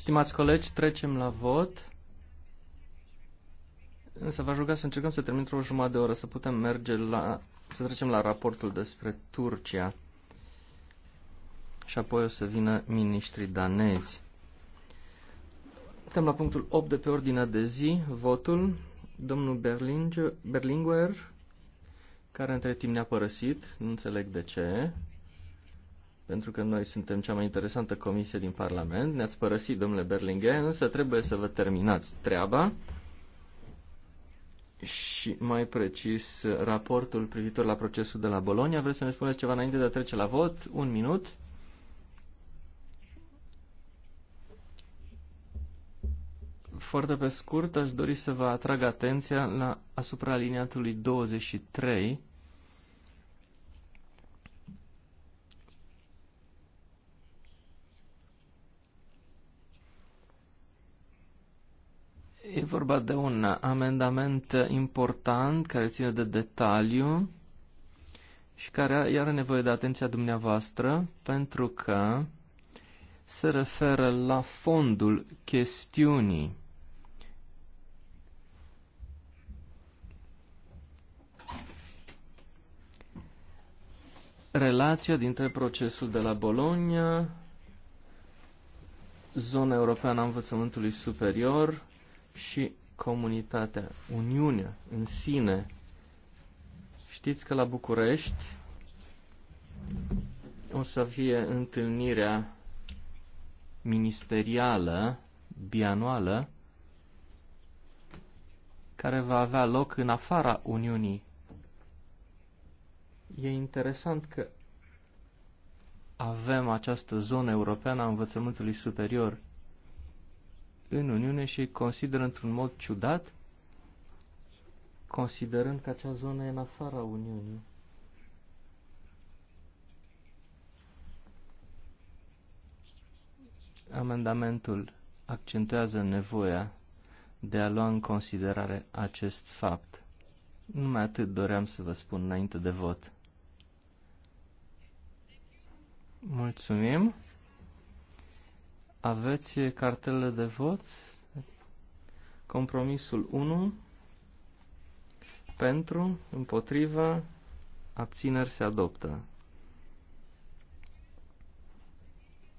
Stimați colegi, trecem la vot. Însă v-aș ruga să încercăm să termin într-o jumătate de oră, să putem merge la... să trecem la raportul despre Turcia. Și apoi o să vină ministrii danezi. Suntem la punctul 8 de pe ordinea de zi, votul. Domnul Berlinge, Berlinguer, care între timp ne-a părăsit, nu înțeleg de ce pentru că noi suntem cea mai interesantă comisie din Parlament. Ne-ați părăsit, domnule Berlinghe, însă trebuie să vă terminați treaba și mai precis raportul privitor la procesul de la Bologna. Vreți să ne spuneți ceva înainte de a trece la vot? Un minut. Foarte pe scurt, aș dori să vă atrag atenția la, asupra aliniatului 23 vorba de un amendament important care ține de detaliu și care are nevoie de atenția dumneavoastră pentru că se referă la fondul chestiunii. Relația dintre procesul de la Bologna, zona europeană a învățământului superior și comunitatea, Uniunea în sine. Știți că la București o să fie întâlnirea ministerială, bianuală, care va avea loc în afara Uniunii. E interesant că avem această zonă europeană a învățământului superior – în Uniune și consideră într-un mod ciudat, considerând că acea zonă e în afara Uniunii. Amendamentul accentuează nevoia de a lua în considerare acest fapt. Numai atât doream să vă spun înainte de vot. Mulțumim. Aveți cartele de vot? Compromisul 1 pentru, împotriva, abțineri se adoptă.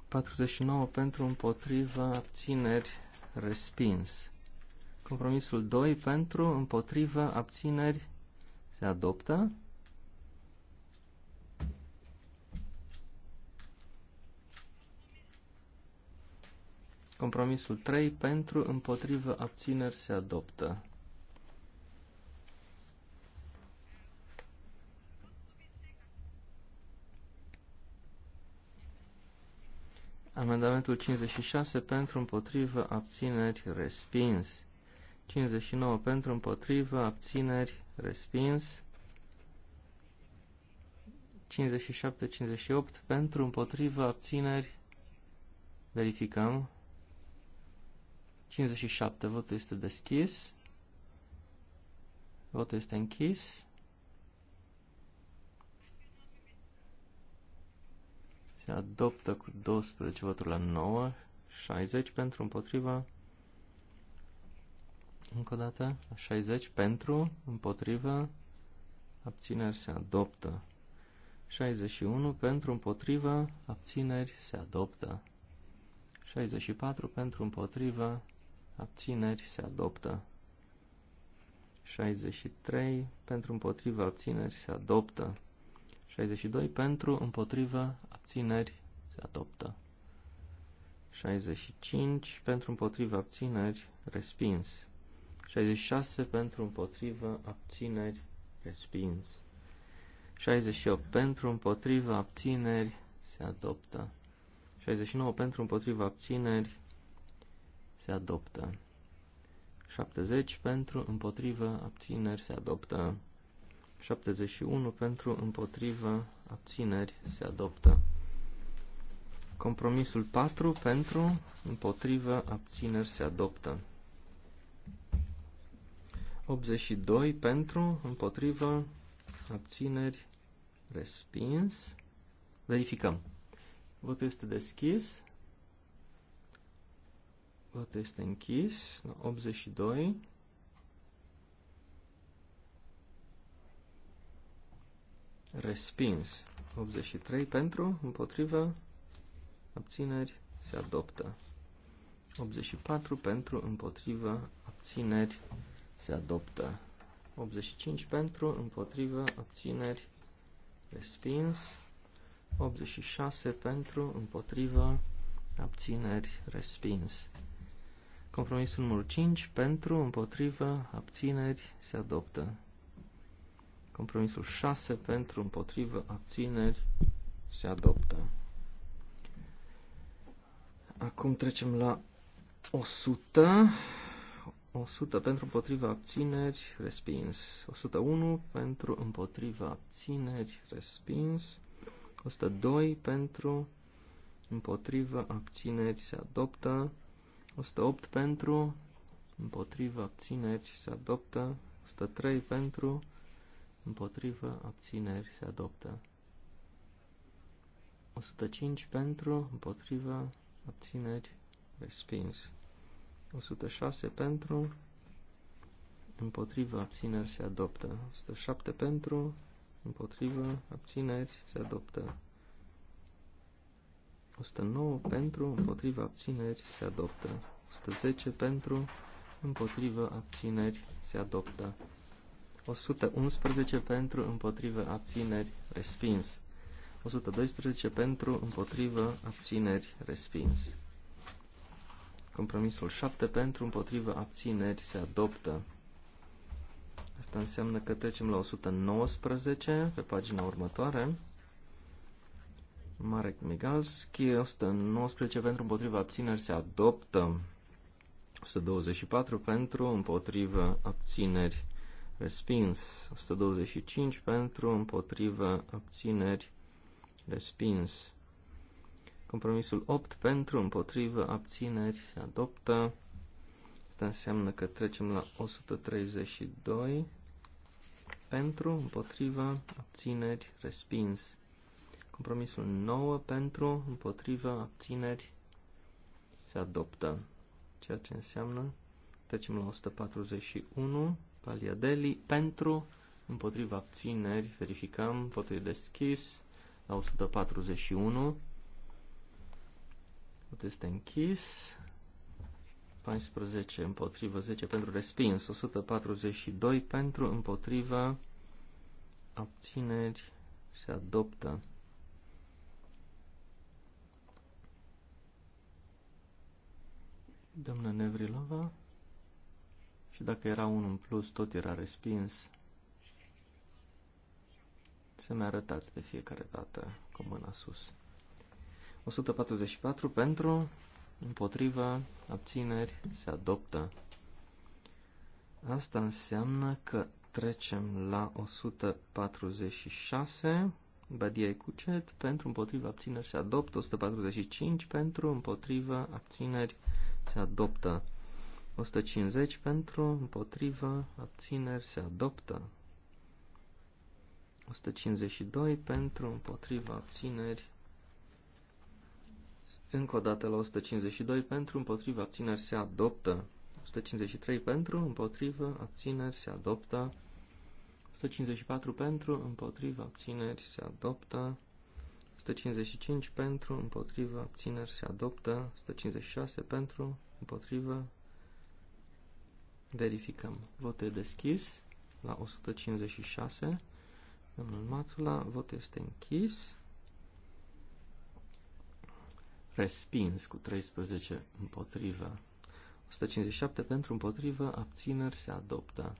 49 pentru, împotriva, abțineri, respins. Compromisul 2 pentru, împotriva, abțineri se adoptă. Compromisul 3 pentru, împotrivă, abțineri se adoptă. Amendamentul 56 pentru împotrivă, abțineri, respins. 59 pentru împotrivă, abțineri, respins. 57-58 pentru împotrivă, abțineri, verificăm. 57. Votul este deschis. Votul este închis. Se adoptă cu 12 voturi la 9, 60 pentru împotriva. Încă o dată, 60 pentru împotriva. Abțineri se adoptă. 61 pentru împotriva, abțineri se adoptă. 64 pentru împotriva, abțineri se adoptă. 63 pentru împotriva abțineri se adoptă. 62 pentru împotriva abțineri se adoptă. 65 pentru împotriva abțineri respins. 66 pentru împotriva abțineri respins. 68 pentru împotriva abțineri se adoptă. 69 pentru împotriva abțineri se adoptă. 70 pentru, împotrivă, abțineri, se adoptă. 71 pentru, împotrivă, abțineri, se adoptă. Compromisul 4 pentru, împotrivă, abțineri, se adoptă. 82 pentru, împotrivă, abțineri, respins. Verificăm. Votul este deschis tot este închis. 82. Respins. 83 pentru, împotrivă, abțineri, se adoptă. 84 pentru, împotrivă, abțineri, se adoptă. 85 pentru, împotrivă, abțineri, respins. 86 pentru, împotrivă, abțineri, respins. Compromisul numărul 5, pentru, împotrivă, abțineri, se adoptă. Compromisul 6, pentru, împotrivă, abțineri, se adoptă. Acum trecem la 100. 100 pentru împotriva abțineri, respins. 101 pentru împotriva abțineri, respins. 102 pentru împotriva abțineri, se adoptă. 108 pentru, împotrivă, abțineri, se adoptă. 103 pentru, împotrivă, abțineri, se adoptă. 105 pentru, împotrivă, abțineri, respins. 106 pentru, împotrivă, abțineri, se adoptă. 107 pentru, împotrivă, abțineri, se adoptă. 109 pentru, împotriva abțineri se adoptă. 110 pentru, împotriva abțineri se adoptă. 111 pentru, împotriva abțineri respins. 112 pentru, împotriva abțineri respins. Compromisul 7 pentru, împotriva abțineri se adoptă. Asta înseamnă că trecem la 119 pe pagina următoare. Marek Migalski, 119 pentru împotriva abțineri se adoptă. 124 pentru împotriva abțineri respins. 125 pentru împotriva abțineri respins. Compromisul 8 pentru împotriva abțineri se adoptă. Asta înseamnă că trecem la 132 pentru împotriva abțineri respins. Compromisul 9 pentru, împotriva abțineri, se adoptă. Ceea ce înseamnă, trecem la 141, Paliadeli, pentru, împotriva abțineri, verificăm, votul e deschis, la 141, votul este închis, 14 împotriva 10 pentru respins, 142 pentru împotriva, abțineri, se adoptă. Doamna Nevrilova. Și dacă era unul în plus, tot era respins. Să mi arătați de fiecare dată cu mâna sus. 144 pentru, împotrivă, abțineri, se adoptă. Asta înseamnă că trecem la 146, Badia Cucet, pentru împotrivă abțineri se adoptă, 145 pentru împotrivă abțineri se adoptă. 150 pentru, împotrivă, abțineri, se adoptă. 152 pentru, împotrivă, abțineri. Încă o dată la 152 pentru, împotrivă, abțineri, se adoptă. 153 pentru, împotrivă, abțineri, se adoptă. 154 pentru, împotrivă, abțineri, se adoptă. 155 pentru, împotrivă, abțineri se adoptă, 156 pentru, împotrivă, verificăm. Vot e deschis la 156, domnul Matula, vot este închis, respins cu 13 împotrivă, 157 pentru, împotrivă, abțineri se adoptă.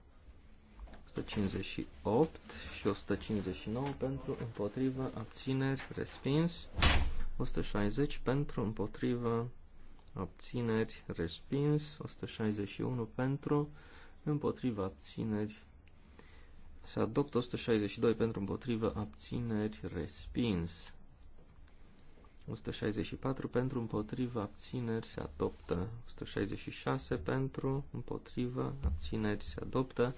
158 și 159 pentru împotrivă abțineri respins, 160 pentru împotrivă abțineri respins, 161 pentru împotrivă abțineri se adoptă 162 pentru împotrivă abțineri respins. 164 pentru împotrivă abțineri se adoptă. 166 pentru împotrivă abțineri se adoptă.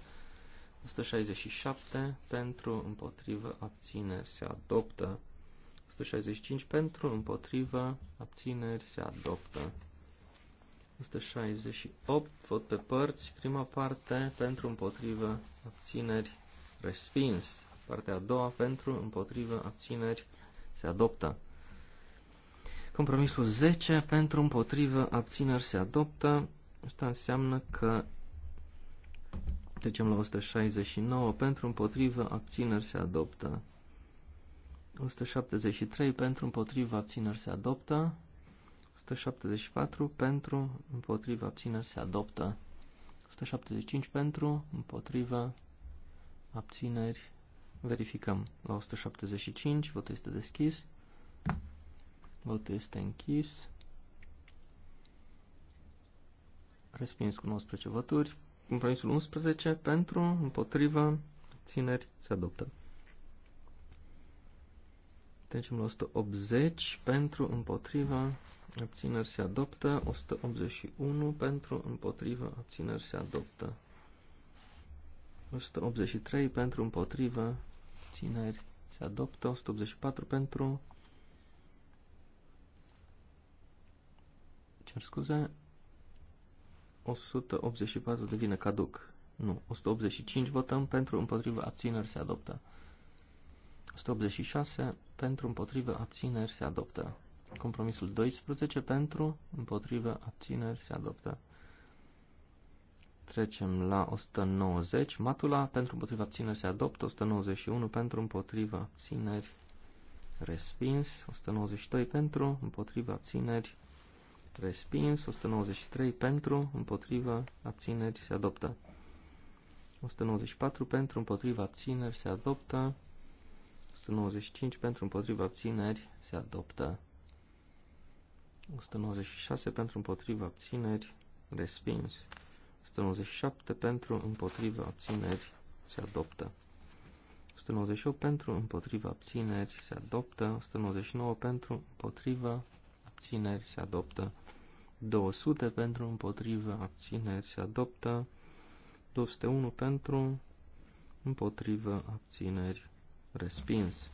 167 pentru, împotrivă, abțineri se adoptă. 165 pentru, împotrivă, abțineri se adoptă. 168, vot pe părți, prima parte, pentru, împotrivă, abțineri, respins. Partea a doua, pentru, împotrivă, abțineri, se adoptă. Compromisul 10, pentru, împotrivă, abțineri se adoptă. Asta înseamnă că Trecem la 169. Pentru împotrivă abțineri se adoptă. 173. Pentru împotrivă abțineri se adoptă. 174. Pentru împotrivă abțineri se adoptă. 175 pentru, împotrivă, abțineri, verificăm. La 175, votul este deschis, votul este închis, respins cu 19 voturi, Compromisul 11 pentru, împotriva țineri se adoptă. Trecem la 180 pentru, împotriva, abțineri se adoptă. 181 pentru, împotriva, abțineri se adoptă. 183 pentru, împotriva, abțineri se adoptă. 184 pentru, cer scuze, 184 devine caduc. Nu, 185 votăm pentru, împotrivă, abțineri se adoptă. 186 pentru, împotrivă, abțineri se adoptă. Compromisul 12 pentru, împotrivă, abțineri se adoptă. Trecem la 190. Matula pentru împotriva abțineri se adoptă. 191 pentru împotriva abțineri respins. 192 pentru împotriva abțineri respins, 193 pentru, împotrivă, abțineri, se adoptă. 194 pentru, împotrivă, abțineri, se adoptă. 195 pentru, împotrivă, abțineri, se adoptă. 196 pentru, împotrivă, abțineri, respins. 197 pentru, împotrivă, abțineri, se adoptă. 198 pentru, împotriva abțineri, se adoptă. 199 pentru, împotriva abțineri se adoptă. 200 pentru, împotrivă, abțineri se adoptă. 201 pentru, împotrivă, abțineri, respins.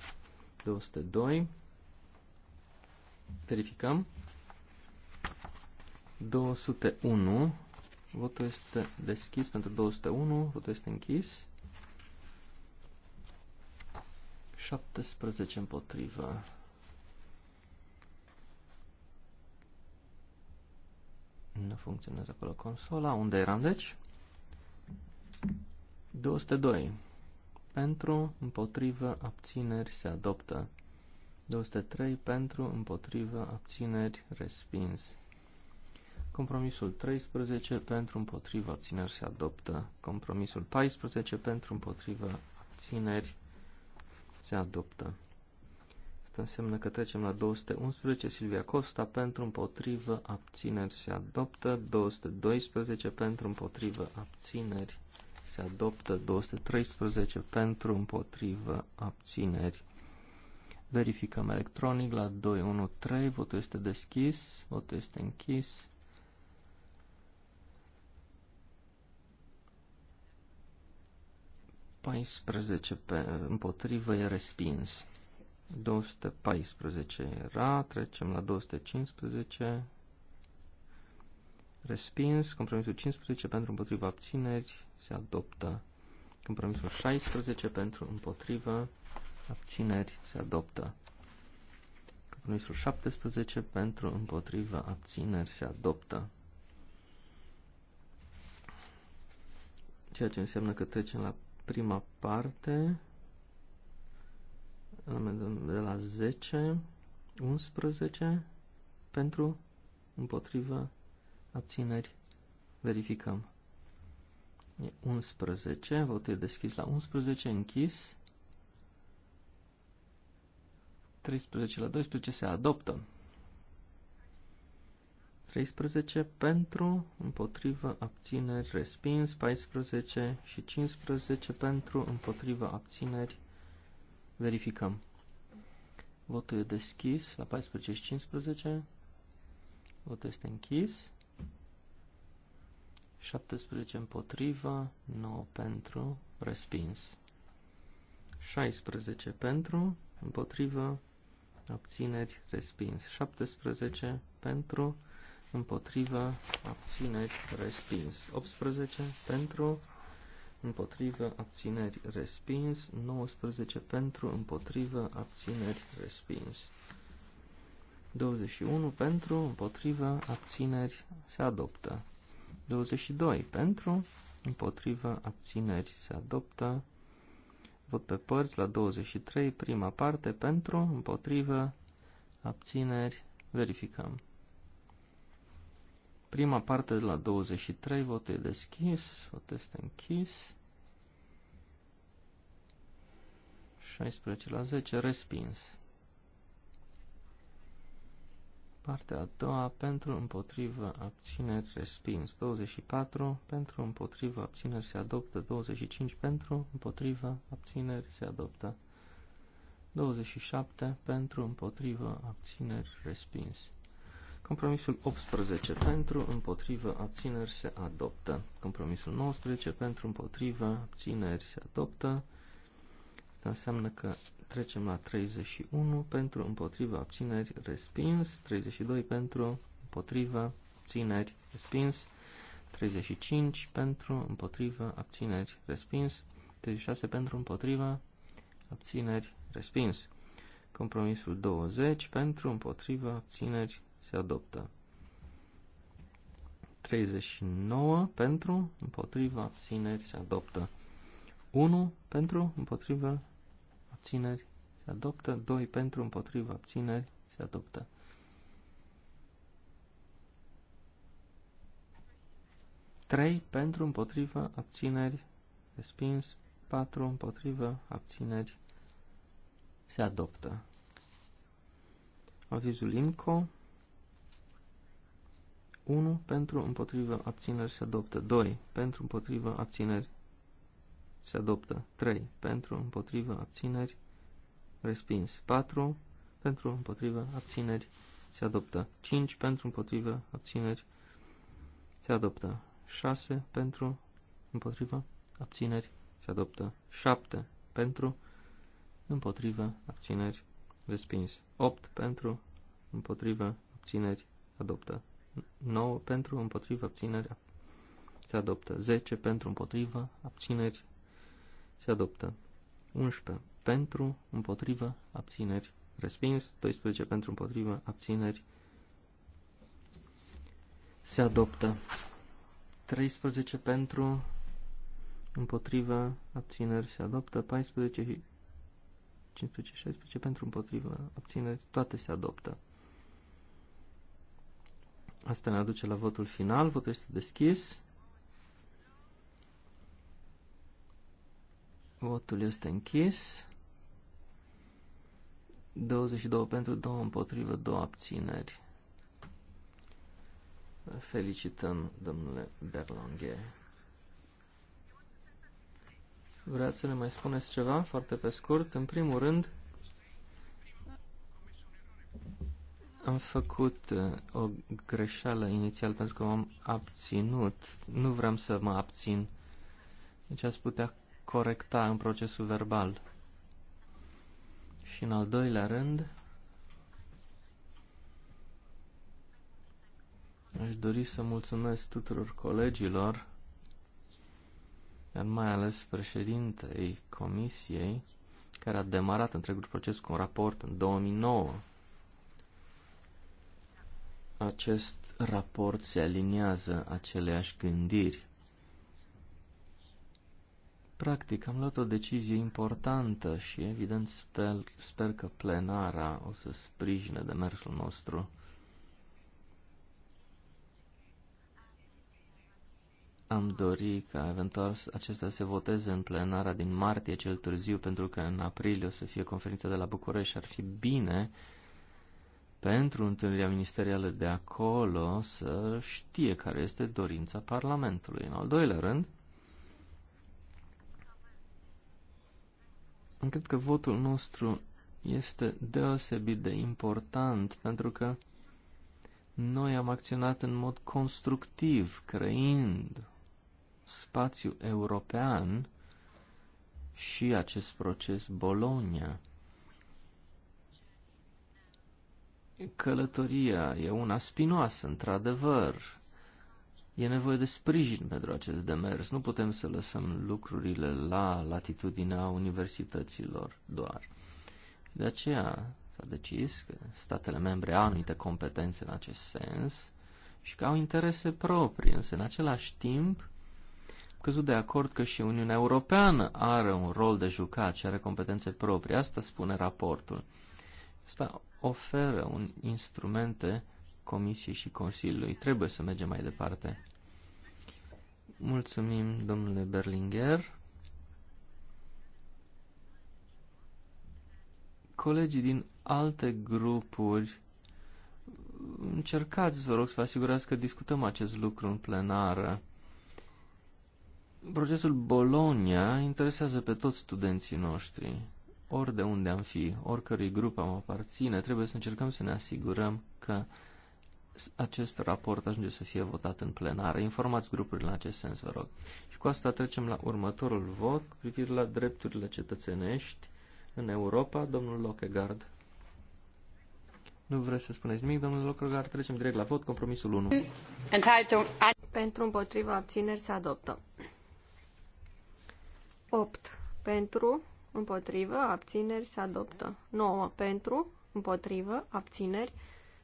202. Verificăm. 201. Votul este deschis pentru 201. Votul este închis. 17 împotrivă. Nu funcționează acolo consola. Unde eram, deci? 202. Pentru, împotrivă, abțineri se adoptă. 203. Pentru, împotrivă, abțineri, respins. Compromisul 13. Pentru, împotrivă, abțineri se adoptă. Compromisul 14. Pentru, împotrivă, abțineri se adoptă. Asta înseamnă că trecem la 211, Silvia Costa, pentru împotrivă, abțineri se adoptă, 212 pentru împotrivă, abțineri se adoptă, 213 pentru împotrivă, abțineri. Verificăm electronic la 213, votul este deschis, votul este închis. paisprezece împotrivă e respins. 214 era, trecem la 215. Respins, compromisul 15 pentru împotriva abțineri, se adoptă. Compromisul 16 pentru împotriva abțineri, se adoptă. Compromisul 17 pentru împotriva abțineri, se adoptă. Ceea ce înseamnă că trecem la prima parte de la 10, 11, pentru, împotrivă, abțineri, verificăm. E 11, votul e deschis la 11, închis. 13 la 12 se adoptă. 13 pentru, împotrivă, abțineri, respins, 14 și 15 pentru, împotrivă, abțineri, Verificăm. Votul e deschis la 14.15. Votul este închis. 17 împotriva, 9 pentru, respins. 16 pentru, împotrivă, abțineri, respins. 17 pentru, împotrivă, abțineri, respins. 18 pentru, împotrivă, abțineri, respins, 19 pentru, împotrivă, abțineri, respins. 21 pentru, împotrivă, abțineri, se adoptă. 22 pentru, împotrivă, abțineri, se adoptă. Vot pe părți la 23, prima parte, pentru, împotrivă, abțineri, verificăm. Prima parte de la 23, votul e deschis, votul este închis. 16 la 10, respins. Partea a doua, pentru împotrivă abțineri, respins. 24, pentru împotrivă abțineri se adoptă. 25, pentru împotrivă abțineri se adoptă. 27, pentru împotrivă abțineri, respins. Compromisul 18 pentru, împotrivă, abțineri se adoptă. Compromisul 19 pentru, împotrivă, abțineri se adoptă. Asta înseamnă că trecem la 31 pentru, împotrivă, abțineri respins. 32 pentru, împotrivă, abțineri respins. 35 pentru, împotrivă, abțineri respins. 36 pentru, împotrivă, abțineri respins. Compromisul 20 pentru, împotrivă, abțineri se adoptă. 39 pentru, împotriva, abțineri, se adoptă. 1 pentru, împotriva, abțineri, se adoptă. 2 pentru, împotriva, abțineri, se adoptă. Trei pentru împotriva abțineri respins, patru împotriva abțineri se adoptă. Avizul IMCO 1 pentru împotrivă abțineri se adoptă. 2 pentru împotrivă abțineri se adoptă. 3 pentru împotrivă abțineri respins. 4 pentru împotrivă abțineri se adoptă. 5 pentru împotrivă abțineri se adoptă. 6 pentru împotrivă abțineri se adoptă. 7 pentru împotrivă abțineri respins. 8 pentru împotrivă abțineri adoptă. 9 pentru, împotriva abțineri, se adoptă. 10 pentru, împotriva abțineri, se adoptă. 11 pentru, împotriva abțineri, respins. 12 pentru, împotriva abțineri, se adoptă. 13 pentru, împotriva abțineri, se adoptă. 14 15, 16 pentru împotriva abțineri, toate se adoptă. Asta ne aduce la votul final. Votul este deschis. Votul este închis. 22 pentru, 2 împotrivă, 2 abțineri. Felicităm, domnule Berlanghe. Vreați să ne mai spuneți ceva, foarte pe scurt? În primul rând, Am făcut uh, o greșeală inițial pentru că m-am abținut. Nu vreau să mă abțin. Deci ați putea corecta în procesul verbal. Și în al doilea rând, aș dori să mulțumesc tuturor colegilor, dar mai ales președintei comisiei, care a demarat întregul proces cu un raport în 2009 acest raport se aliniază aceleași gândiri. Practic, am luat o decizie importantă și, evident, sper, sper că plenara o să sprijine demersul nostru. Am dori ca eventual acesta să se voteze în plenara din martie cel târziu, pentru că în aprilie o să fie conferința de la București ar fi bine pentru întâlnirea ministerială de acolo să știe care este dorința Parlamentului. În al doilea rând, cred că votul nostru este deosebit de important pentru că noi am acționat în mod constructiv, creând spațiu european și acest proces Bologna. Călătoria e una spinoasă, într-adevăr. E nevoie de sprijin pentru acest demers. Nu putem să lăsăm lucrurile la latitudinea universităților doar. De aceea s-a decis că statele membre au anumite competențe în acest sens și că au interese proprii, însă în același timp căzut de acord că și Uniunea Europeană are un rol de jucat și are competențe proprii. Asta spune raportul. Asta oferă un instrumente Comisiei și Consiliului. Trebuie să mergem mai departe. Mulțumim, domnule Berlinger. Colegii din alte grupuri, încercați, vă rog, să vă asigurați că discutăm acest lucru în plenară. Procesul Bologna interesează pe toți studenții noștri ori de unde am fi, oricărui grup am aparține, trebuie să încercăm să ne asigurăm că acest raport ajunge să fie votat în plenară. Informați grupurile în acest sens, vă rog. Și cu asta trecem la următorul vot cu privire la drepturile cetățenești în Europa. Domnul Lockegaard. Nu vreți să spuneți nimic, domnul Lockegaard? Trecem direct la vot. Compromisul 1. Pentru împotriva abțineri se adoptă. 8. Pentru împotrivă, abțineri, se adoptă. 9 pentru, împotrivă, abțineri,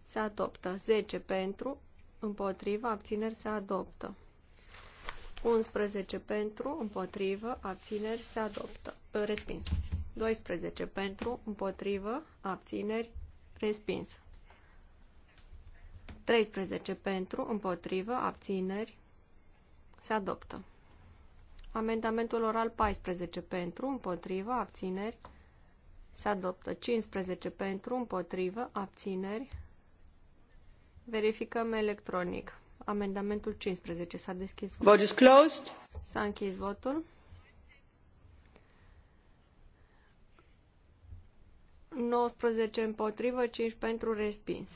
se adoptă. 10 pentru, împotrivă, abțineri, se adoptă. 11 pentru, împotrivă, abțineri, se adoptă. Ă, respins. 12 pentru, împotrivă, abțineri, respins. 13 pentru, împotrivă, abțineri, se adoptă. Amendamentul oral 14 pentru, împotrivă, abțineri. Se adoptă 15 pentru, împotrivă, abțineri. Verificăm electronic. Amendamentul 15. S-a deschis votul. is closed. S-a închis votul. Nouăsprezece împotrivă, 5 pentru respins.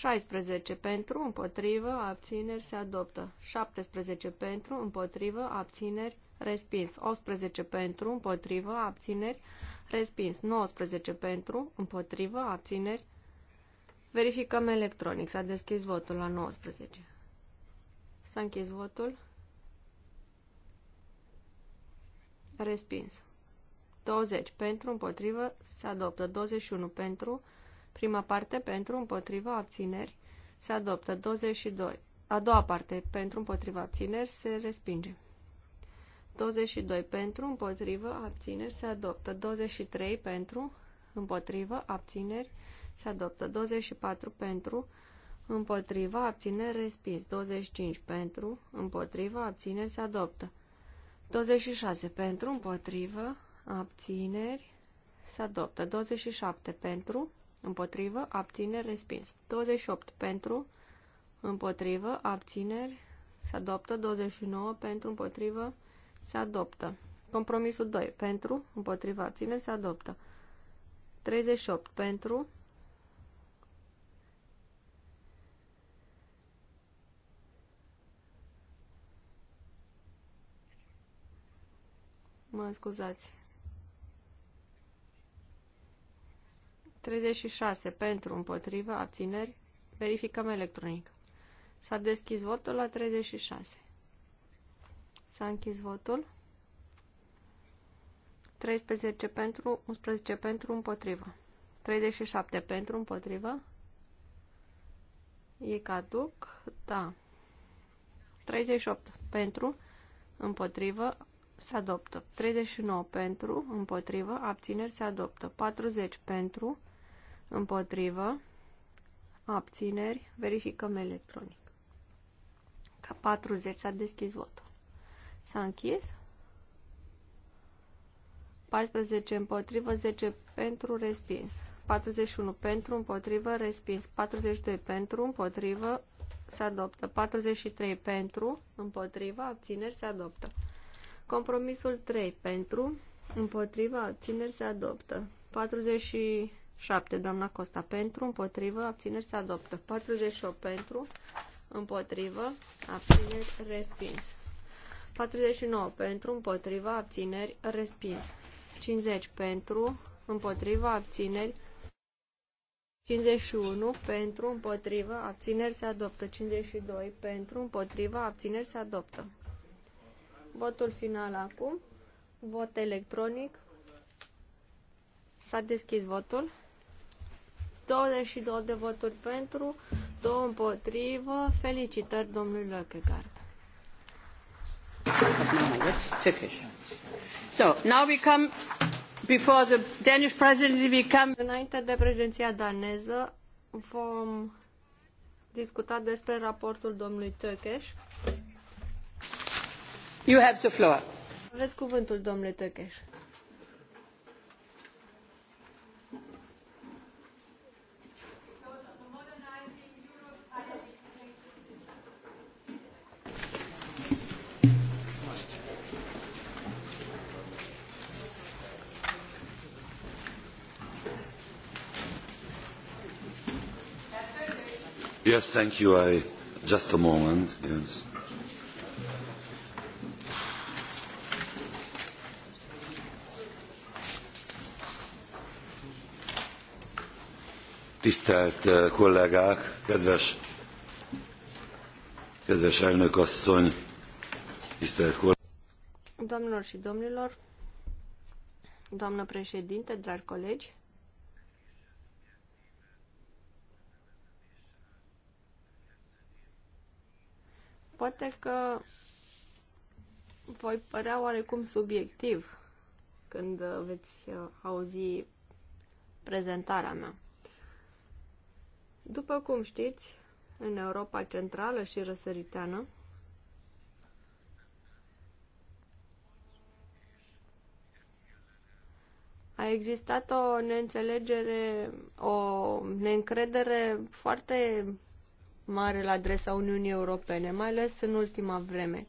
16 pentru, împotrivă, abțineri, se adoptă. 17 pentru, împotrivă, abțineri, respins. 18 pentru, împotrivă, abțineri, respins. 19 pentru, împotrivă, abțineri. Verificăm electronic. S-a deschis votul la 19. S-a închis votul. Respins. 20 pentru, împotrivă, se adoptă. 21 pentru, împotrivă Prima parte pentru împotriva abțineri se adoptă. 22. A doua parte pentru împotriva abțineri se respinge. 22 pentru împotriva, abțineri se adoptă. 23 pentru împotriva, abțineri se adoptă. 24 pentru împotriva abțineri respins. 25 pentru împotriva abțineri se adoptă. 26 pentru împotriva, abțineri se adoptă. 27 pentru Împotrivă, abțineri, respins. 28 pentru, împotrivă, abțineri, se adoptă. 29 pentru, împotrivă, se adoptă. Compromisul 2 pentru, împotrivă, abțineri, se adoptă. 38 pentru, Mă scuzați, 36 pentru, împotrivă, abțineri. Verificăm electronic. S-a deschis votul la 36. S-a închis votul. 13 pentru, 11 pentru, împotrivă. 37 pentru, împotrivă. E caduc, da. 38 pentru, împotrivă, se adoptă. 39 pentru, împotrivă, abțineri, se adoptă. 40 pentru, împotrivă, abțineri, verificăm electronic. Ca 40 s-a deschis votul. S-a închis. 14 împotrivă, 10 pentru, respins. 41 pentru, împotrivă, respins. 42 pentru, împotrivă, se adoptă. 43 pentru, împotrivă, abțineri, se adoptă. Compromisul 3 pentru, împotrivă, abțineri, se adoptă. 40 7, doamna Costa, pentru, împotrivă, abțineri se adoptă. 48 pentru, împotrivă, abțineri, respins. 49 pentru, împotrivă, abțineri, respins. 50 pentru, împotrivă, abțineri, 51 pentru, împotrivă, abțineri se adoptă. 52 pentru, împotrivă, abțineri se adoptă. Votul final acum. Vot electronic. S-a deschis votul. 22 de voturi pentru, 2 împotrivă. Felicitări domnului Lökegaard. Turkish. So, now we come before the Danish presidency we come... Înainte de președinția daneză vom discuta despre raportul domnului Tökes. You have the floor. Aveți cuvântul, domnule Tökes. Yes, thank you. I just a moment. Yes. Tisztelt uh, kollégák, kedves, kedves elnök asszony, tisztelt kollégák. Doamnelor și domnilor, doamnă președinte, dragi colegi, poate că voi părea oarecum subiectiv când uh, veți uh, auzi prezentarea mea. După cum știți, în Europa Centrală și Răsăriteană, a existat o neînțelegere, o neîncredere foarte mare la adresa Uniunii Europene, mai ales în ultima vreme.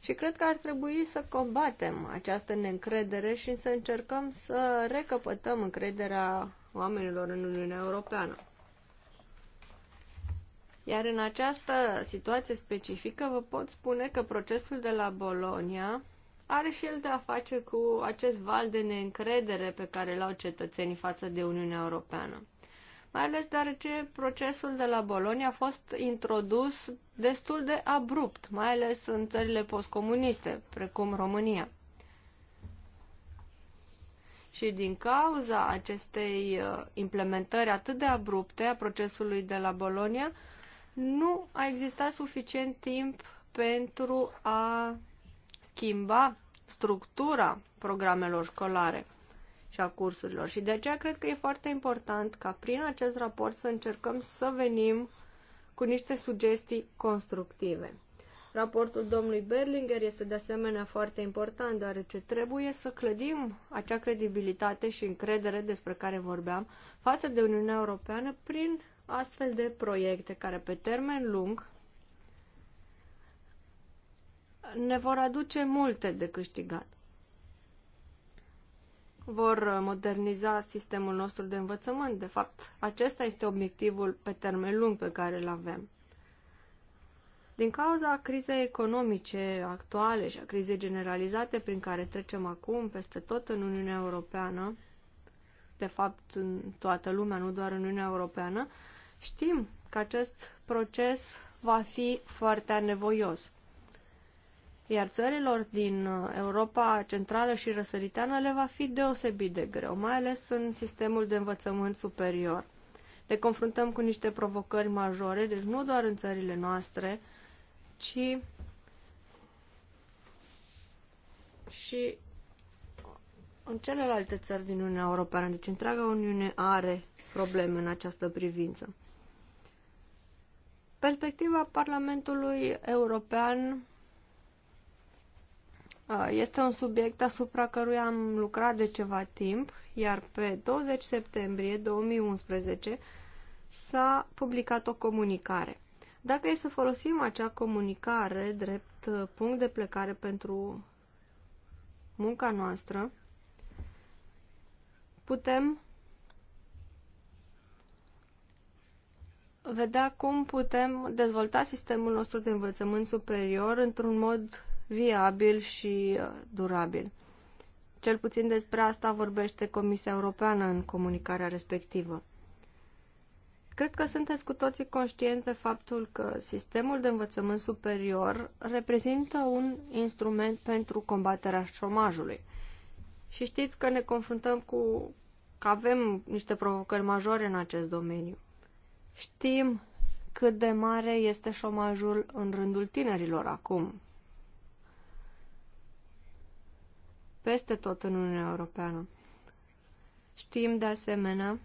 Și cred că ar trebui să combatem această neîncredere și să încercăm să recăpătăm încrederea oamenilor în Uniunea Europeană. Iar în această situație specifică vă pot spune că procesul de la Bolonia are și el de a face cu acest val de neîncredere pe care l-au cetățenii față de Uniunea Europeană mai ales deoarece procesul de la Bologna a fost introdus destul de abrupt, mai ales în țările postcomuniste, precum România. Și din cauza acestei uh, implementări atât de abrupte a procesului de la Bologna, nu a existat suficient timp pentru a schimba structura programelor școlare și a cursurilor. Și de aceea cred că e foarte important ca prin acest raport să încercăm să venim cu niște sugestii constructive. Raportul domnului Berlinger este de asemenea foarte important, deoarece trebuie să clădim acea credibilitate și încredere despre care vorbeam față de Uniunea Europeană prin astfel de proiecte care pe termen lung ne vor aduce multe de câștigat vor moderniza sistemul nostru de învățământ. De fapt, acesta este obiectivul pe termen lung pe care îl avem. Din cauza crizei economice actuale și a crizei generalizate prin care trecem acum peste tot în Uniunea Europeană, de fapt în toată lumea, nu doar în Uniunea Europeană, știm că acest proces va fi foarte anevoios iar țărilor din uh, Europa Centrală și Răsăriteană le va fi deosebit de greu, mai ales în sistemul de învățământ superior. Ne confruntăm cu niște provocări majore, deci nu doar în țările noastre, ci și în celelalte țări din Uniunea Europeană. Deci întreaga Uniune are probleme în această privință. Perspectiva Parlamentului European Uh, este un subiect asupra căruia am lucrat de ceva timp, iar pe 20 septembrie 2011 s-a publicat o comunicare. Dacă e să folosim acea comunicare drept uh, punct de plecare pentru munca noastră, putem vedea cum putem dezvolta sistemul nostru de învățământ superior într-un mod viabil și uh, durabil. Cel puțin despre asta vorbește Comisia Europeană în comunicarea respectivă. Cred că sunteți cu toții conștienți de faptul că sistemul de învățământ superior reprezintă un instrument pentru combaterea șomajului. Și știți că ne confruntăm cu că avem niște provocări majore în acest domeniu. Știm cât de mare este șomajul în rândul tinerilor acum, peste tot în Uniunea Europeană. Știm de asemenea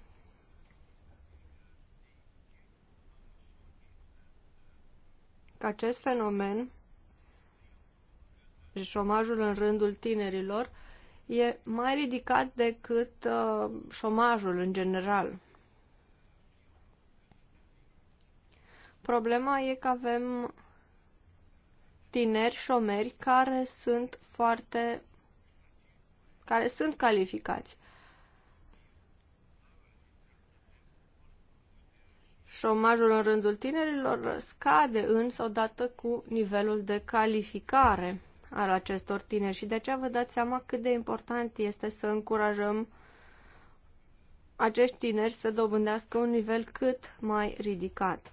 că acest fenomen, șomajul în rândul tinerilor, e mai ridicat decât uh, șomajul în general. Problema e că avem tineri șomeri care sunt foarte care sunt calificați. Șomajul în rândul tinerilor scade însă odată cu nivelul de calificare al acestor tineri și de aceea vă dați seama cât de important este să încurajăm acești tineri să dobândească un nivel cât mai ridicat.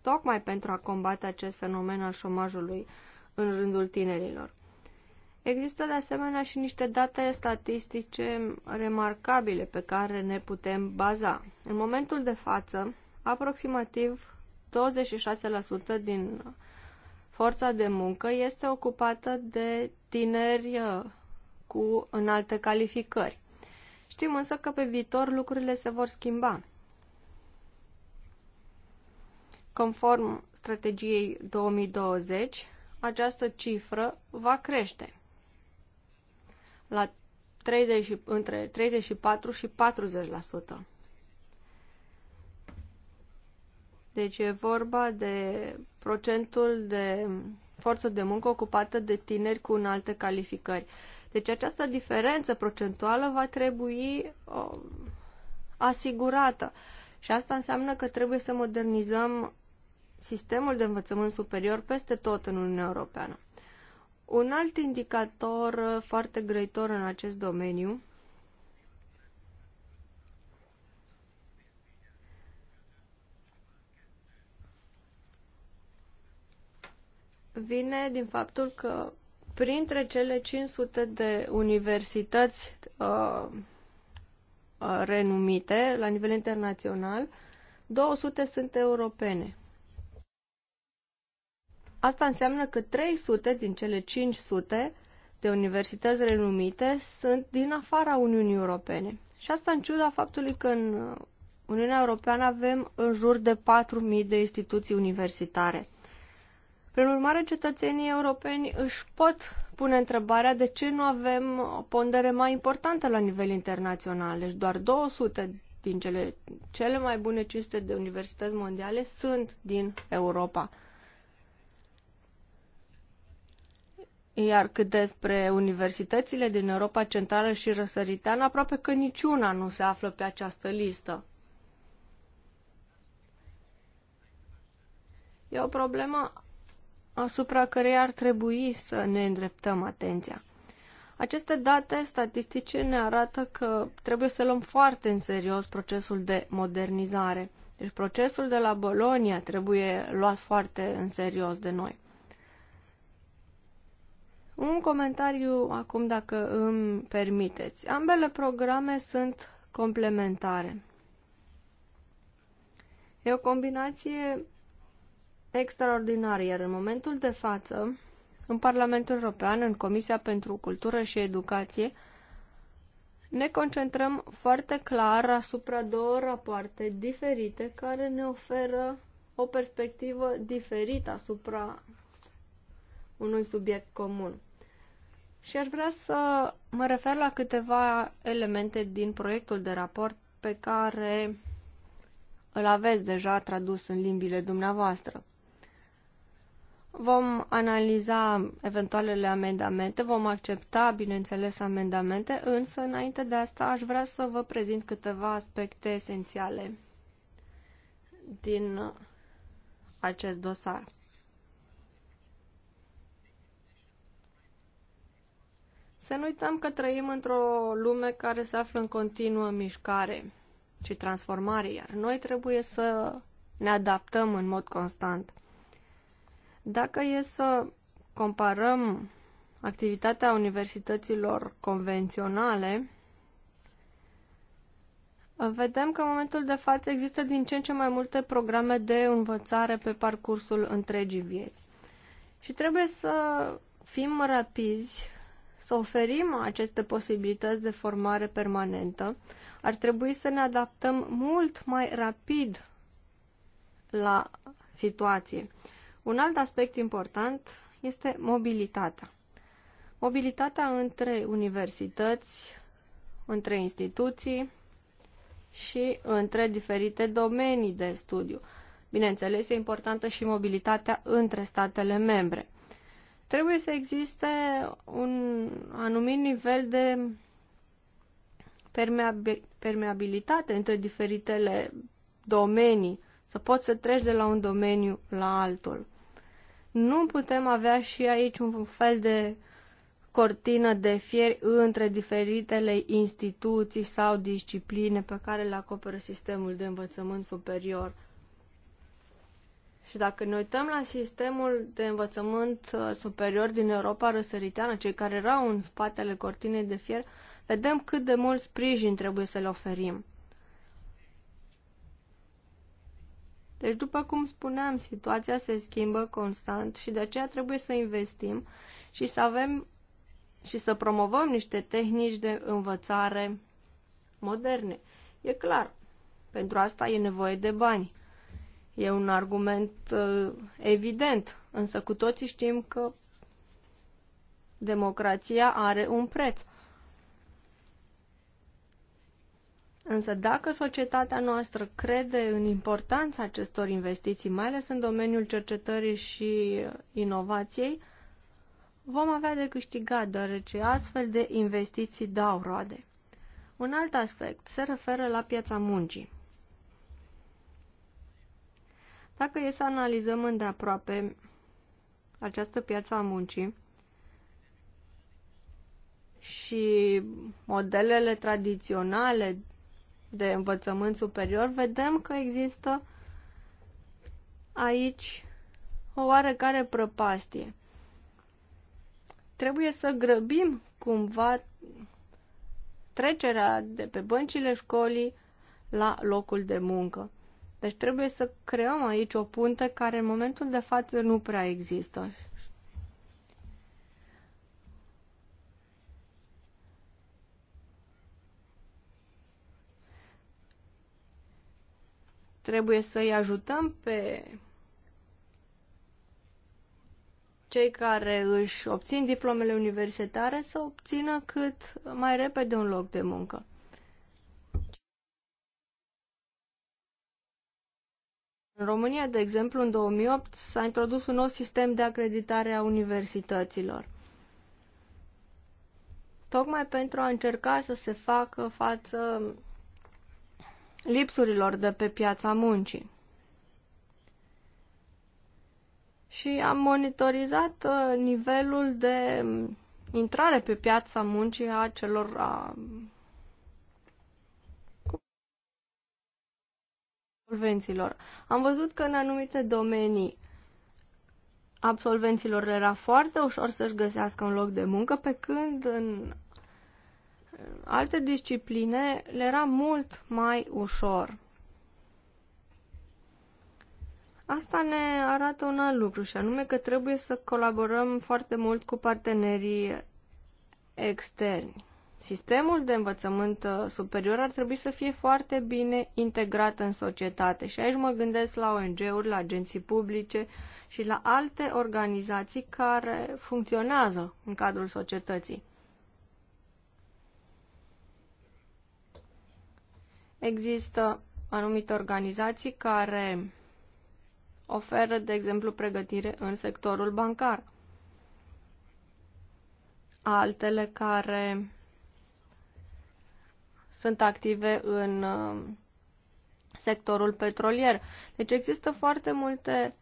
Tocmai pentru a combate acest fenomen al șomajului în rândul tinerilor. Există de asemenea și niște date statistice remarcabile pe care ne putem baza. În momentul de față, aproximativ 26% din forța de muncă este ocupată de tineri uh, cu înalte calificări. Știm însă că pe viitor lucrurile se vor schimba. Conform strategiei 2020, această cifră va crește la 30, între 34 și 40%. Deci e vorba de procentul de forță de muncă ocupată de tineri cu înalte calificări. Deci această diferență procentuală va trebui o, asigurată. Și asta înseamnă că trebuie să modernizăm sistemul de învățământ superior peste tot în Uniunea Europeană. Un alt indicator uh, foarte grăitor în acest domeniu vine din faptul că printre cele 500 de universități uh, uh, renumite la nivel internațional, 200 sunt europene. Asta înseamnă că 300 din cele 500 de universități renumite sunt din afara Uniunii Europene. Și asta în ciuda faptului că în uh, Uniunea Europeană avem în jur de 4.000 de instituții universitare. Prin urmare, cetățenii europeni își pot pune întrebarea de ce nu avem o pondere mai importantă la nivel internațional. Deci doar 200 din cele, cele mai bune 500 de universități mondiale sunt din Europa. Iar cât despre universitățile din Europa Centrală și Răsăritean, aproape că niciuna nu se află pe această listă. E o problemă asupra cărei ar trebui să ne îndreptăm atenția. Aceste date statistice ne arată că trebuie să luăm foarte în serios procesul de modernizare. Deci procesul de la Bolonia trebuie luat foarte în serios de noi. Un comentariu acum, dacă îmi permiteți. Ambele programe sunt complementare. E o combinație extraordinară, iar în momentul de față, în Parlamentul European, în Comisia pentru Cultură și Educație, ne concentrăm foarte clar asupra două rapoarte diferite care ne oferă o perspectivă diferită asupra unui subiect comun. Și aș vrea să mă refer la câteva elemente din proiectul de raport pe care îl aveți deja tradus în limbile dumneavoastră. Vom analiza eventualele amendamente, vom accepta, bineînțeles, amendamente, însă, înainte de asta, aș vrea să vă prezint câteva aspecte esențiale din acest dosar. Să nu uităm că trăim într-o lume care se află în continuă mișcare și transformare, iar noi trebuie să ne adaptăm în mod constant. Dacă e să comparăm activitatea universităților convenționale, vedem că în momentul de față există din ce în ce mai multe programe de învățare pe parcursul întregii vieți. Și trebuie să fim rapizi să oferim aceste posibilități de formare permanentă, ar trebui să ne adaptăm mult mai rapid la situație. Un alt aspect important este mobilitatea. Mobilitatea între universități, între instituții și între diferite domenii de studiu. Bineînțeles, e importantă și mobilitatea între statele membre. Trebuie să existe un anumit nivel de permeabilitate între diferitele domenii, să poți să treci de la un domeniu la altul. Nu putem avea și aici un fel de cortină de fier între diferitele instituții sau discipline pe care le acoperă sistemul de învățământ superior. Și dacă ne uităm la sistemul de învățământ uh, superior din Europa răsăriteană, cei care erau în spatele cortinei de fier, vedem cât de mult sprijin trebuie să le oferim. Deci, după cum spuneam, situația se schimbă constant și de aceea trebuie să investim și să avem și să promovăm niște tehnici de învățare moderne. E clar, pentru asta e nevoie de bani. E un argument uh, evident, însă cu toții știm că democrația are un preț. Însă dacă societatea noastră crede în importanța acestor investiții, mai ales în domeniul cercetării și inovației, vom avea de câștigat, deoarece astfel de investiții dau roade. Un alt aspect se referă la piața muncii. Dacă e să analizăm îndeaproape această piață a muncii și modelele tradiționale de învățământ superior, vedem că există aici o oarecare prăpastie. Trebuie să grăbim cumva trecerea de pe băncile școlii la locul de muncă. Deci trebuie să creăm aici o punte care în momentul de față nu prea există. Trebuie să-i ajutăm pe cei care își obțin diplomele universitare să obțină cât mai repede un loc de muncă. În România, de exemplu, în 2008 s-a introdus un nou sistem de acreditare a universităților. Tocmai pentru a încerca să se facă față lipsurilor de pe piața muncii. Și am monitorizat uh, nivelul de mm, intrare pe piața muncii a celor a absolvenților. Am văzut că în anumite domenii absolvenților le era foarte ușor să-și găsească un loc de muncă, pe când în alte discipline le era mult mai ușor. Asta ne arată un alt lucru și anume că trebuie să colaborăm foarte mult cu partenerii externi. Sistemul de învățământ uh, superior ar trebui să fie foarte bine integrat în societate și aici mă gândesc la ONG-uri, la agenții publice și la alte organizații care funcționează în cadrul societății. Există anumite organizații care oferă, de exemplu, pregătire în sectorul bancar. Altele care sunt active în um, sectorul petrolier. Deci există foarte multe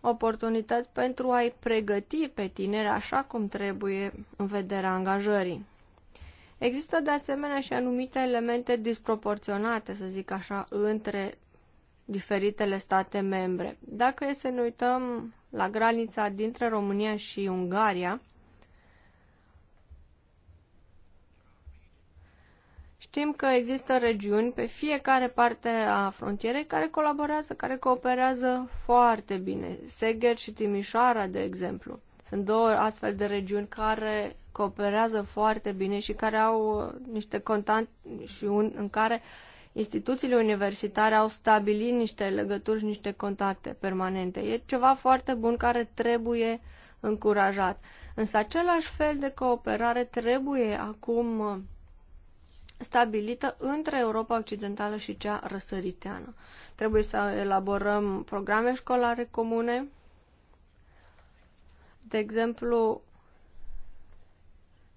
oportunități pentru a-i pregăti pe tineri așa cum trebuie în vederea angajării. Există de asemenea și anumite elemente disproporționate, să zic așa, între diferitele state membre. Dacă e să ne uităm la granița dintre România și Ungaria, Știm că există regiuni pe fiecare parte a frontierei care colaborează, care cooperează foarte bine. Seger și Timișoara, de exemplu. Sunt două astfel de regiuni care cooperează foarte bine și care au uh, niște contact și un, în care instituțiile universitare au stabilit niște legături și niște contacte permanente. E ceva foarte bun care trebuie încurajat. Însă același fel de cooperare trebuie acum uh, stabilită între Europa Occidentală și cea răsăriteană. Trebuie să elaborăm programe școlare comune, de exemplu,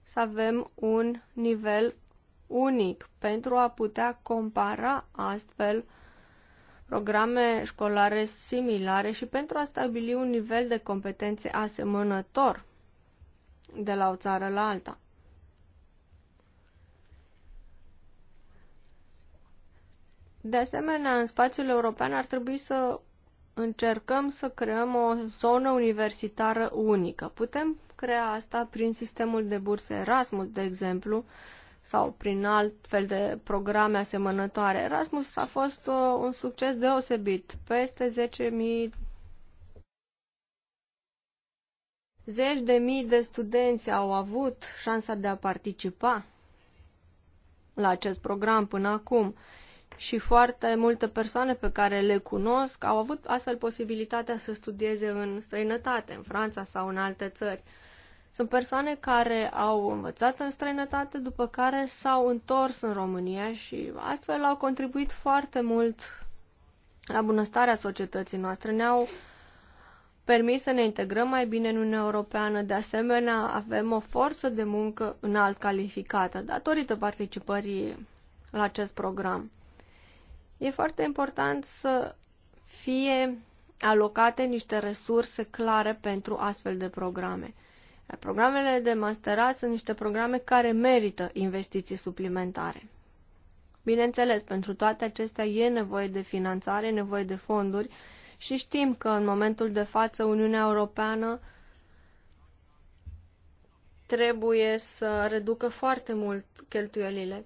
să avem un nivel unic pentru a putea compara astfel programe școlare similare și pentru a stabili un nivel de competențe asemănător de la o țară la alta. De asemenea, în spațiul european ar trebui să încercăm să creăm o zonă universitară unică. Putem crea asta prin sistemul de burse Erasmus, de exemplu, sau prin alt fel de programe asemănătoare. Erasmus a fost uh, un succes deosebit. Peste 10.000 Zeci de mii de studenți au avut șansa de a participa la acest program până acum și foarte multe persoane pe care le cunosc au avut astfel posibilitatea să studieze în străinătate, în Franța sau în alte țări. Sunt persoane care au învățat în străinătate, după care s-au întors în România și astfel au contribuit foarte mult la bunăstarea societății noastre. Ne-au permis să ne integrăm mai bine în Uniunea Europeană. De asemenea, avem o forță de muncă înalt calificată datorită participării la acest program. E foarte important să fie alocate niște resurse clare pentru astfel de programe. Iar programele de masterat sunt niște programe care merită investiții suplimentare. Bineînțeles, pentru toate acestea e nevoie de finanțare, e nevoie de fonduri și știm că în momentul de față Uniunea Europeană trebuie să reducă foarte mult cheltuielile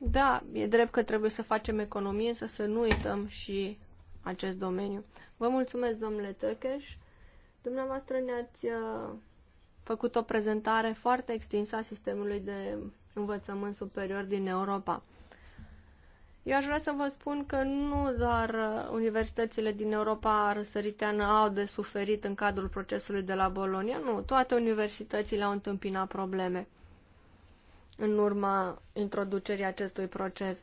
Da, e drept că trebuie să facem economie, însă să nu uităm și acest domeniu. Vă mulțumesc, domnule Tăcheș. Dumneavoastră ne-ați uh, făcut o prezentare foarte extinsă a sistemului de învățământ superior din Europa. Eu aș vrea să vă spun că nu doar uh, universitățile din Europa răsăriteană au de suferit în cadrul procesului de la Bolonia, nu, toate universitățile au întâmpinat probleme în urma introducerii acestui proces.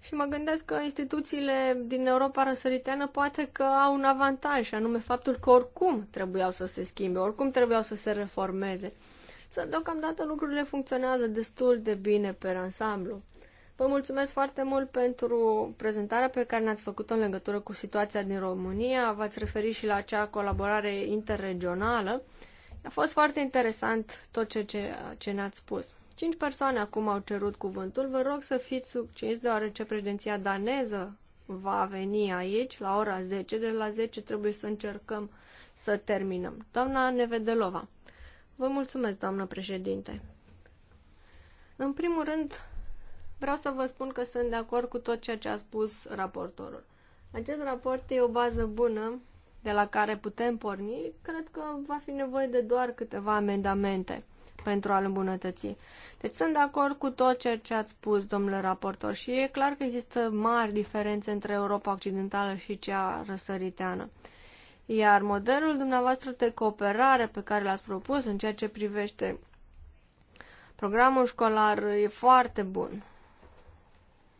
Și mă gândesc că instituțiile din Europa răsăriteană poate că au un avantaj, anume faptul că oricum trebuiau să se schimbe, oricum trebuiau să se reformeze. Să deocamdată lucrurile funcționează destul de bine pe ansamblu. Vă mulțumesc foarte mult pentru prezentarea pe care ne-ați făcut-o în legătură cu situația din România. V-ați referit și la acea colaborare interregională. A fost foarte interesant tot ce, ce, ce ne-ați spus. Cinci persoane acum au cerut cuvântul. Vă rog să fiți succinți, deoarece președinția daneză va veni aici la ora 10. De la 10 trebuie să încercăm să terminăm. Doamna Nevedelova, vă mulțumesc, doamnă președinte. În primul rând, vreau să vă spun că sunt de acord cu tot ceea ce a spus raportorul. Acest raport e o bază bună de la care putem porni, cred că va fi nevoie de doar câteva amendamente pentru a-l îmbunătăți. Deci sunt de acord cu tot ceea ce ați spus, domnule raportor, și e clar că există mari diferențe între Europa Occidentală și cea răsăriteană. Iar modelul dumneavoastră de cooperare pe care l-ați propus în ceea ce privește programul școlar e foarte bun.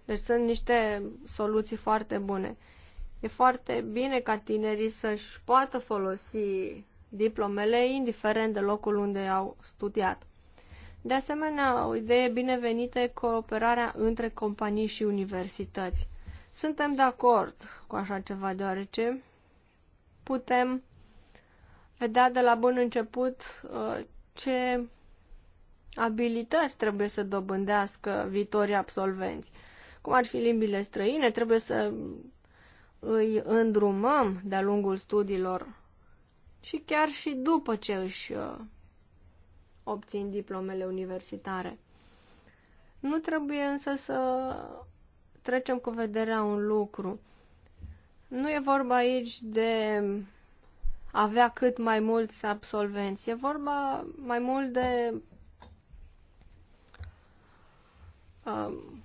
Deci sunt niște soluții foarte bune. E foarte bine ca tinerii să-și poată folosi diplomele, indiferent de locul unde au studiat. De asemenea, o idee binevenită e cooperarea între companii și universități. Suntem de acord cu așa ceva, deoarece putem vedea de la bun început uh, ce abilități trebuie să dobândească viitorii absolvenți. Cum ar fi limbile străine, trebuie să îi îndrumăm de-a lungul studiilor și chiar și după ce își uh, obțin diplomele universitare. Nu trebuie însă să trecem cu vederea un lucru. Nu e vorba aici de avea cât mai mulți absolvenți. E vorba mai mult de um,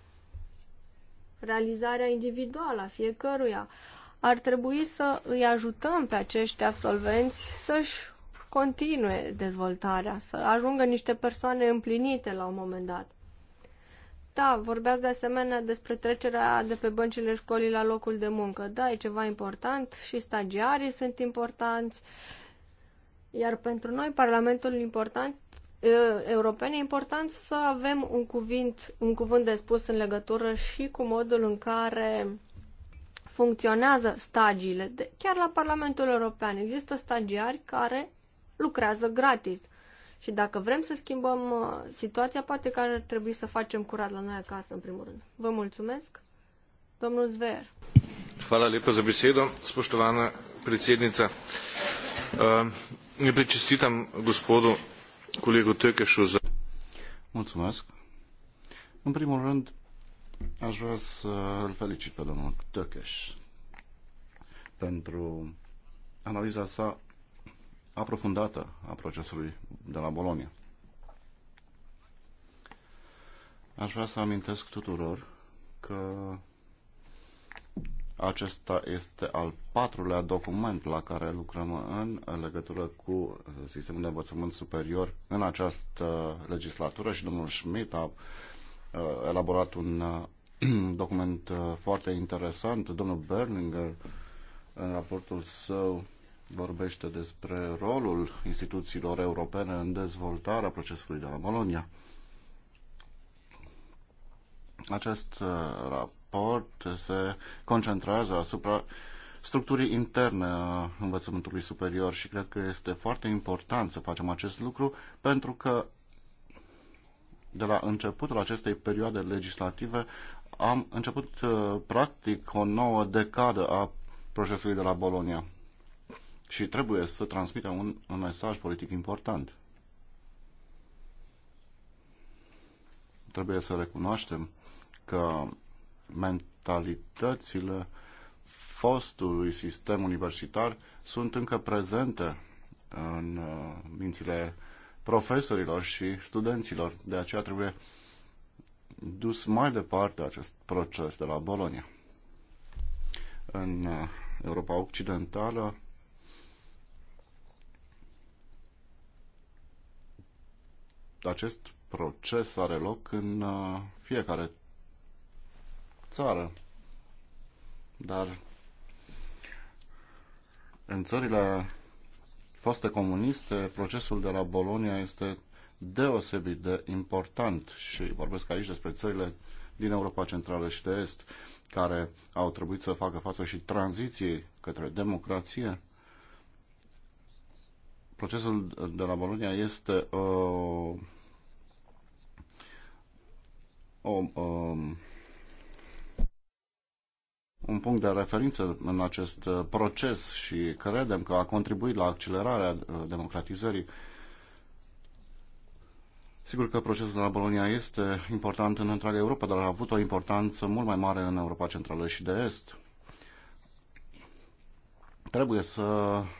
realizarea individuală a fiecăruia. Ar trebui să îi ajutăm pe acești absolvenți să-și continue dezvoltarea, să ajungă niște persoane împlinite la un moment dat. Da, vorbeați de asemenea despre trecerea de pe băncile școlii la locul de muncă. Da, e ceva important și stagiarii sunt importanți. Iar pentru noi, Parlamentul important europene, e important să avem un cuvânt, un cuvânt de spus în legătură și cu modul în care funcționează stagiile. De, chiar la Parlamentul European există stagiari care lucrează gratis. Și dacă vrem să schimbăm uh, situația, poate că ar trebui să facem curat la noi acasă, în primul rând. Vă mulțumesc. Domnul Zver. Hvala lepa za besedo, spoštovana predsednica. Uh, ne prečestitam gospodu Colegul Tăcășuza. Mulțumesc. În primul rând, aș vrea să îl felicit pe domnul Tăcăș pentru analiza sa aprofundată a procesului de la Bolonia. Aș vrea să amintesc tuturor că acesta este al patrulea document la care lucrăm în legătură cu sistemul de învățământ superior în această legislatură și domnul Schmidt a uh, elaborat un uh, document uh, foarte interesant. Domnul Berninger, în raportul său, vorbește despre rolul instituțiilor europene în dezvoltarea procesului de la Bologna. Acest raport raport se concentrează asupra structurii interne a învățământului superior și cred că este foarte important să facem acest lucru pentru că de la începutul acestei perioade legislative am început uh, practic o nouă decadă a procesului de la Bolonia și trebuie să transmitem un, un mesaj politic important. Trebuie să recunoaștem că mentalitățile fostului sistem universitar sunt încă prezente în uh, mințile profesorilor și studenților. De aceea trebuie dus mai departe acest proces de la Bolonia. În uh, Europa Occidentală acest proces are loc în uh, fiecare țară. Dar în țările foste comuniste, procesul de la Bolonia este deosebit de important și vorbesc aici despre țările din Europa Centrală și de Est, care au trebuit să facă față și tranziției către democrație. Procesul de la Bolonia este uh, o, o, um, o un punct de referință în acest uh, proces și credem că a contribuit la accelerarea uh, democratizării. Sigur că procesul de la Bolonia este important în întreaga Europa, dar a avut o importanță mult mai mare în Europa Centrală și de Est. Trebuie să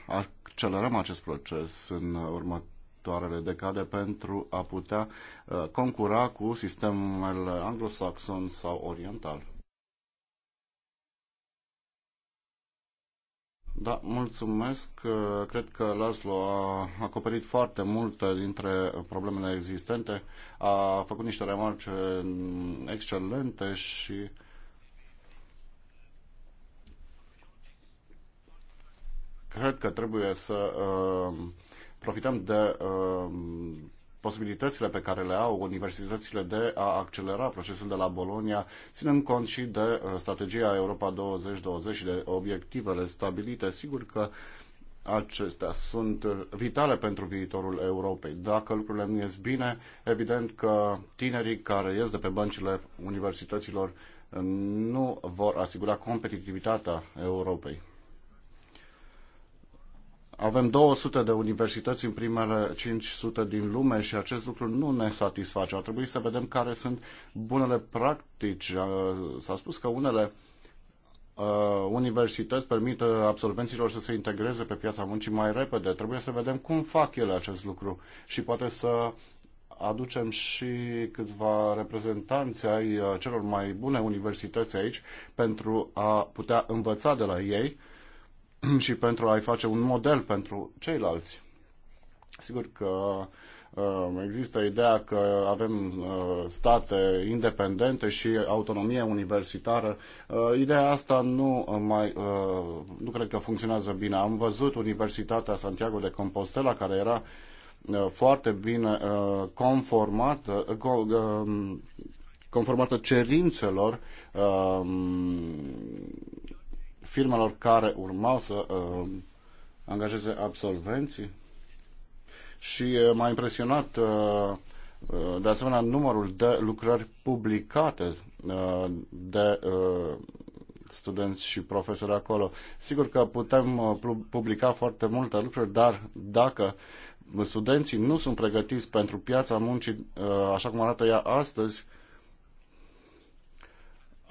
accelerăm acest proces în următoarele decade pentru a putea uh, concura cu sistemele anglosaxon sau oriental. Da, mulțumesc. Cred că Laszlo a acoperit foarte multe dintre problemele existente, a făcut niște remarci excelente și cred că trebuie să uh, profităm de uh, posibilitățile pe care le au universitățile de a accelera procesul de la Bolonia, ținând cont și de uh, strategia Europa 2020 și de obiectivele stabilite. Sigur că acestea sunt uh, vitale pentru viitorul Europei. Dacă lucrurile nu ies bine, evident că tinerii care ies de pe băncile universităților uh, nu vor asigura competitivitatea Europei. Avem 200 de universități în primele 500 din lume și acest lucru nu ne satisface. Ar trebui să vedem care sunt bunele practici. Uh, s-a spus că unele uh, universități permit absolvenților să se integreze pe piața muncii mai repede. Trebuie să vedem cum fac ele acest lucru și poate să aducem și câțiva reprezentanți ai uh, celor mai bune universități aici pentru a putea învăța de la ei și pentru a-i face un model pentru ceilalți. Sigur că uh, există ideea că avem uh, state independente și autonomie universitară. Uh, ideea asta nu mai nu cred că funcționează bine. Am văzut Universitatea Santiago de Compostela care era foarte bine conformată conformată cerințelor firmelor care urmau să uh, angajeze absolvenții și uh, m-a impresionat uh, uh, de asemenea numărul de lucrări publicate uh, de uh, studenți și profesori acolo. Sigur că putem uh, publica foarte multe lucruri, dar dacă studenții nu sunt pregătiți pentru piața muncii așa cum arată ea astăzi,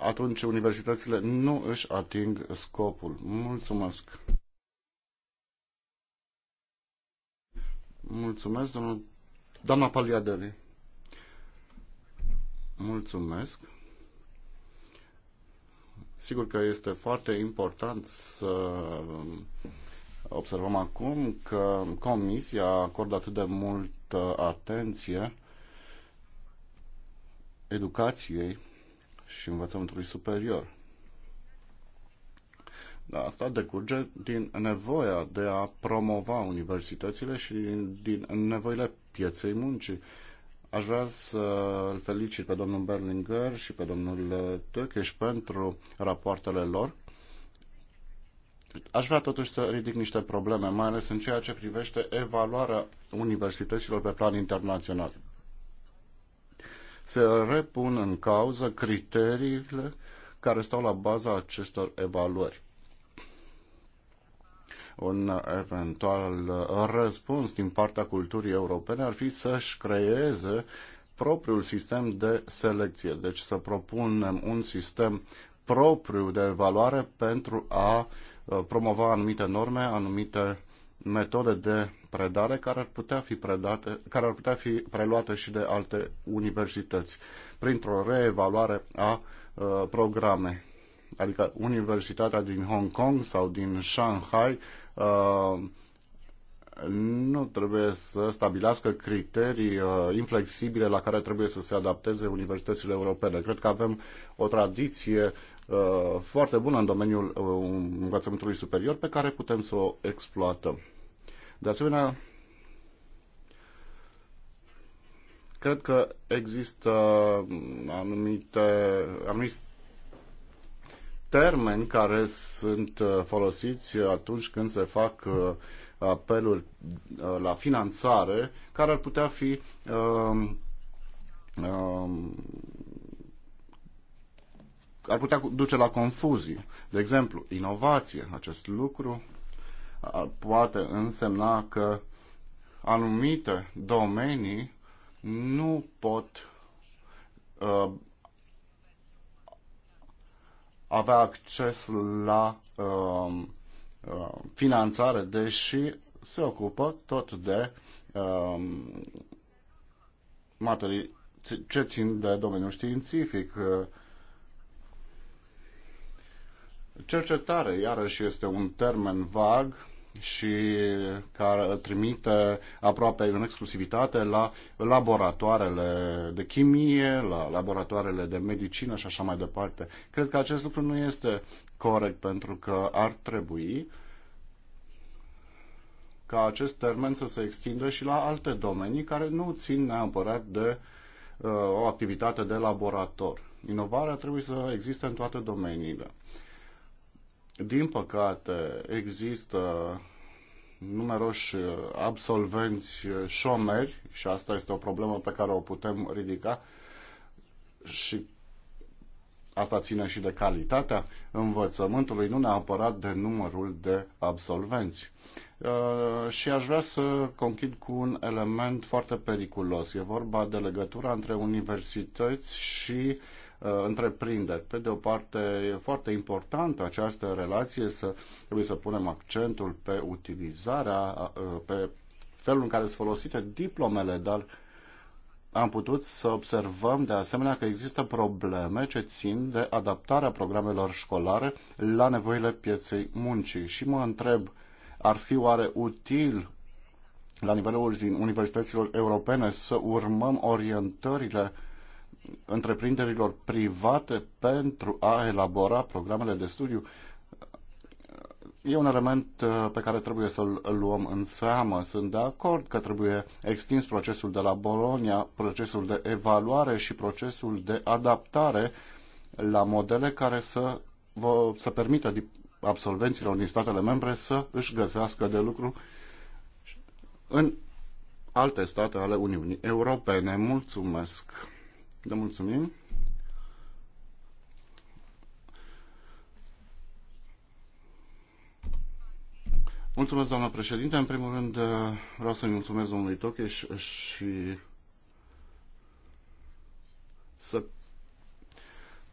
atunci universitățile nu își ating scopul. Mulțumesc! Mulțumesc, domnul... doamna Paliadeli. Mulțumesc. Sigur că este foarte important să observăm acum că Comisia acordă atât de mult atenție educației și învățământului superior. Dar asta decurge din nevoia de a promova universitățile și din nevoile pieței muncii. Aș vrea să îl felicit pe domnul Berlinger și pe domnul Tökeș pentru rapoartele lor. Aș vrea totuși să ridic niște probleme, mai ales în ceea ce privește evaluarea universităților pe plan internațional se repun în cauză criteriile care stau la baza acestor evaluări. Un eventual răspuns din partea culturii europene ar fi să-și creeze propriul sistem de selecție, deci să propunem un sistem propriu de evaluare pentru a uh, promova anumite norme, anumite metode de predare care ar putea fi, predate, care ar putea fi preluate și de alte universități printr-o reevaluare a uh, programe. Adică Universitatea din Hong Kong sau din Shanghai uh, nu trebuie să stabilească criterii uh, inflexibile la care trebuie să se adapteze universitățile europene. Cred că avem o tradiție Uh, foarte bună în domeniul uh, învățământului superior pe care putem să o exploatăm. De asemenea, cred că există anumite, anumite termeni care sunt uh, folosiți atunci când se fac apeluri la finanțare care ar putea fi um, um, ar putea duce la confuzii. De exemplu, inovație, acest lucru poate însemna că anumite domenii nu pot uh, avea acces la uh, uh, finanțare, deși se ocupă tot de uh, materii ce țin de domeniul științific. Uh, Cercetare, iarăși, este un termen vag și care trimite aproape în exclusivitate la laboratoarele de chimie, la laboratoarele de medicină și așa mai departe. Cred că acest lucru nu este corect pentru că ar trebui ca acest termen să se extindă și la alte domenii care nu țin neapărat de uh, o activitate de laborator. Inovarea trebuie să existe în toate domeniile. Uh, din păcate, există numeroși absolvenți șomeri și asta este o problemă pe care o putem ridica și asta ține și de calitatea învățământului, nu neapărat de numărul de absolvenți. Uh, și aș vrea să conchid cu un element foarte periculos. E vorba de legătura între universități și uh, Uh, întreprinderi. Pe de o parte, e foarte importantă această relație, să, trebuie să punem accentul pe utilizarea, uh, pe felul în care sunt folosite diplomele, dar am putut să observăm de asemenea că există probleme ce țin de adaptarea programelor școlare la nevoile pieței muncii. Și mă întreb, ar fi oare util la nivelul universităților europene să urmăm orientările uh, întreprinderilor private pentru a elabora programele de studiu e un element uh, pe care trebuie să-l luăm în seamă. Sunt de acord că trebuie extins procesul de la Bologna, procesul de evaluare și procesul de adaptare la modele care să, vă, să permită absolvenților din statele membre să își găsească de lucru în alte state ale Uniunii Europene. Mulțumesc! Da, mulțumim. Mulțumesc, doamna președinte. În primul rând, uh, vreau să-i mulțumesc domnului Tocheș și să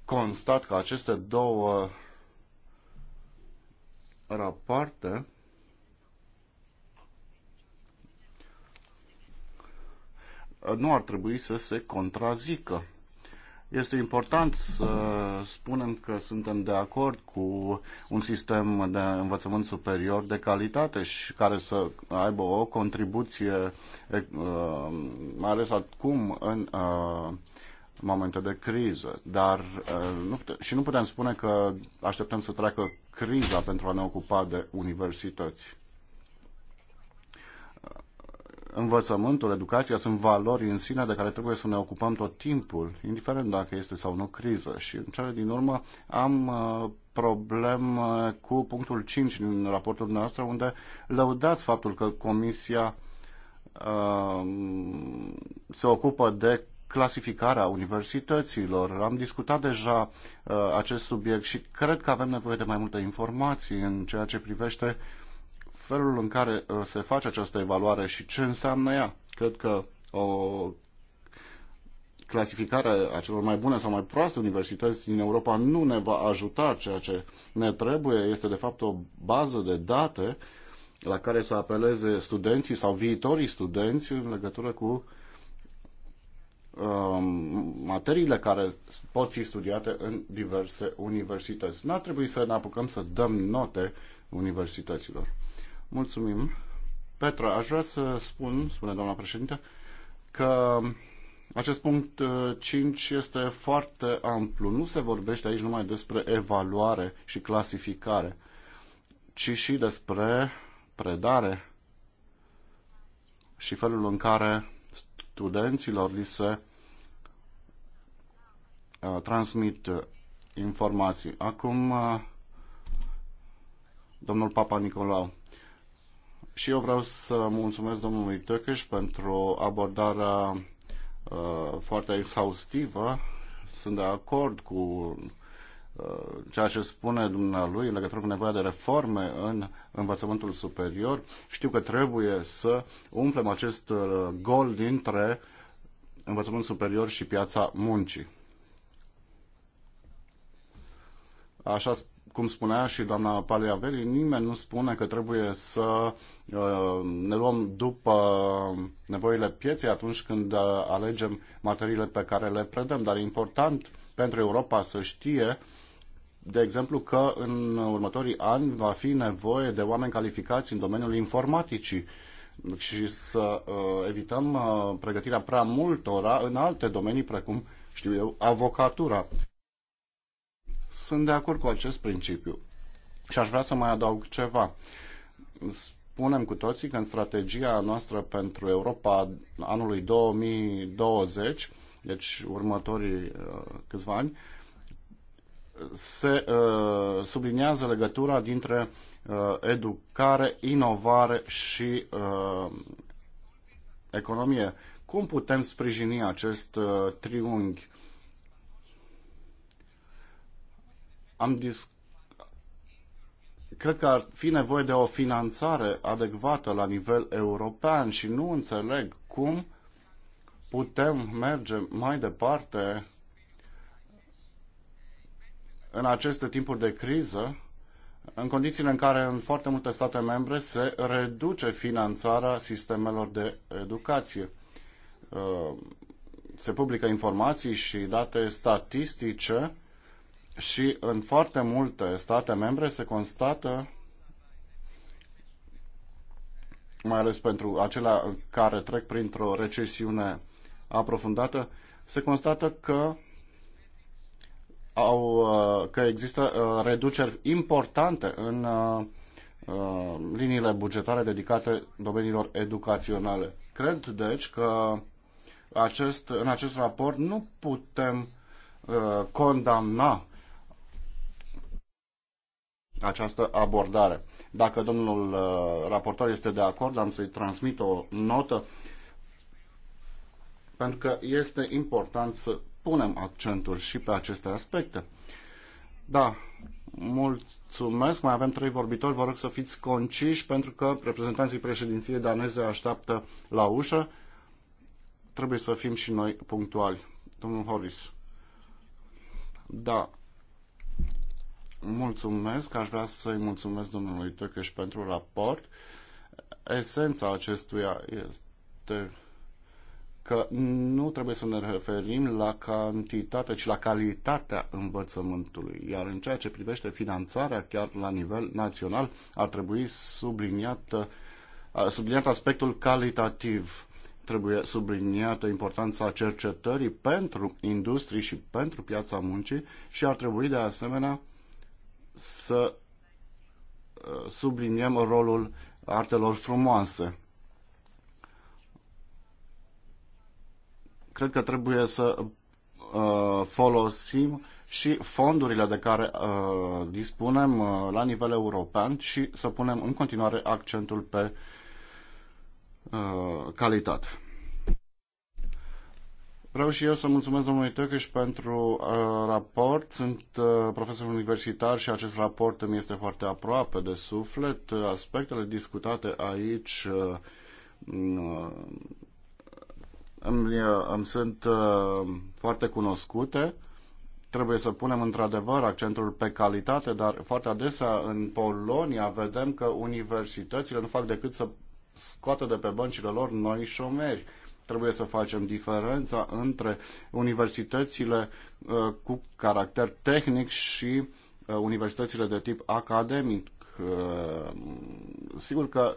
constat că aceste două rapoarte nu ar trebui să se contrazică. Este important să spunem că suntem de acord cu un sistem de învățământ superior de calitate și care să aibă o contribuție, mai ales acum, în momente de criză. Dar nu și nu putem spune că așteptăm să treacă criza pentru a ne ocupa de universități învățământul, educația sunt valori în sine de care trebuie să ne ocupăm tot timpul, indiferent dacă este sau nu criză. Și în cele din urmă am uh, problem cu punctul 5 din raportul noastră, unde lăudați faptul că Comisia uh, se ocupă de clasificarea universităților. Am discutat deja uh, acest subiect și cred că avem nevoie de mai multe informații în ceea ce privește uh, felul în care uh, se face această evaluare și ce înseamnă ea. Cred că o clasificare a celor mai bune sau mai proaste universități din Europa nu ne va ajuta. Ceea ce ne trebuie este, de fapt, o bază de date la care să apeleze studenții sau viitorii studenți în legătură cu um, materiile care pot fi studiate în diverse universități. N-ar trebui să ne apucăm să dăm note universităților. Mulțumim. Petra, aș vrea să spun, spune doamna președinte, că acest punct 5 uh, este foarte amplu. Nu se vorbește aici numai despre evaluare și clasificare, ci și despre predare și felul în care studenților li se uh, transmit informații. Acum, uh, domnul Papa Nicolau. Și eu vreau să mulțumesc domnului Tăcăș pentru abordarea uh, foarte exhaustivă. Sunt de acord cu uh, ceea ce spune dumnealui în legătură cu nevoia de reforme în învățământul superior. Știu că trebuie să umplem acest uh, gol dintre învățământ superior și piața muncii. Așa cum spunea și doamna Paliaveli, nimeni nu spune că trebuie să uh, ne luăm după nevoile pieței atunci când uh, alegem materiile pe care le predăm, dar e important pentru Europa să știe de exemplu, că în următorii ani va fi nevoie de oameni calificați în domeniul informaticii și să uh, evităm pregătirea prea multora în alte domenii, precum, știu eu, avocatura. Sunt de acord cu acest principiu. Și aș vrea să mai adaug ceva. Spunem cu toții că în strategia noastră pentru Europa anului 2020, deci următorii uh, câțiva ani, se uh, subliniază legătura dintre uh, educare, inovare și uh, economie. Cum putem sprijini acest uh, triunghi? am dis... cred că ar fi nevoie de o finanțare adecvată la nivel european și nu înțeleg cum putem merge mai departe în aceste timpuri de criză, în condițiile în care în foarte multe state membre se reduce finanțarea sistemelor de educație. Uh, se publică informații și date statistice și în foarte multe state membre se constată mai ales pentru acelea care trec printr-o recesiune aprofundată, se constată că au, uh, că există uh, reduceri importante în uh, liniile bugetare dedicate domeniilor educaționale. Cred, deci, că acest, în acest raport nu putem condamna această abordare. Dacă domnul uh, raportor este de acord, am să-i transmit o notă, pentru că este important să punem accentul și pe aceste aspecte. Da, mulțumesc. Mai avem trei vorbitori. Vă rog să fiți conciși pentru că reprezentanții președinției daneze așteaptă la ușă. Trebuie să fim și noi punctuali. Domnul Horis. Da, mulțumesc, aș vrea să-i mulțumesc domnului Tăcăș pentru raport. Esența acestuia este că nu trebuie să ne referim la cantitate, ci la calitatea învățământului. Iar în ceea ce privește finanțarea, chiar la nivel național, ar trebui subliniat, subliniat aspectul calitativ. Trebuie subliniată importanța cercetării pentru industrii și pentru piața muncii și ar trebui de asemenea să uh, subliniem rolul artelor frumoase. Cred că trebuie să uh, folosim și fondurile de care uh, dispunem la nivel european și să punem în continuare accentul pe calitate. Vreau și eu să mulțumesc domnului Tăcăș pentru uh, raport. Sunt uh, profesor universitar și acest raport îmi este foarte aproape de suflet. Aspectele discutate aici uh, mm, uh, îmi, uh, îmi sunt uh, foarte cunoscute. Trebuie să punem într-adevăr accentul pe calitate, dar foarte adesea în Polonia vedem că universitățile nu fac decât să scoată de pe băncile lor noi șomeri Trebuie să facem diferența între universitățile uh, cu caracter tehnic și uh, universitățile de tip academic. Uh, sigur că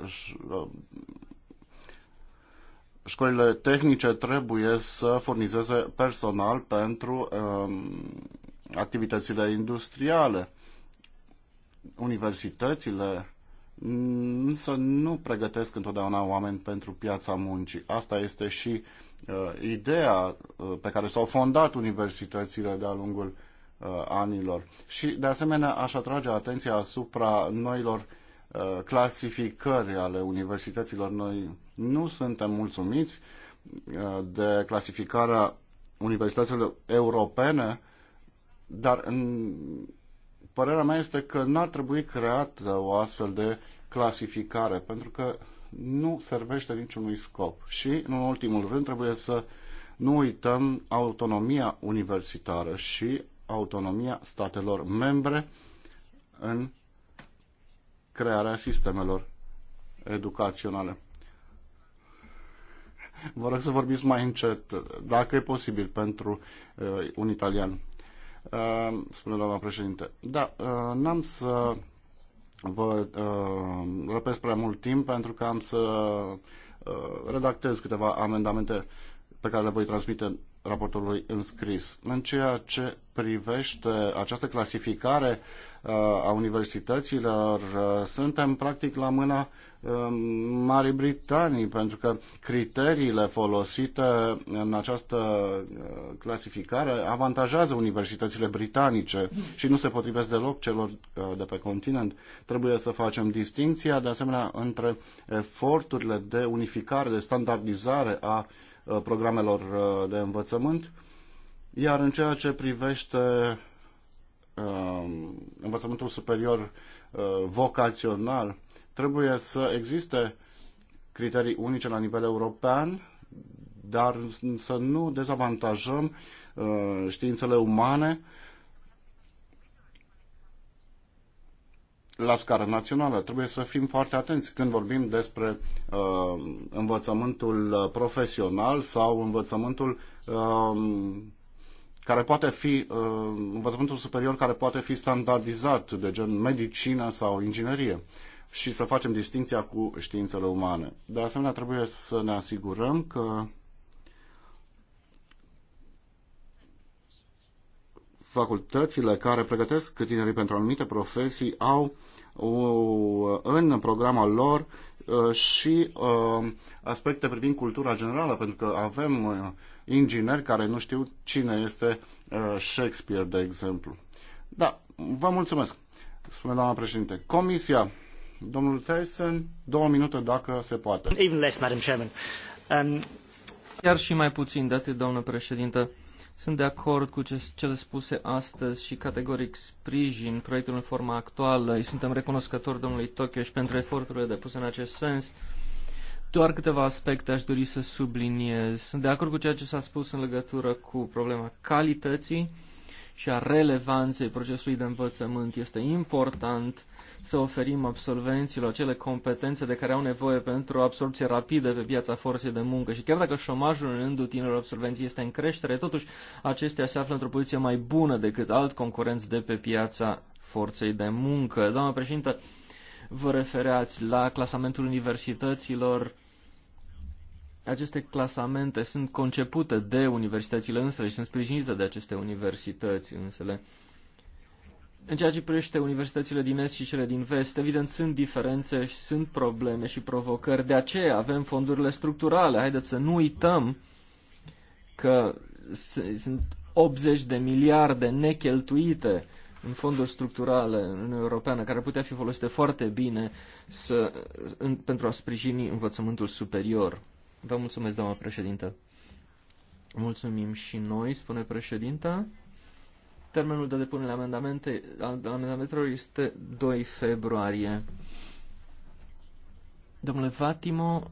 școlile tehnice trebuie să furnizeze personal pentru um, activitățile industriale. Universitățile Mm, însă nu pregătesc întotdeauna oameni pentru piața muncii. Asta este și uh, ideea uh, pe care s-au fondat universitățile de-a lungul uh, anilor. Și, de asemenea, aș atrage atenția asupra noilor uh, clasificări ale universităților. Noi nu suntem mulțumiți uh, de clasificarea universităților europene, dar în părerea mea este că n-ar trebui creată o astfel de clasificare, pentru că nu servește niciunui scop. Și, în ultimul rând, trebuie să nu uităm autonomia universitară și autonomia statelor membre în crearea sistemelor educaționale. Vă rog să vorbiți mai încet, dacă e posibil, pentru uh, un italian. Ehm, spune doamna președinte. Da, ehm, n-am să vă ehm, răpesc prea mult timp pentru că am să redactez câteva amendamente pe care le voi transmite raportorului înscris. În ceea ce privește această clasificare uh, a universităților, uh, suntem practic la mâna um, Marii Britanii, pentru că criteriile folosite în această uh, clasificare avantajează universitățile britanice și nu se potrivesc deloc celor de pe continent. Trebuie să facem distinția, de asemenea, între eforturile de unificare, de standardizare a uh, Uh, programelor uh, de învățământ. Iar în ceea ce privește uh, învățământul superior vocațional, trebuie să existe criterii unice la nivel european, dar să nu dezavantajăm științele umane la scară națională. Trebuie să fim foarte atenți când vorbim despre uh, învățământul uh, profesional sau învățământul uh, care poate fi uh, învățământul superior care poate fi standardizat de gen medicină sau inginerie și să facem distinția cu științele umane. De asemenea, trebuie să ne asigurăm că facultățile care pregătesc tinerii pentru anumite profesii au în programa lor uh, și uh, aspecte privind cultura generală, pentru că avem uh, ingineri care nu știu cine este Shakespeare, de exemplu. Da, vă mulțumesc, spune doamna președinte. Comisia, domnul Tyson, două minute dacă se poate. Even less, Madam Chairman. Um... Chiar și mai puțin de doamnă președintă. Sunt de acord cu cele spuse astăzi și categoric sprijin proiectul în forma actuală. Îi suntem recunoscători domnului Tokyo și pentru eforturile depuse în acest sens. Doar câteva aspecte aș dori să subliniez. Sunt de acord cu ceea ce s-a spus în legătură cu problema calității și a relevanței procesului de învățământ. Este important să oferim absolvenților acele competențe de care au nevoie pentru o absorpție rapidă pe piața forței de muncă. Și chiar dacă șomajul în rândul tinerilor absolvenții este în creștere, totuși acestea se află într-o poziție mai bună decât alt concurenți de pe piața forței de muncă. Doamna președintă, vă refereați la clasamentul universităților aceste clasamente sunt concepute de universitățile însele și sunt sprijinite de aceste universități însele. În ceea ce privește universitățile din Est și cele din Vest, evident sunt diferențe și sunt probleme și provocări. De aceea avem fondurile structurale. Haideți să nu uităm că sunt 80 de miliarde necheltuite în fonduri structurale în Uniunea Europeană, care putea fi folosite foarte bine să, în, pentru a sprijini învățământul superior. Vă mulțumesc, doamna președintă. Mulțumim și noi, spune președinta. Termenul de depunere amendamente, al amendamentelor este 2 februarie. Domnule Vatimo,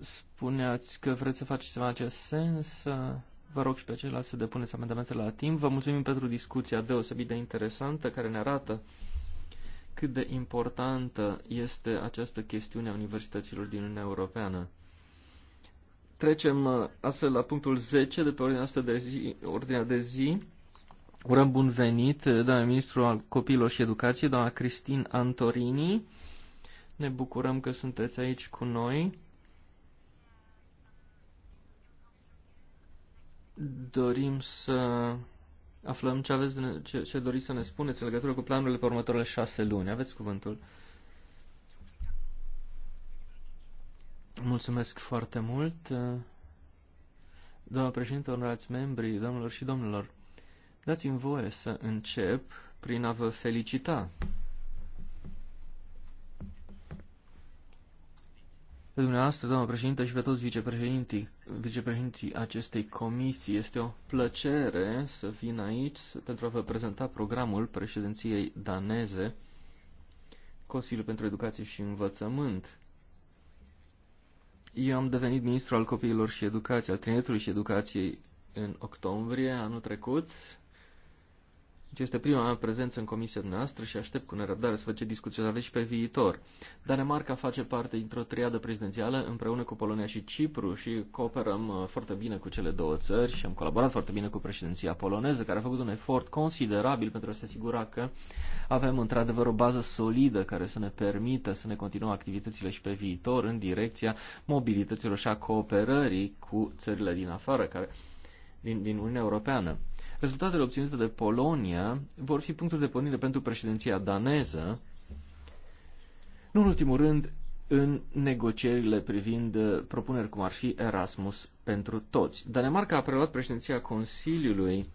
spuneați că vreți să faceți ceva în acest sens. Vă rog și pe ceilalți să depuneți amendamentele la timp. Vă mulțumim pentru discuția deosebit de interesantă care ne arată cât de importantă este această chestiune a universităților din Uniunea Europeană. Trecem uh, astfel la punctul 10 de pe ordinea, asta de zi, ordinea de zi. Urăm bun venit, uh, doamna ministru al copiilor și educației, doamna Cristin Antorini. Ne bucurăm că sunteți aici cu noi. Dorim să aflăm ce, aveți, ce, ce doriți să ne spuneți în legătură cu planurile pe următoarele șase luni. Aveți cuvântul. Mulțumesc foarte mult. Doamna președinte, onorați membri, domnilor și domnilor, dați-mi voie să încep prin a vă felicita pe dumneavoastră, doamnă președinte, și pe toți vicepreședinții, vicepreședinții acestei comisii. Este o plăcere să vin aici pentru a vă prezenta programul președinției daneze, Consiliul pentru Educație și Învățământ. Eu am devenit ministru al copiilor și educației, al tineretului și educației în octombrie anul trecut, deci este prima mea prezență în comisia noastră și aștept cu nerăbdare să vă ce discuții aveți și pe viitor. Danemarca face parte dintr-o triadă prezidențială împreună cu Polonia și Cipru și cooperăm uh, foarte bine cu cele două țări și am colaborat foarte bine cu președinția poloneză, care a făcut un efort considerabil pentru a se asigura că avem într-adevăr o bază solidă care să ne permită să ne continuăm activitățile și pe viitor în direcția mobilităților și a cooperării cu țările din afară, care, din, din Uniunea Europeană. Rezultatele obținute de Polonia vor fi punctul de pornire pentru președinția daneză, nu în ultimul rând în negocierile privind uh, propuneri cum ar fi Erasmus pentru toți. Danemarca a preluat președinția Consiliului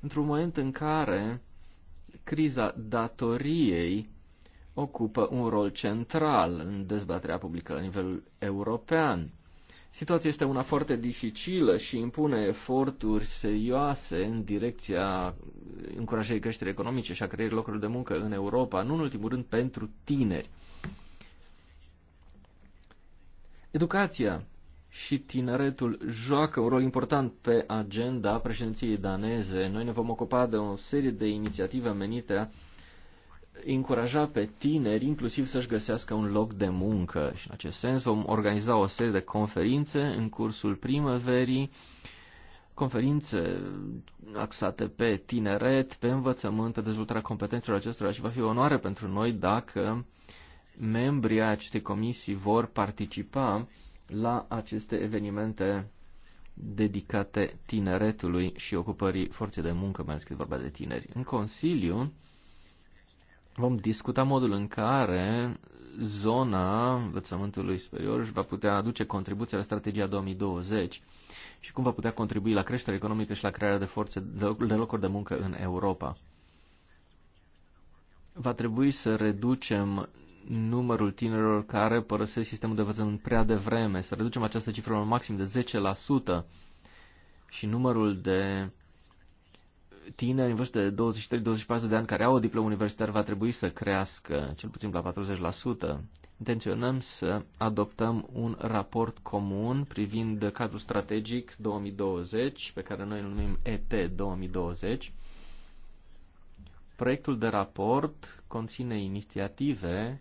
într-un moment în care criza datoriei ocupă un rol central în dezbaterea publică la nivel european. Situația este una foarte dificilă și impune eforturi serioase în direcția încurajării creșterii economice și a creierii locurilor de muncă în Europa, nu în ultimul rând pentru tineri. Educația și tineretul joacă un rol important pe agenda președinției daneze. Noi ne vom ocupa de o serie de inițiative menite a încuraja pe tineri inclusiv să-și găsească un loc de muncă. Și în acest sens vom organiza o serie de conferințe în cursul primăverii, conferințe axate pe tineret, pe învățământ, pe dezvoltarea competențelor acestora și va fi o onoare pentru noi dacă membrii acestei comisii vor participa la aceste evenimente dedicate tineretului și ocupării forței de muncă, mai ales când vorba de tineri. În Consiliu, vom discuta modul în care zona învățământului superior își va putea aduce contribuția la strategia 2020 și cum va putea contribui la creșterea economică și la crearea de forțe de locuri de muncă în Europa. Va trebui să reducem numărul tinerilor care părăsesc sistemul de învățământ prea devreme, să reducem această cifră la maxim de 10% și numărul de tineri în vârstă de 23-24 de ani care au o diplomă universitară va trebui să crească cel puțin la 40%. Intenționăm să adoptăm un raport comun privind cadrul strategic 2020, pe care noi îl numim ET 2020. Proiectul de raport conține inițiative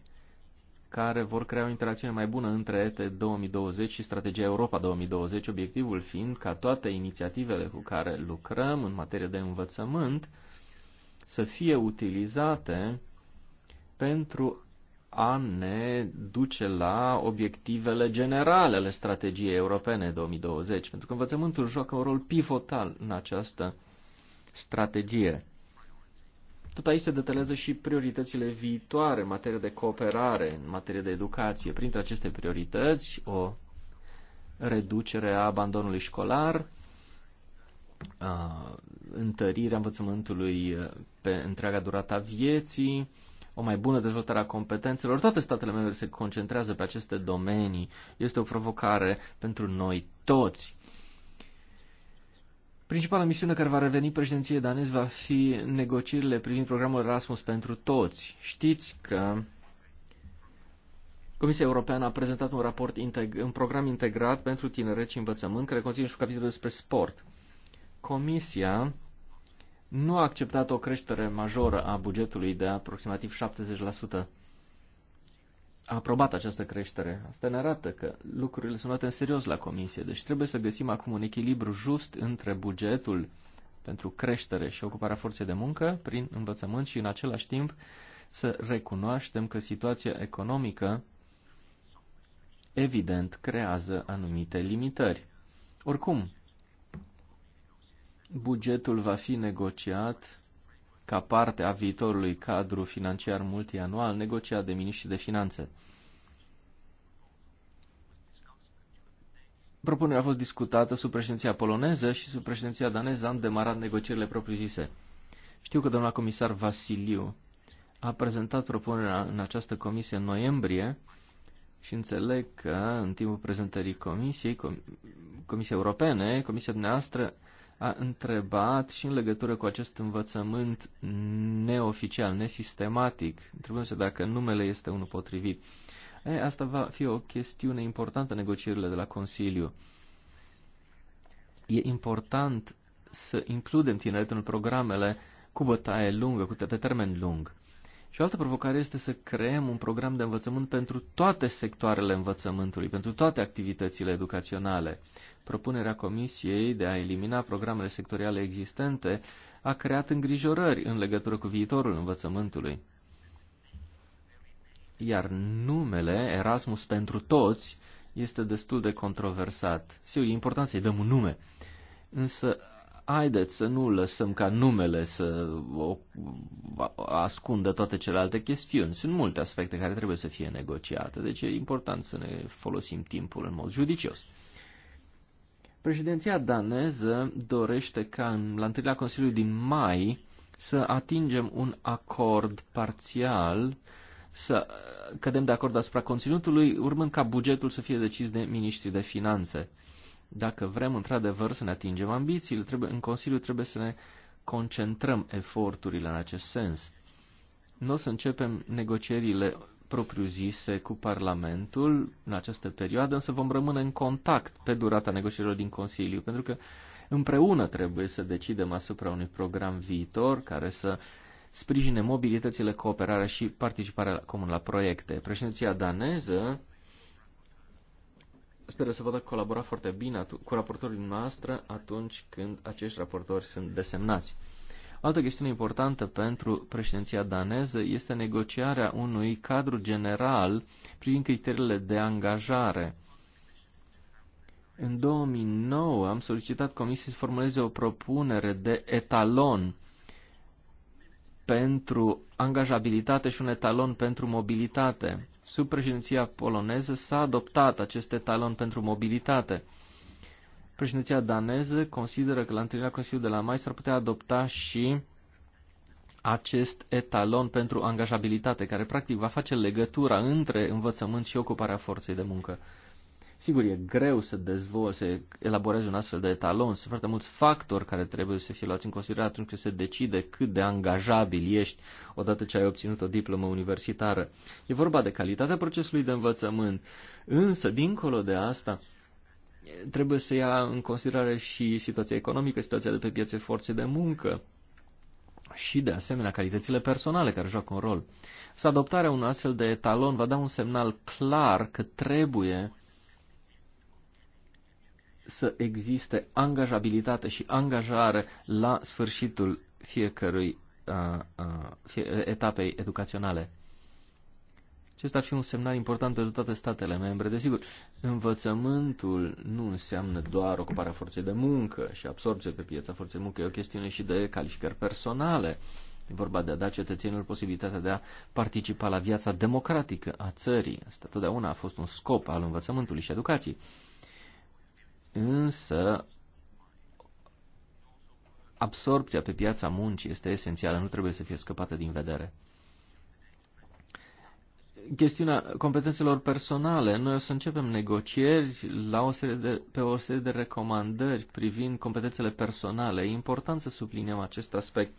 care vor crea o interacțiune mai bună între ETE 2020 și strategia Europa 2020, obiectivul fiind ca toate inițiativele cu care lucrăm în materie de învățământ să fie utilizate pentru a ne duce la obiectivele generale ale strategiei europene 2020, pentru că învățământul joacă un rol pivotal în această strategie. Tot aici se detalează și prioritățile viitoare în materie de cooperare, în materie de educație. Printre aceste priorități, o reducere a abandonului școlar, întărirea învățământului pe întreaga a vieții, o mai bună dezvoltare a competențelor. Toate statele membre se concentrează pe aceste domenii. Este o provocare pentru noi toți. Principala misiune care va reveni președinției danez va fi negocierile privind programul Erasmus pentru toți. Știți că Comisia Europeană a prezentat un raport integ- un program integrat pentru tineret și învățământ, care conține și un capitol despre sport. Comisia nu a acceptat o creștere majoră a bugetului de aproximativ 70% a aprobat această creștere. Asta ne arată că lucrurile sunt luate în serios la comisie, deci trebuie să găsim acum un echilibru just între bugetul pentru creștere și ocuparea forței de muncă prin învățământ și în același timp să recunoaștem că situația economică evident creează anumite limitări. Oricum, bugetul va fi negociat ca parte a viitorului cadru financiar multianual negociat de miniștri de finanțe. Propunerea a fost discutată sub președinția poloneză și sub președinția daneză am demarat negocierile propriu-zise. Știu că doamna comisar Vasiliu a prezentat propunerea în această comisie în noiembrie și înțeleg că în timpul prezentării comisiei, com Comisiei Europene, Comisia dumneavoastră a întrebat și în legătură cu acest învățământ neoficial, nesistematic, întrebându-se dacă numele este unul potrivit. E, asta va fi o chestiune importantă în negocierile de la Consiliu. E important să includem tineretul în programele cu bătaie lungă, cu pe termen lung. Și o altă provocare este să creăm un program de învățământ pentru toate sectoarele învățământului, pentru toate activitățile educaționale. Propunerea Comisiei de a elimina programele sectoriale existente a creat îngrijorări în legătură cu viitorul învățământului. Iar numele Erasmus pentru toți este destul de controversat. Sigur, e important să-i dăm un nume, însă haideți să nu lăsăm ca numele să o ascundă toate celelalte chestiuni. Sunt multe aspecte care trebuie să fie negociate, deci e important să ne folosim timpul în mod judicios. Președinția daneză dorește ca în, la întâlnirea Consiliului din mai să atingem un acord parțial, să uh, cădem de acord asupra conținutului, urmând ca bugetul să fie decis de ministrii de finanțe. Dacă vrem într-adevăr să ne atingem ambițiile, trebuie, în Consiliu trebuie să ne concentrăm eforturile în acest sens. Nu o să începem negocierile propriu-zise cu Parlamentul în această perioadă, însă vom rămâne în contact pe durata negocierilor din Consiliu, pentru că împreună trebuie să decidem asupra unui program viitor care să sprijine mobilitățile, cooperarea și participarea comună la proiecte. Președinția daneză speră să vă colabora foarte bine cu raportorii noastre atunci când acești raportori sunt desemnați. Altă chestiune importantă pentru președinția daneză este negociarea unui cadru general privind criteriile de angajare. În 2009 am solicitat Comisiei să formuleze o propunere de etalon pentru angajabilitate și un etalon pentru mobilitate. Sub președinția poloneză s-a adoptat acest etalon pentru mobilitate. Președinția daneză consideră că la întâlnirea Consiliului de la mai s-ar putea adopta și acest etalon pentru angajabilitate, care practic va face legătura între învățământ și ocuparea forței de muncă. Sigur, e greu să dezvolte, să elaborezi un astfel de etalon, sunt foarte mulți factori care trebuie să fie luați în considerare atunci când se decide cât de angajabil ești odată ce ai obținut o diplomă universitară. E vorba de calitatea procesului de învățământ, însă, dincolo de asta, trebuie să ia în considerare și situația economică, situația de pe piețe forțe de muncă și, de asemenea, calitățile personale care joacă un rol. Să adoptarea unui astfel de etalon va da un semnal clar că trebuie să existe angajabilitate și angajare la sfârșitul fiecărui uh, uh, fie, etapei educaționale. Acesta ar fi un semnal important pentru toate statele membre. Desigur, învățământul nu înseamnă doar ocuparea forței de muncă și absorbția pe piața forței de muncă, e o chestiune și de calificări personale. E vorba de a da cetățenilor posibilitatea de a participa la viața democratică a țării. Asta totdeauna a fost un scop al învățământului și educației. Însă, absorpția pe piața muncii este esențială, nu trebuie să fie scăpată din vedere chestiunea competențelor personale. Noi o să începem negocieri la o serie de, pe o serie de recomandări privind competențele personale. E important să subliniem acest aspect.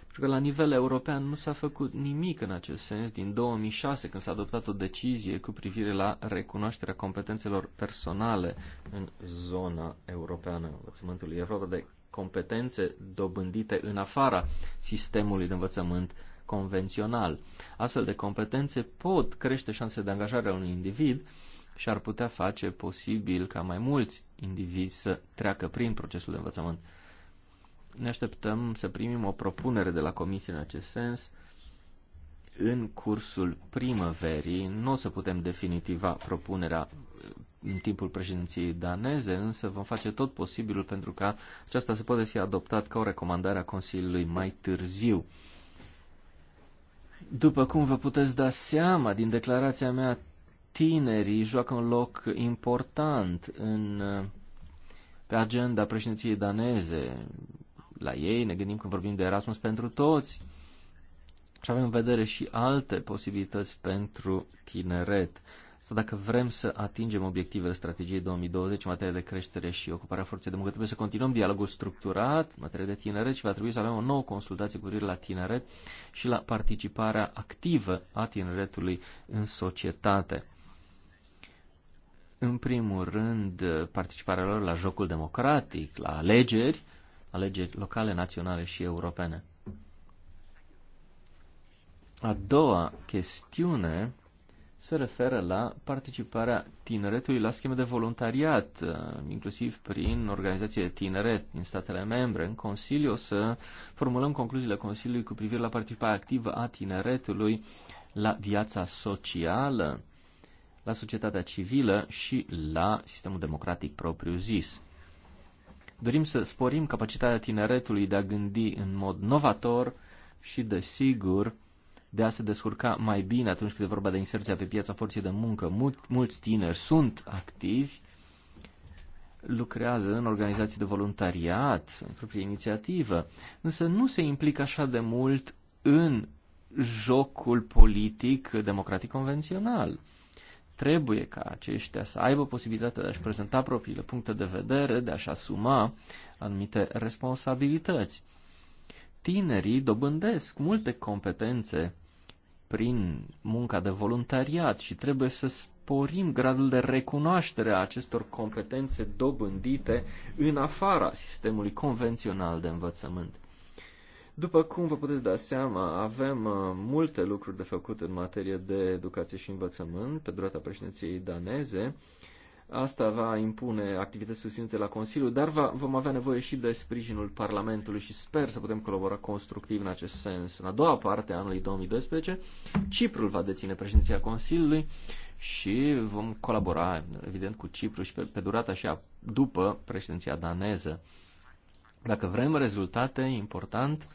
Pentru că la nivel european nu s-a făcut nimic în acest sens din 2006, când s-a adoptat o decizie cu privire la recunoașterea competențelor personale în zona europeană, învățământului. E vorba de competențe dobândite în afara sistemului de învățământ convențional. Astfel de competențe pot crește șansele de angajare a unui individ și ar putea face posibil ca mai mulți indivizi să treacă prin procesul de învățământ. Ne așteptăm să primim o propunere de la Comisie în acest sens în cursul primăverii. Nu o să putem definitiva propunerea în timpul președinției daneze, însă vom face tot posibilul pentru ca aceasta să poată fi adoptat ca o recomandare a Consiliului mai târziu. După cum vă puteți da seama din declarația mea, tinerii joacă un loc important în, pe agenda președinției daneze. La ei ne gândim când vorbim de Erasmus pentru toți și avem în vedere și alte posibilități pentru tineret. Sau dacă vrem să atingem obiectivele strategiei 2020 în materie de creștere și ocuparea forței de muncă, trebuie să continuăm dialogul structurat în materie de tineret și va trebui să avem o nouă consultație cu privire la tineret și la participarea activă a tineretului în societate. În primul rând, participarea lor la jocul democratic, la alegeri, alegeri locale, naționale și europene. A doua chestiune se referă la participarea tineretului la scheme de voluntariat, uh, inclusiv prin organizație de tineret din statele membre. În Consiliu o să formulăm concluziile Consiliului cu privire la participarea activă a tineretului la viața socială, la societatea civilă și la sistemul democratic propriu-zis. Dorim să sporim capacitatea tineretului de a gândi în mod novator și, desigur, de a se descurca mai bine atunci când e vorba de inserția pe piața forței de muncă. Mul- mulți tineri sunt activi, lucrează în organizații de voluntariat, în proprie inițiativă, însă nu se implică așa de mult în jocul politic democratic convențional. Trebuie ca aceștia să aibă posibilitatea de a-și prezenta propriile puncte de vedere, de a-și asuma anumite responsabilități. Tinerii dobândesc multe competențe prin munca de voluntariat și trebuie să sporim gradul de recunoaștere a acestor competențe dobândite în afara sistemului convențional de învățământ. După cum vă puteți da seama, avem uh, multe lucruri de făcut în materie de educație și învățământ pe durata președinției daneze. Asta va impune activități susținute la Consiliu, dar va, vom avea nevoie și de sprijinul Parlamentului și sper să putem colabora constructiv în acest sens. În a doua parte a anului 2012, Ciprul va deține președinția Consiliului și vom colabora, evident, cu Cipru și pe, pe durata și a, după președinția daneză. Dacă vrem rezultate, important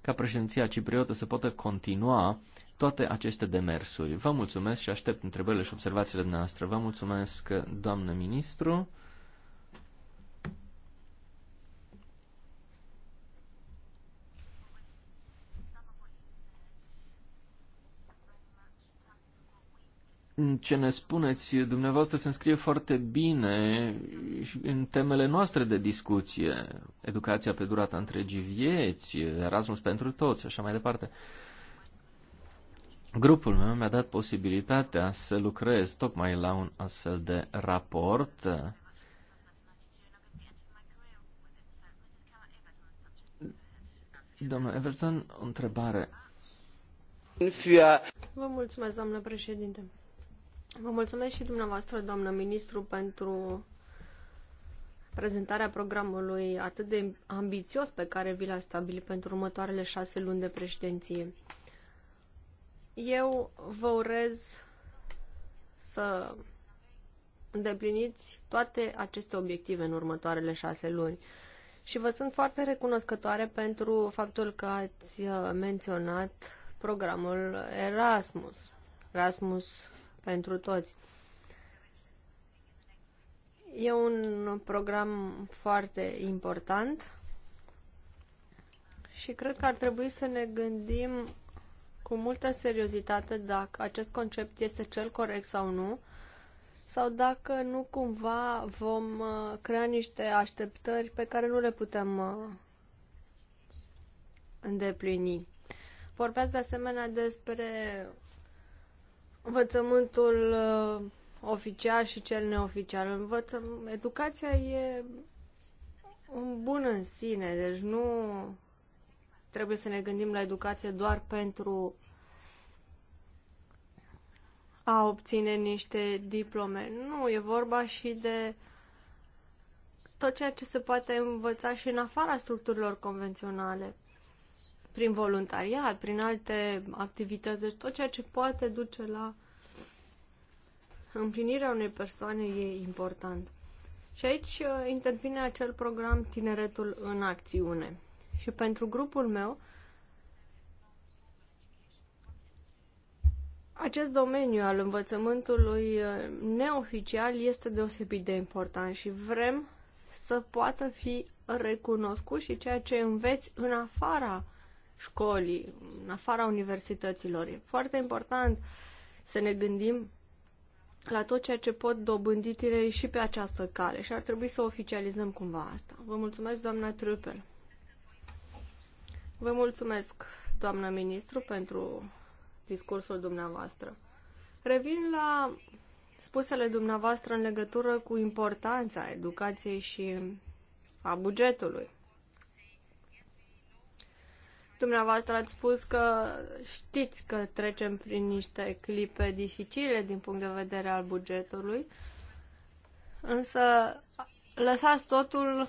ca președinția cipriotă să poată continua toate aceste demersuri. Vă mulțumesc și aștept întrebările și observațiile noastre. Vă mulțumesc, doamnă ministru. ce ne spuneți dumneavoastră se înscrie foarte bine în temele noastre de discuție, educația pe durata întregii vieți, Erasmus pentru toți așa mai departe. Grupul meu mi-a dat posibilitatea să lucrez tocmai la un astfel de raport. Domnul Everton, o întrebare. Vă mulțumesc, doamnă președinte. Vă mulțumesc și dumneavoastră, doamnă ministru, pentru prezentarea programului atât de ambițios pe care vi l-a stabilit pentru următoarele șase luni de președinție. Eu vă urez să îndepliniți toate aceste obiective în următoarele șase luni. Și vă sunt foarte recunoscătoare pentru faptul că ați uh, menționat programul Erasmus. Erasmus pentru toți. E un program foarte important și cred că ar trebui să ne gândim cu multă seriozitate dacă acest concept este cel corect sau nu, sau dacă nu cumva vom uh, crea niște așteptări pe care nu le putem uh, îndeplini. Vorbeați de asemenea despre învățământul uh, oficial și cel neoficial. Învățăm, educația e un bun în sine, deci nu trebuie să ne gândim la educație doar pentru a obține niște diplome. Nu, e vorba și de tot ceea ce se poate învăța și în afara structurilor convenționale, prin voluntariat, prin alte activități, deci tot ceea ce poate duce la împlinirea unei persoane e important. Și aici uh, intervine acel program Tineretul în Acțiune și pentru grupul meu, acest domeniu al învățământului eh, neoficial este deosebit de important și vrem să poată fi recunoscut și ceea ce înveți în afara școlii, în afara universităților. E foarte important să ne gândim la tot ceea ce pot dobândi tinerii și pe această cale și ar trebui să oficializăm cumva asta. Vă mulțumesc, doamna Trupel. Vă mulțumesc, doamnă ministru, pentru discursul dumneavoastră. Revin la spusele dumneavoastră în legătură cu importanța educației și a bugetului. Dumneavoastră ați spus că știți că trecem prin niște clipe dificile din punct de vedere al bugetului, însă lăsați totul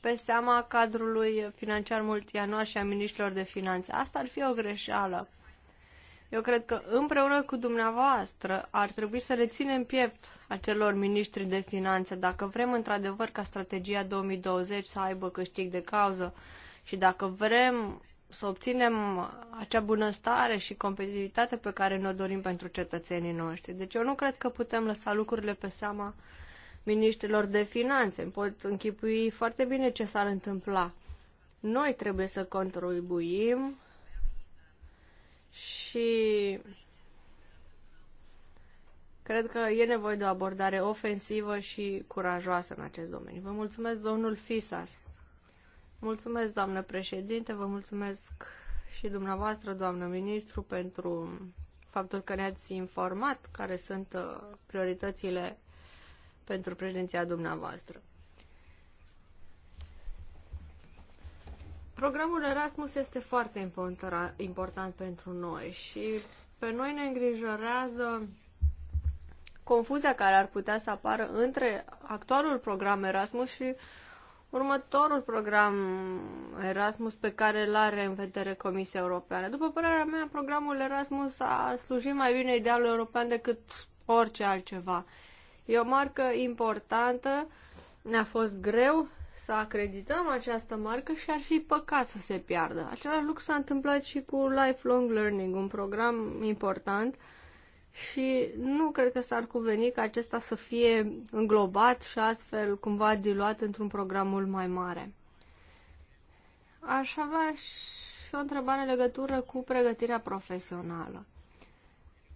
pe seama cadrului financiar multianual și a ministrilor de finanțe. Asta ar fi o greșeală. Eu cred că împreună cu dumneavoastră ar trebui să reținem piept acelor ministri de finanțe dacă vrem într-adevăr ca strategia 2020 să aibă câștig de cauză și dacă vrem să obținem acea bunăstare și competitivitate pe care ne-o dorim pentru cetățenii noștri. Deci eu nu cred că putem lăsa lucrurile pe seama uh, miniștrilor de finanțe. Îmi pot închipui foarte bine ce s-ar întâmpla. Noi trebuie să contribuim și cred că e nevoie de o abordare ofensivă și curajoasă în acest domeniu. Vă mulțumesc, domnul Fisas. Mulțumesc, doamnă președinte, vă mulțumesc și dumneavoastră, doamnă ministru, pentru faptul că ne-ați informat care sunt uh, prioritățile pentru prezenția dumneavoastră. Programul Erasmus este foarte important pentru noi și pe noi ne îngrijorează confuzia care ar putea să apară între actualul program Erasmus și următorul program Erasmus pe care îl are în vedere Comisia Europeană. După părerea mea, programul Erasmus a slujit mai bine idealul european decât orice altceva. E o marcă importantă, ne-a fost greu să acredităm această marcă și ar fi păcat să se piardă. Același lucru s-a întâmplat și cu Lifelong Learning, un program important și nu cred că s-ar cuveni ca acesta să fie înglobat și astfel cumva diluat într-un program mult mai mare. Aș avea și o întrebare în legătură cu pregătirea profesională.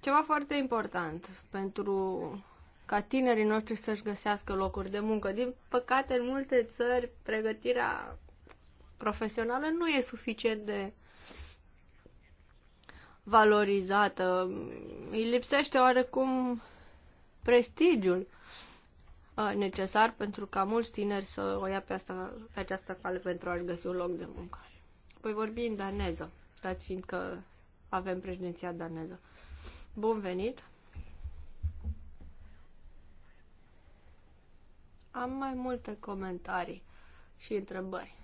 Ceva foarte important pentru ca tinerii noștri să-și găsească locuri de muncă. Din păcate, în multe țări, pregătirea profesională nu e suficient de valorizată. Îi lipsește oarecum prestigiul uh, necesar pentru ca mulți tineri să o ia pe, asta, pe această cale pentru a-și găsi un loc de muncă. Păi vorbi în daneză, dat fiindcă avem președinția daneză. Bun venit! Am mai multe comentarii și întrebări.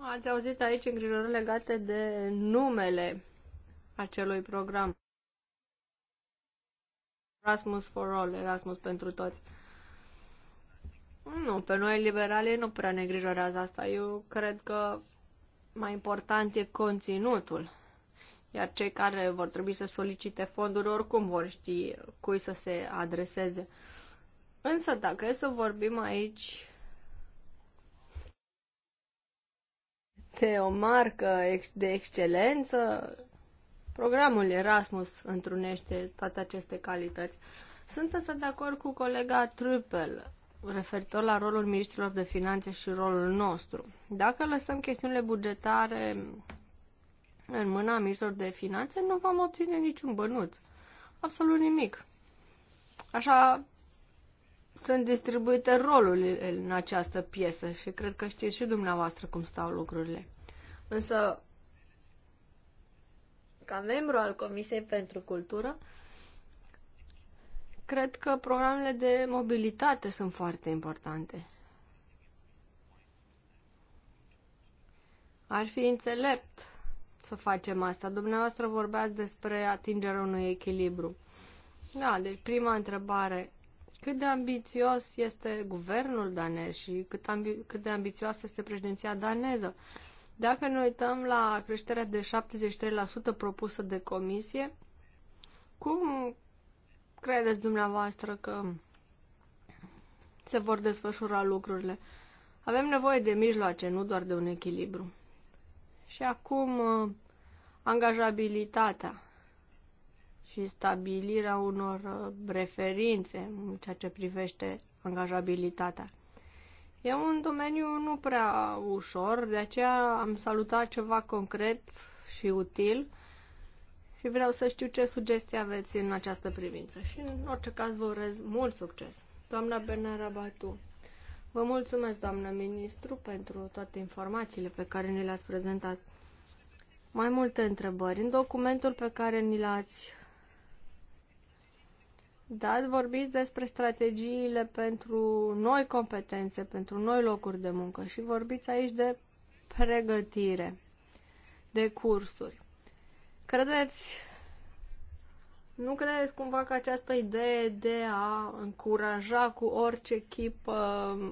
Ați auzit aici îngrijorări legate de numele acelui program. Erasmus for All, Erasmus pentru toți. Nu, pe noi liberalii nu prea ne îngrijorează asta. Eu cred că mai important e conținutul. Iar cei care vor trebui să solicite fonduri oricum vor ști cui să se adreseze. Însă dacă e să vorbim aici de o marcă de excelență, programul Erasmus întrunește toate aceste calități. Sunt însă de acord cu colega Trupel referitor la rolul ministrilor de finanțe și rolul nostru. Dacă lăsăm chestiunile bugetare în mâna ministrilor de finanțe, nu vom obține niciun bănuț. Absolut nimic. Așa sunt distribuite rolurile în această piesă și cred că știți și dumneavoastră cum stau lucrurile. Însă, ca membru al Comisiei pentru Cultură, Cred că programele de mobilitate sunt foarte importante. Ar fi înțelept să facem asta. Dumneavoastră vorbeați despre atingerea unui echilibru. Da, deci prima întrebare. Cât de ambițios este guvernul danez și cât, ambi- cât de ambițioasă este președinția daneză? Dacă ne uităm la creșterea de 73% propusă de comisie, cum credeți dumneavoastră că se vor desfășura lucrurile? Avem nevoie de mijloace, nu doar de un echilibru. Și acum, uh, angajabilitatea și stabilirea unor uh, referințe în ceea ce privește angajabilitatea. E un domeniu nu prea ușor, de aceea am salutat ceva concret și util și vreau să știu ce sugestii aveți în această privință. Și în orice caz vă urez mult succes. Doamna Bernara Batu, vă mulțumesc, doamnă ministru, pentru toate informațiile pe care ne le-ați prezentat. Mai multe întrebări. În documentul pe care ni l-ați dat, vorbiți despre strategiile pentru noi competențe, pentru noi locuri de muncă și vorbiți aici de pregătire, de cursuri. Credeți, nu credeți cumva că această idee de a încuraja cu orice chip uh,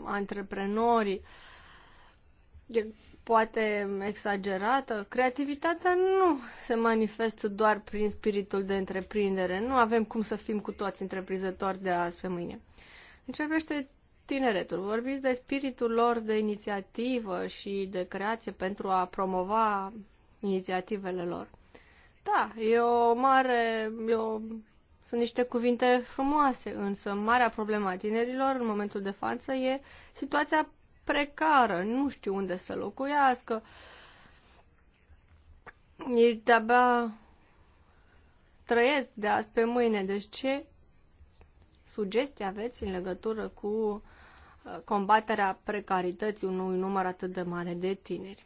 antreprenorii e poate exagerată? Creativitatea nu se manifestă doar prin spiritul de întreprindere. Nu avem cum să fim cu toți întreprinzători de azi pe mâine. Începește tineretul. Vorbiți de spiritul lor de inițiativă și de creație pentru a promova inițiativele lor. Da, e o mare... E o... Sunt niște cuvinte frumoase, însă marea problemă a tinerilor în momentul de față e situația precară. Nu știu unde să locuiască. Nici de-abia trăiesc de azi pe mâine. Deci ce sugestii aveți în legătură cu uh, combaterea precarității unui număr atât de mare de tineri?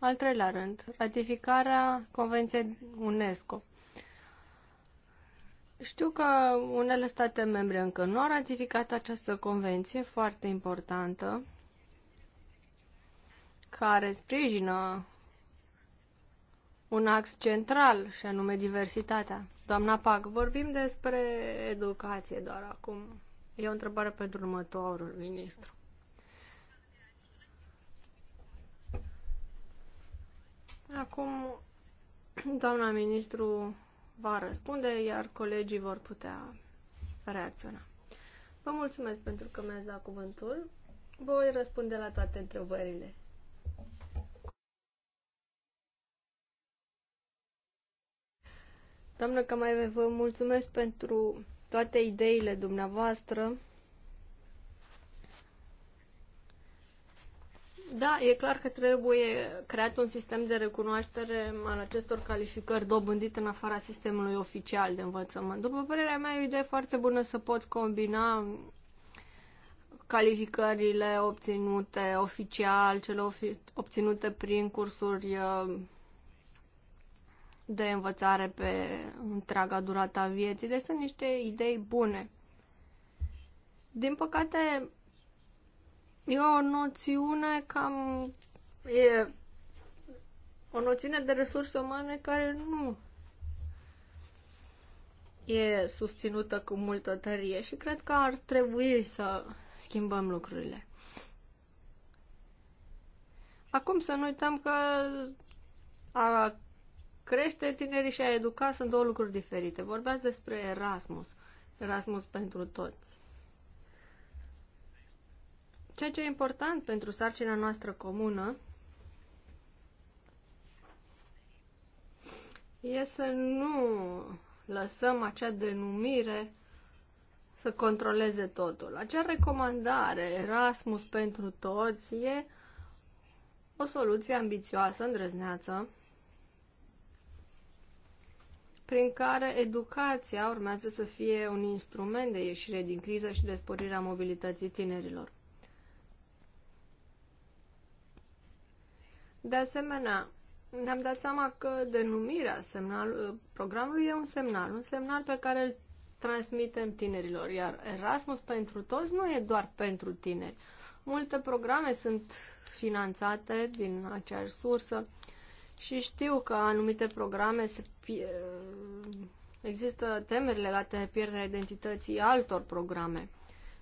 Al treilea rând, ratificarea Convenției UNESCO. Știu că unele state membre încă nu au ratificat această convenție foarte importantă care sprijină un ax central și anume diversitatea. Doamna Pac, vorbim despre educație doar acum. E o întrebare pentru următorul ministru. Acum, doamna ministru va răspunde, iar colegii vor putea reacționa. Vă mulțumesc pentru că mi-ați dat cuvântul. Voi răspunde la toate întrebările. Doamnă Camaive, vă mulțumesc pentru toate ideile dumneavoastră. Da, e clar că trebuie creat un sistem de recunoaștere al acestor calificări dobândite în afara sistemului oficial de învățământ. După părerea mea, e o idee foarte bună să poți combina calificările obținute oficial, cele obținute prin cursuri uh, de învățare pe întreaga durata vieții. Deci sunt niște idei bune. Din păcate, E o noțiune cam... E o noțiune de resurse umane care nu e susținută cu multă tărie și cred că ar trebui să schimbăm lucrurile. Acum să nu uităm că a crește tinerii și a educa sunt două lucruri diferite. Vorbeați despre Erasmus. Erasmus pentru toți. Ceea ce e important pentru sarcina noastră comună e să nu lăsăm acea denumire să controleze totul. Acea recomandare Erasmus pentru toți e o soluție ambițioasă, îndrăzneață, prin care educația urmează să fie un instrument de ieșire din criză și de sporirea mobilității tinerilor. De asemenea, ne-am dat seama că denumirea semnalului programului e un semnal, un semnal pe care îl transmitem tinerilor, iar Erasmus pentru toți nu e doar pentru tineri. Multe programe sunt finanțate din aceeași sursă și știu că anumite programe se există temeri legate de pierderea identității altor programe.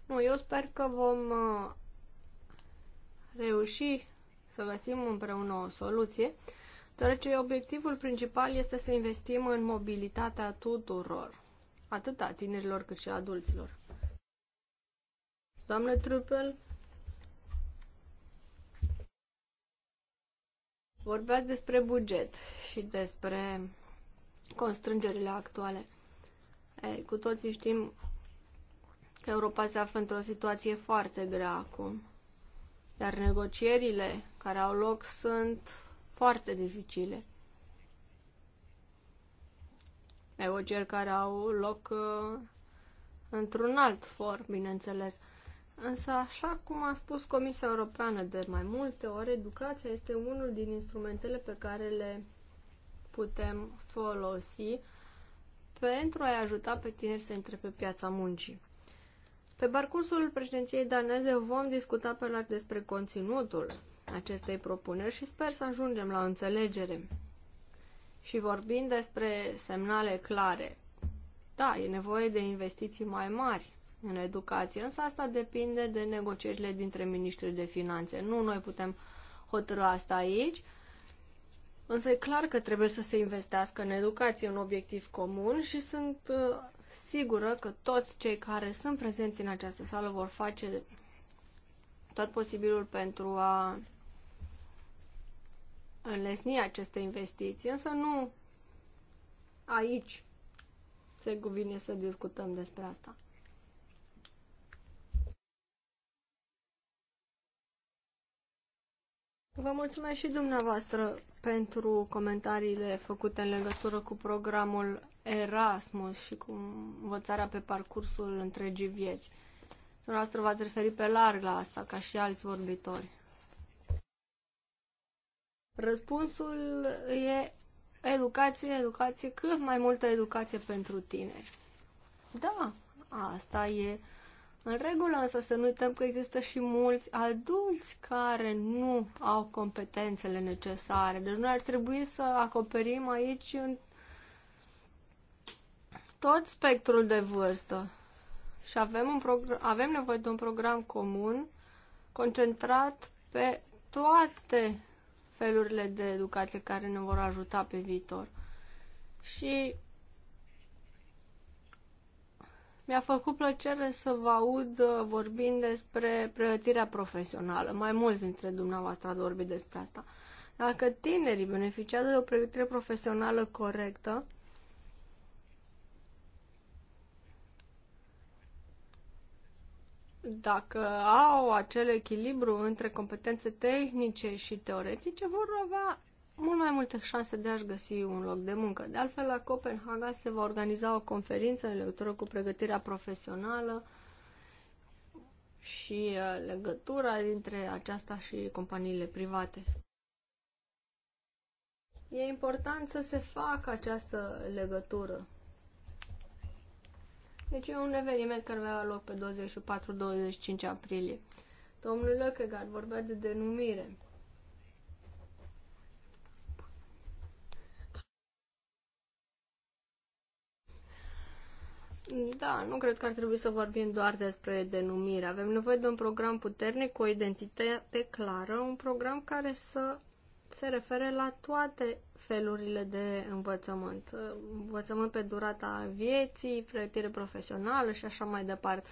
Nu, eu sper că vom uh, reuși să găsim împreună o soluție, deoarece obiectivul principal este să investim în mobilitatea tuturor, atât a tinerilor cât și a adulților. Doamne Trupel, vorbeați despre buget și despre constrângerile actuale. Ei, cu toții știm că Europa se află într-o situație foarte grea acum. Iar negocierile care au loc sunt foarte dificile. Negocieri care au loc uh, într-un alt for, bineînțeles. Însă, așa cum a spus Comisia Europeană de mai multe ori, educația este unul din instrumentele pe care le putem folosi pentru a-i ajuta pe tineri să intre pe piața muncii. Pe parcursul președinției daneze vom discuta pe larg despre conținutul acestei propuneri și sper să ajungem la o înțelegere. Și vorbim despre semnale clare. Da, e nevoie de investiții mai mari în educație, însă asta depinde de negocierile dintre ministrii de finanțe. Nu noi putem hotărâ asta aici, însă e clar că trebuie să se investească în educație, un obiectiv comun și sunt uh, sigură că toți cei care sunt prezenți în această sală vor face tot posibilul pentru a înlesni aceste investiții, însă nu aici se cuvine să discutăm despre asta. Vă mulțumesc și dumneavoastră pentru comentariile făcute în legătură cu programul Erasmus și cu învățarea pe parcursul întregii vieți. Dumneavoastră v-ați referit pe larg la asta, ca și alți vorbitori. Răspunsul e educație, educație, cât mai multă educație pentru tineri. Da, asta e în regulă, însă să nu uităm că există și mulți adulți care nu au competențele necesare. Deci noi ar trebui să acoperim aici tot spectrul de vârstă. Și avem, un progr- avem nevoie de un program comun concentrat pe toate felurile de educație care ne vor ajuta pe viitor. Și mi-a făcut plăcere să vă aud vorbind despre pregătirea profesională. Mai mulți dintre dumneavoastră ați vorbit despre asta. Dacă tinerii beneficiază de o pregătire profesională corectă, dacă au acel echilibru între competențe tehnice și teoretice, vor avea mult mai multe șanse de a-și găsi un loc de muncă. De altfel, la Copenhaga se va organiza o conferință în legătură cu pregătirea profesională și uh, legătura dintre aceasta și companiile private. E important să se facă această legătură deci e un eveniment care avea loc pe 24-25 aprilie. Domnul Lăcăgar vorbea de denumire. Da, nu cred că ar trebui să vorbim doar despre denumire. Avem nevoie de un program puternic cu o identitate clară, un program care să se referă la toate felurile de învățământ. Învățământ pe durata vieții, pregătire profesională și așa mai departe.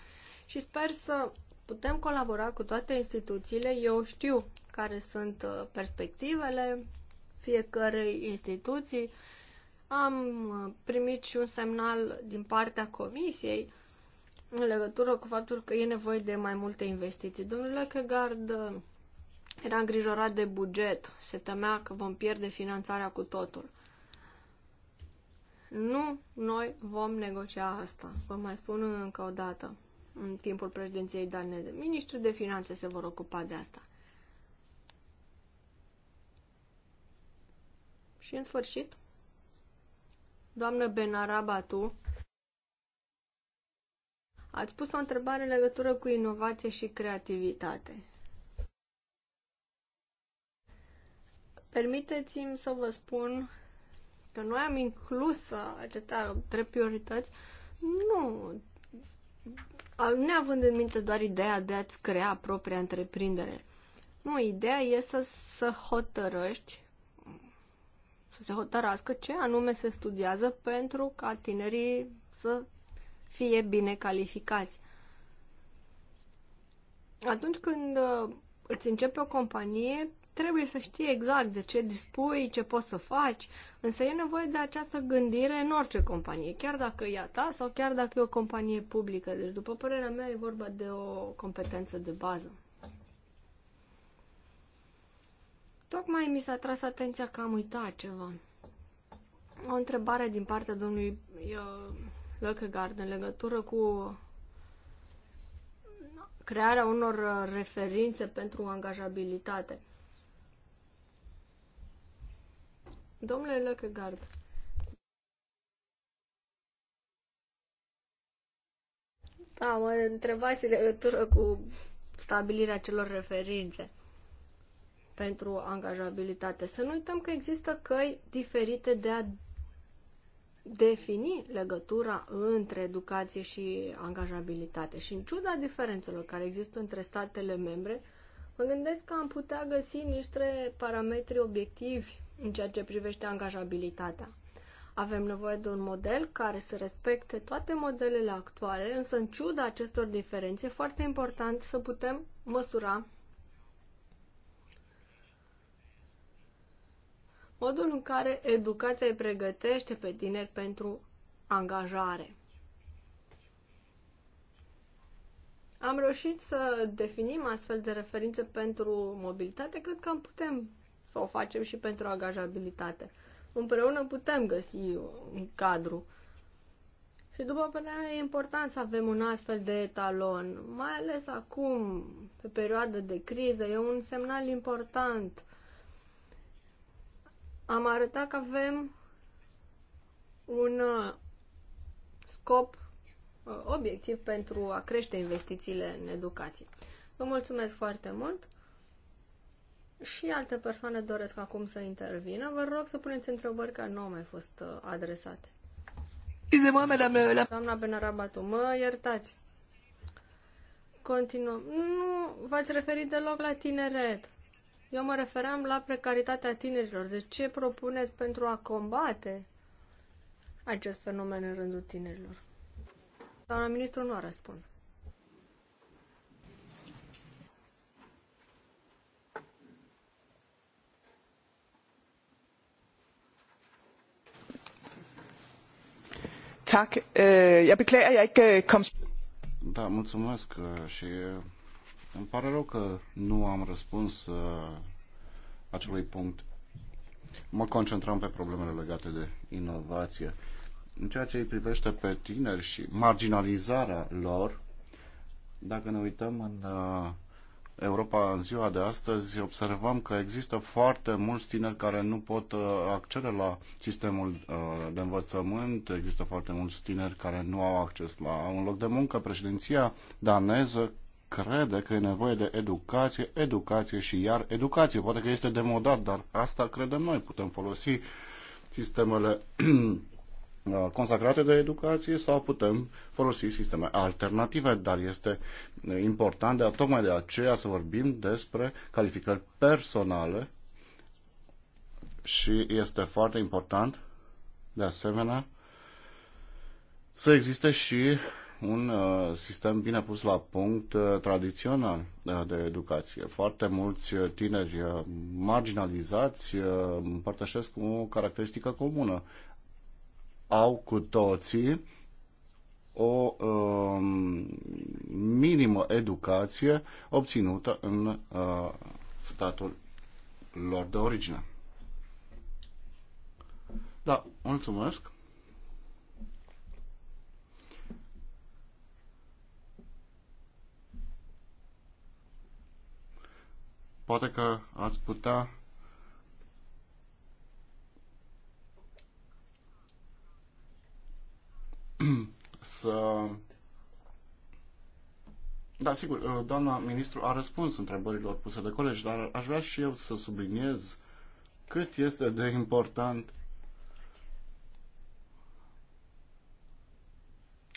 Și sper să putem colabora cu toate instituțiile. Eu știu care sunt uh, perspectivele fiecărei instituții. Am uh, primit și un semnal din partea comisiei în legătură cu faptul că e nevoie de mai multe investiții. Domnule Kegard, uh, era îngrijorat de buget, se temea că vom pierde finanțarea cu totul. Nu, noi vom negocia asta. Vă mai spun încă o dată, în timpul președinției daneze. Ministrii de finanțe se vor ocupa de asta. Și în sfârșit, doamnă Benarabatu, ați pus o întrebare în legătură cu inovație și creativitate. Permiteți-mi să vă spun că noi am inclus uh, acestea trei priorități, nu neavând în minte doar ideea de a-ți crea propria întreprindere. Nu, ideea e să, să hotărăști, să se hotărască ce anume se studiază pentru ca tinerii să fie bine calificați. Atunci când uh, îți începe o companie, trebuie să știi exact de ce dispui, ce poți să faci, însă e nevoie de această gândire în orice companie, chiar dacă e a ta sau chiar dacă e o companie publică. Deci, după părerea mea, e vorba de o competență de bază. Tocmai mi s-a tras atenția că am uitat ceva. O întrebare din partea domnului uh, Lăcăgard în legătură cu crearea unor uh, referințe pentru angajabilitate. Domnule Lăcăgard, Da, mă întrebați legătură cu stabilirea celor referințe pentru angajabilitate. Să nu uităm că există căi diferite de a defini legătura între educație și angajabilitate. Și în ciuda diferențelor care există între statele membre, mă gândesc că am putea găsi niște parametri obiectivi în ceea ce privește angajabilitatea. Avem nevoie de un model care să respecte toate modelele actuale, însă în ciuda acestor diferențe, foarte important să putem măsura modul în care educația îi pregătește pe tineri pentru angajare. Am reușit să definim astfel de referințe pentru mobilitate, cred că am putem să o facem și pentru angajabilitate. Împreună putem găsi un cadru. Și după părerea mea e important să avem un astfel de etalon, mai ales acum, pe perioadă de criză, e un semnal important. Am arătat că avem un uh, scop uh, obiectiv pentru a crește investițiile în educație. Vă mulțumesc foarte mult! și alte persoane doresc acum să intervină. Vă rog să puneți întrebări care nu au mai fost uh, adresate. Doamna Benarabatu, mă iertați. Continuăm. Nu v-ați referit deloc la tineret. Eu mă referam la precaritatea tinerilor. De deci, ce propuneți pentru a combate acest fenomen în rândul tinerilor? Doamna ministru nu a răspuns. Tak. Øh, jeg beklager, jeg ikke øh, kom... Da, mulțumesc uh, și uh, îmi pare rău că nu am răspuns uh, acelui punct. Mă concentram pe problemele legate de inovație. În ceea ce îi privește pe tineri și marginalizarea lor, dacă ne uităm în Europa în ziua de astăzi observăm că există foarte mulți tineri care nu pot uh, accede la sistemul uh, de învățământ, există foarte mulți tineri care nu au acces la un loc de muncă. Președinția daneză crede că e nevoie de educație, educație și iar educație. Poate că este demodat, dar asta credem noi. Putem folosi sistemele Uh, consacrate de educație sau putem folosi sisteme alternative, dar este uh, important de, tocmai de aceea să vorbim despre calificări personale și este foarte important de asemenea să existe și un uh, sistem bine pus la punct tradițional de educație. Foarte mulți tineri marginalizați împărtășesc o caracteristică comună au cu toții o um, minimă educație obținută în uh, statul lor de origine. Da, mulțumesc. Poate că ați putea să... Da, sigur, uh, doamna ministru a răspuns întrebărilor puse de colegi, dar aș vrea și eu să subliniez cât este de important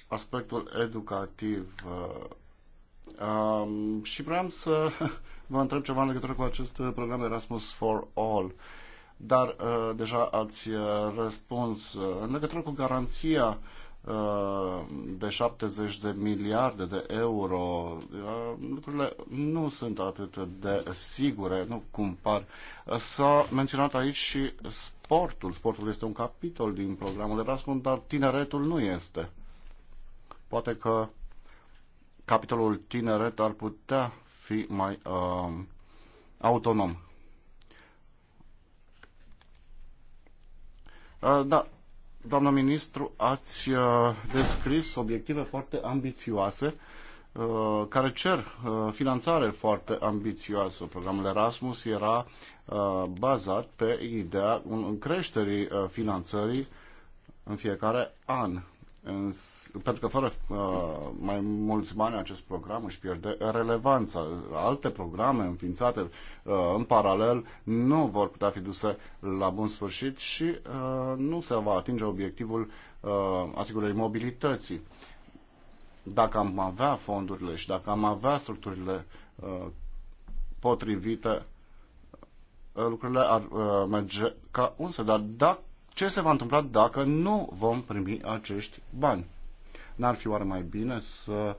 aspectul educativ. Uh, um, și vreau să vă întreb ceva în legătură cu acest program Erasmus for All. Dar uh, deja ați uh, răspuns în legătură cu garanția uh, Uh, de 70 de miliarde de euro, uh, lucrurile nu sunt atât de sigure, nu cum par. S-a menționat aici și sportul. Sportul este un capitol din programul Erasmus, dar tineretul nu este. Poate că capitolul tineret ar putea fi mai uh, autonom. Uh, da, doamnă ministru, ați uh, descris obiective foarte ambițioase uh, care cer uh, finanțare foarte ambițioasă. Programul Erasmus era bazat pe ideea creșterii finanțării în fiecare an pentru că fără uh, mai mulți bani acest program își pierde relevanța. Alte programe înființate uh, în paralel nu vor putea fi duse la bun sfârșit și uh, nu se va atinge obiectivul uh, asigurării mobilității. Dacă am avea fondurile și dacă am avea structurile uh, potrivite, uh, lucrurile ar uh, merge ca unse, dar dacă ce se va întâmpla dacă nu vom primi acești bani. N-ar fi oare mai bine să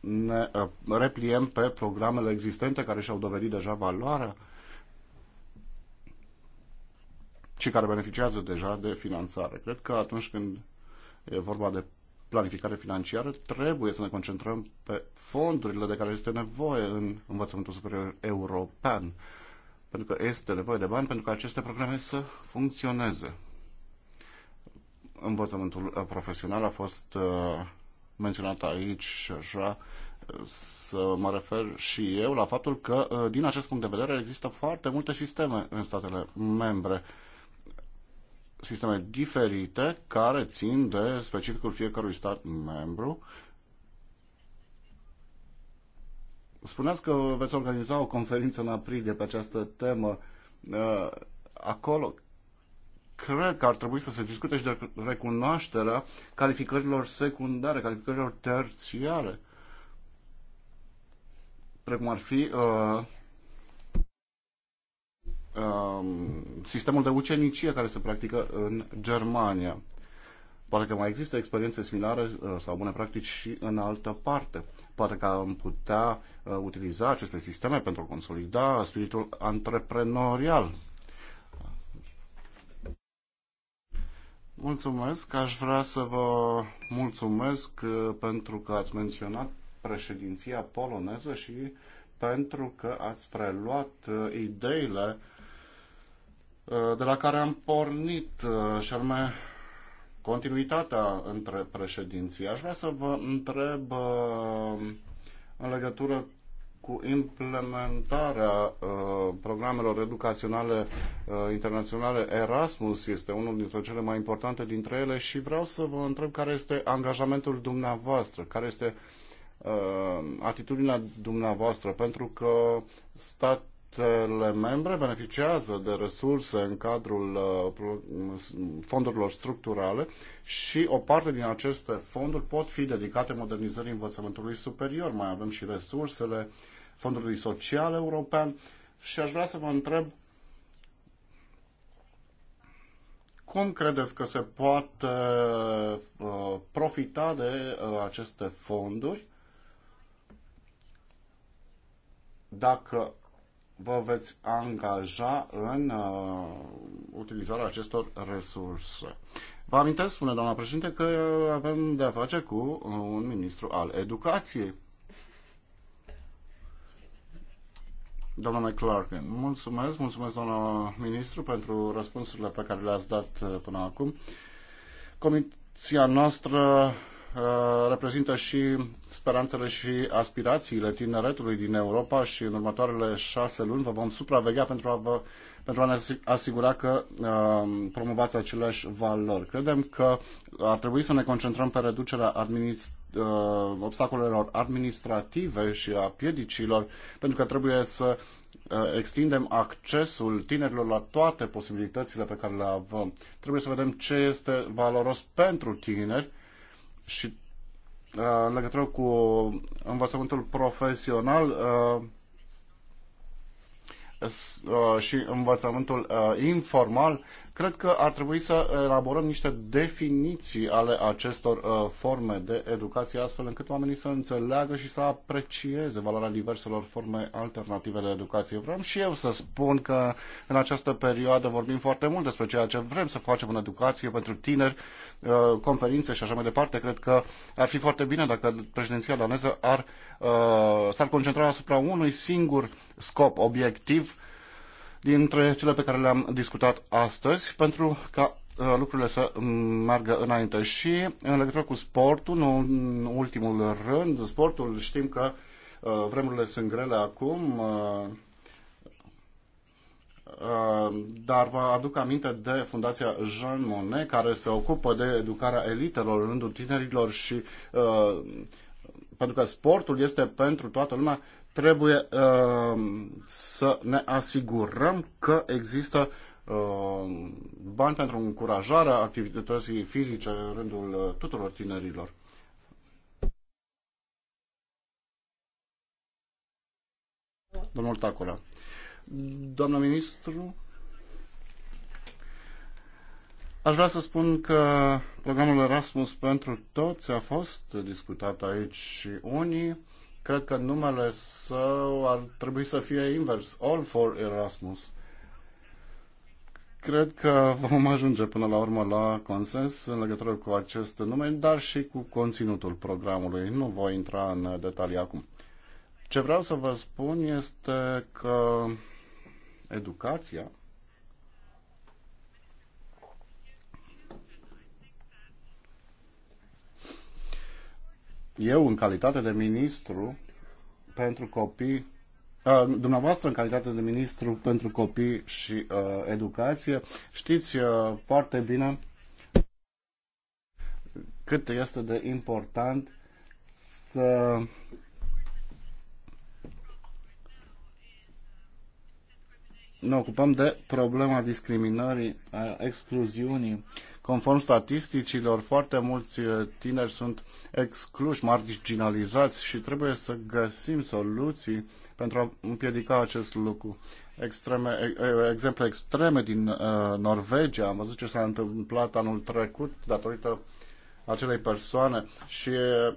ne uh, repliem pe programele existente care și-au dovedit deja valoarea și care beneficiază deja de finanțare. Cred că atunci când e vorba de planificare financiară, trebuie să ne concentrăm pe fondurile de care este nevoie în învățământul superior european. Pentru că este nevoie de bani pentru ca aceste programe să funcționeze învățământul uh, profesional a fost uh, menționat aici și așa uh, să mă refer și eu la faptul că, din acest punct de vedere, există foarte multe sisteme în statele membre, sisteme diferite care țin de specificul fiecărui stat membru. Spuneați că veți organiza o conferință în aprilie pe această temă. Acolo, cred că ar trebui să se discute și de recunoașterea calificărilor secundare, calificărilor terțiare, precum ar fi uh, uh, sistemul de ucenicie care se practică în Germania. Poate că mai există experiențe similare uh, sau bune practici și în altă parte. Poate că am putea uh, utiliza aceste sisteme pentru a consolida spiritul antreprenorial Mulțumesc. Aș vrea să vă mulțumesc uh, pentru că ați menționat președinția poloneză și pentru că ați preluat uh, ideile uh, de la care am pornit, și anume continuitatea între președinții. Aș vrea să vă întreb în legătură cu implementarea uh, programelor educaționale uh, internaționale. Erasmus este unul dintre cele mai importante dintre ele și vreau să vă întreb care este angajamentul dumneavoastră, care este uh, atitudinea dumneavoastră, pentru că stat statele membre beneficiază de resurse în cadrul uh, fondurilor structurale și o parte din aceste fonduri pot fi dedicate modernizării învățământului superior. Mai avem și resursele uh, Fondului Social European și aș vrea să vă întreb cum credeți că se poate uh, profita de uh, aceste fonduri dacă vă veți angaja în uh, utilizarea acestor resurse. Vă amintesc, spune doamna președinte, că avem de-a face cu uh, un ministru al educației. Domnule Clark, mulțumesc, mulțumesc doamna ministru pentru răspunsurile pe care le-ați dat uh, până acum. Comisia noastră uh, reprezintă și speranțele și aspirațiile tineretului din Europa și în următoarele șase luni vă vom supraveghea pentru a, vă, pentru a ne asigura că uh, promovați aceleași valori. Credem că ar trebui să ne concentrăm pe reducerea administrației Uh, obstacolelor administrative și a piedicilor, pentru că trebuie să uh, extindem accesul tinerilor la toate posibilitățile pe care le avem. Trebuie să vedem ce este valoros pentru tineri și uh, în legătură cu învățământul profesional și învățământul informal, Cred că ar trebui să elaborăm niște definiții ale acestor uh, forme de educație, astfel încât oamenii să înțeleagă și să aprecieze valoarea diverselor forme alternative de educație. Vreau și eu să spun că în această perioadă vorbim foarte mult despre ceea ce vrem să facem în educație pentru tineri, uh, conferințe și așa mai departe. Cred că ar fi foarte bine dacă președinția daneză ar, uh, s-ar concentra asupra unui singur scop, obiectiv, dintre cele pe care le-am discutat astăzi pentru ca uh, lucrurile să meargă înainte. Și în legătură cu sportul, nu în ultimul rând, sportul știm că uh, vremurile sunt grele acum, uh, dar vă aduc aminte de Fundația Jean Monnet, care se ocupă de educarea elitelor în rândul tinerilor și pentru că sportul este pentru toată lumea, trebuie uh, să ne asigurăm că există uh, bani pentru încurajarea activității fizice în rândul eh, tuturor tinerilor. Domnul Tacula. Doamna ministru, aș vrea să spun că programul Erasmus pentru toți a fost discutat aici și unii Cred că numele său ar trebui să fie invers. All for Erasmus. Cred că vom ajunge până la urmă la consens în legătură cu acest nume, dar și cu conținutul programului. Nu voi intra în detalii acum. Ce vreau să vă spun este că educația eu, în calitate de ministru pentru copii, uh, dumneavoastră, în calitate de ministru pentru copii și uh, educație, știți uh, foarte bine cât este de important să ne ocupăm de problema discriminării, a excluziunii. Conform statisticilor, foarte mulți uh, tineri sunt excluși, marginalizați și trebuie să găsim soluții pentru a împiedica acest lucru. Extreme, exemple extreme din uh, Norvegia, am văzut ce s-a întâmplat anul trecut datorită acelei persoane și uh,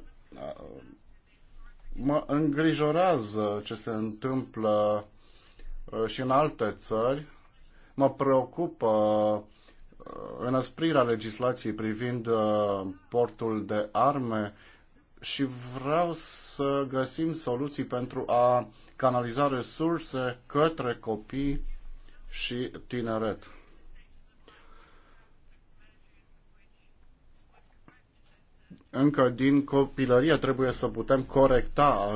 mă îngrijorează ce se întâmplă uh, Uh, și în alte țări. Mă preocupă uh, înăsprirea legislației privind uh, portul de arme și vreau să găsim soluții pentru a canaliza resurse către copii și tineret. Încă din copilărie trebuie să putem corecta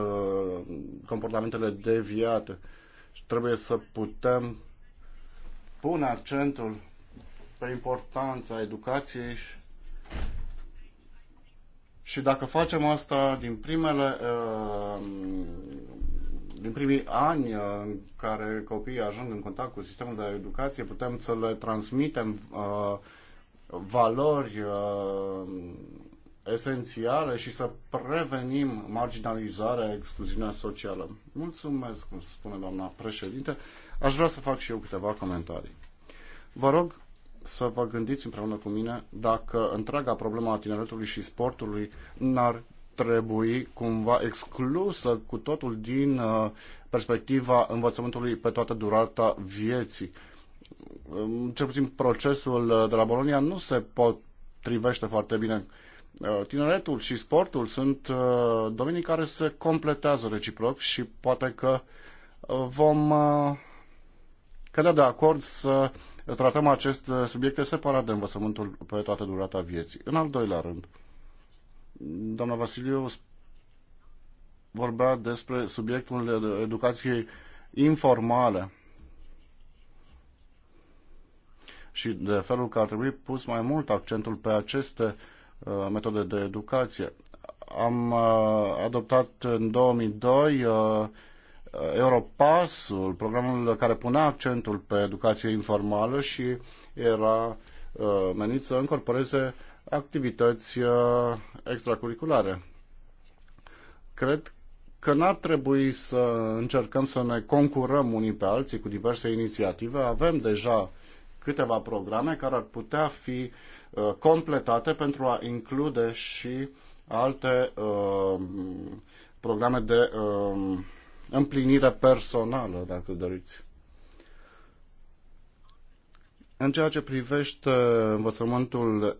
comportamentele deviate și trebuie să putem pune accentul pe importanța educației și dacă facem asta din primele uh, din primii ani uh, în care copiii ajung în contact cu sistemul de educație, putem să le transmitem uh, valori esențiale și să prevenim marginalizarea, excluziunea socială. Mulțumesc, cum spune doamna președinte. Aș vrea să fac și eu câteva comentarii. Vă rog să vă gândiți împreună cu mine dacă întreaga problemă a tineretului și sportului n-ar trebui cumva exclusă cu totul din uh, perspectiva învățământului pe toată durata vieții. Um, cel puțin procesul uh, de la Bolonia nu se pot potrivește foarte bine Uh, tineretul și sportul sunt uh, domenii care se completează reciproc și poate că uh, vom cădea de acord să tratăm acest subiect separat de învățământul pe toată durata vieții. În al doilea rând, doamna Vasiliu vorbea despre subiectul educației informale și de felul că ar trebui pus mai mult accentul pe aceste uh, Uh, metode de educație. Am uh, adoptat în 2002 uh, Europasul, programul care punea accentul pe educație informală și era menit să încorporeze activități extracurriculare. Cred că n-ar trebui să încercăm să ne concurăm unii pe alții cu diverse inițiative. Avem deja câteva programe care ar putea fi Uh, completate pentru a include și alte uh, programe de uh, împlinire personală, dacă doriți. În ceea ce privește învățământul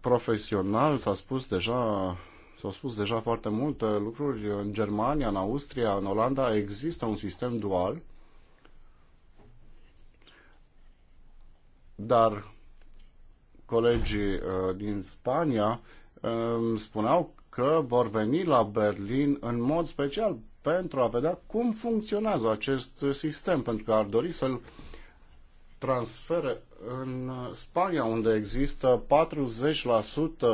profesional, s-a spus deja S-au spus deja foarte multe lucruri. În Germania, în Austria, în Olanda există un sistem dual, dar colegii uh, din Spania um, spuneau că vor veni la Berlin în mod special pentru a vedea cum funcționează acest sistem, pentru că ar dori să-l transfere în Spania, unde există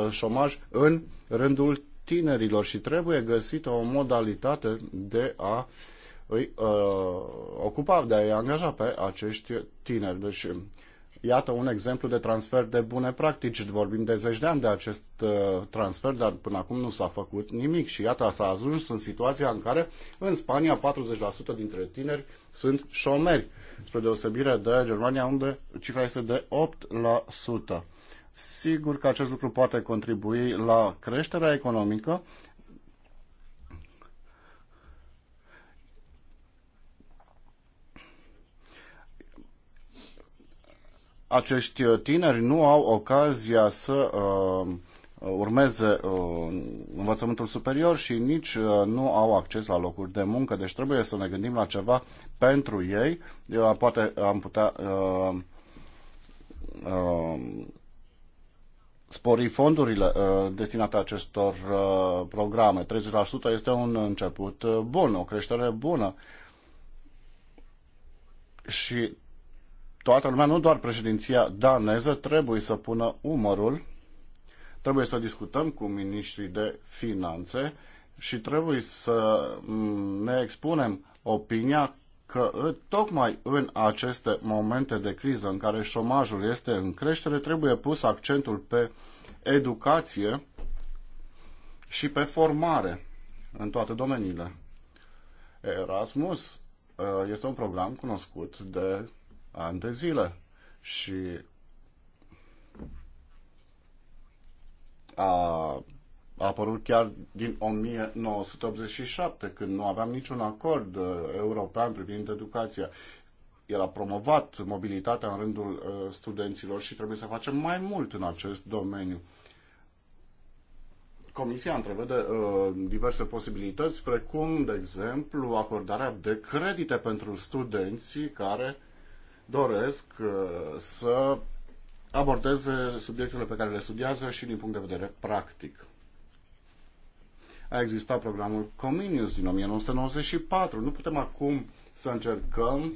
40% șomaj în rândul tinerilor și trebuie găsită o modalitate de a îi uh, ocupa, de a-i angaja pe acești tineri. Deci iată un exemplu de transfer de bune practici. Vorbim de zeci de ani de acest uh, transfer, dar până acum nu s-a făcut nimic și iată s-a ajuns în situația în care în Spania 40% dintre tineri sunt șomeri, spre deosebire de Germania unde cifra este de 8%. Sigur că acest lucru poate contribui la creșterea economică, acești uh, tineri nu au ocazia să uh, urmeze uh, învățământul superior și nici uh, nu au acces la locuri de muncă. Deci trebuie să ne gândim la ceva pentru ei. Eu uh, poate am putea uh, uh, spori fondurile uh, destinate acestor uh, programe. 30% este un început uh, bun, o creștere bună. Și toată lumea, nu doar președinția daneză, trebuie să pună umărul, trebuie să discutăm cu ministrii de finanțe și trebuie să mm, ne expunem opinia că tocmai în aceste momente de criză în care șomajul este în creștere, trebuie pus accentul pe educație și pe formare în toate domeniile. Erasmus uh, este un program cunoscut de ani de zile și a a apărut chiar din 1987, când nu aveam niciun acord uh, european privind educația. El a promovat mobilitatea în rândul uh, studenților și trebuie să facem mai mult în acest domeniu. Comisia întrevede uh, diverse posibilități, precum, de exemplu, acordarea de credite pentru studenții care uh, doresc uh, să abordeze subiectele pe care le studiază și din punct de vedere practic. A existat programul Comenius din 1994. Nu putem acum să încercăm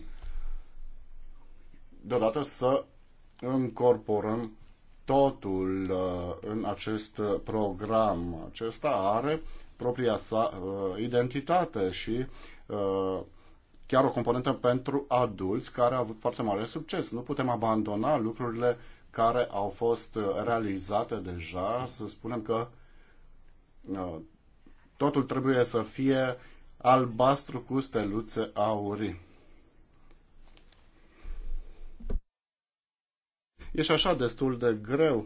deodată să încorporăm totul uh, în acest program. Acesta are propria sa uh, identitate și chiar o componentă pentru adulți care a avut foarte mare succes. Nu putem abandona lucrurile care au fost uh, realizate deja, să spunem că uh, totul trebuie să fie albastru cu steluțe aurii. E și așa destul de greu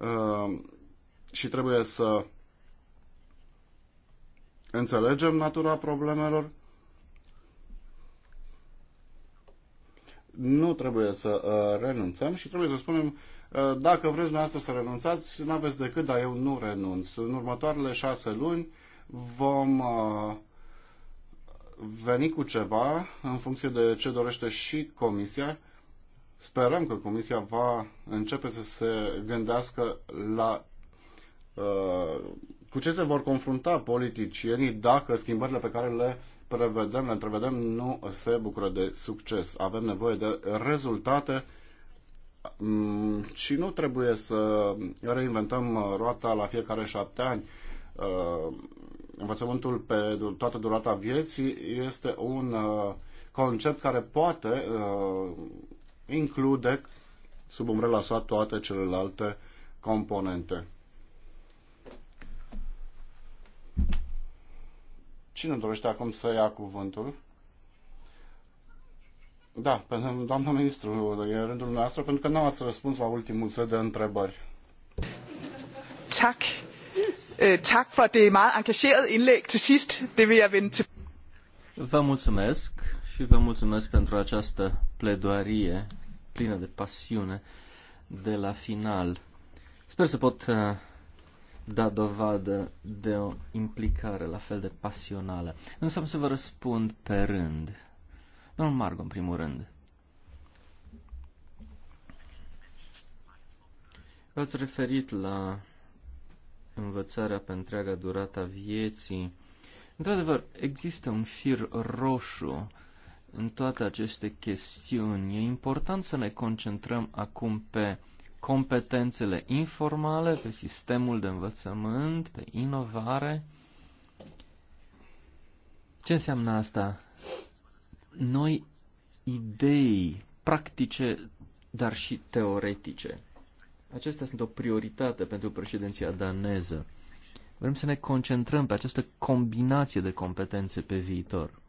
uh, și trebuie să înțelegem natura problemelor, nu trebuie să uh, renunțăm și trebuie să spunem uh, dacă vreți dumneavoastră să renunțați, nu aveți decât, dar eu nu renunț. În următoarele șase luni vom uh, veni cu ceva în funcție de ce dorește și Comisia. Sperăm că Comisia va începe să se gândească la uh, cu ce se vor confrunta politicienii dacă schimbările pe care le prevedem, le prevedem nu se bucură de succes. Avem nevoie de rezultate mm, și nu trebuie să reinventăm roata la fiecare șapte ani. Uh, învățământul pe toată durata vieții este un uh, concept care poate uh, include sub umbrela sa toate celelalte componente. Cine dorește acum să ia cuvântul? Da, doamna ministru, e rândul noastră, pentru că nu ați răspuns la ultimul set de întrebări. Tak. Øh, tak for det meget engagerede indlæg til sist. Det vil jeg vende til. Vă mulțumesc și vă mulțumesc pentru această pledoarie plină de pasiune de la final. Sper să pot uh, da dovadă de o implicare la fel de pasională. Însă am să vă răspund pe rând. Domnul Margo, în primul rând. V-ați referit la învățarea pe întreaga durata vieții. Într-adevăr, există un fir roșu în toate aceste chestiuni. E important să ne concentrăm acum pe competențele informale, pe sistemul de învățământ, pe inovare. Ce înseamnă asta? Noi idei practice, dar și teoretice. Acestea sunt o prioritate pentru președinția daneză. Vrem să ne concentrăm pe această combinație de competențe pe viitor.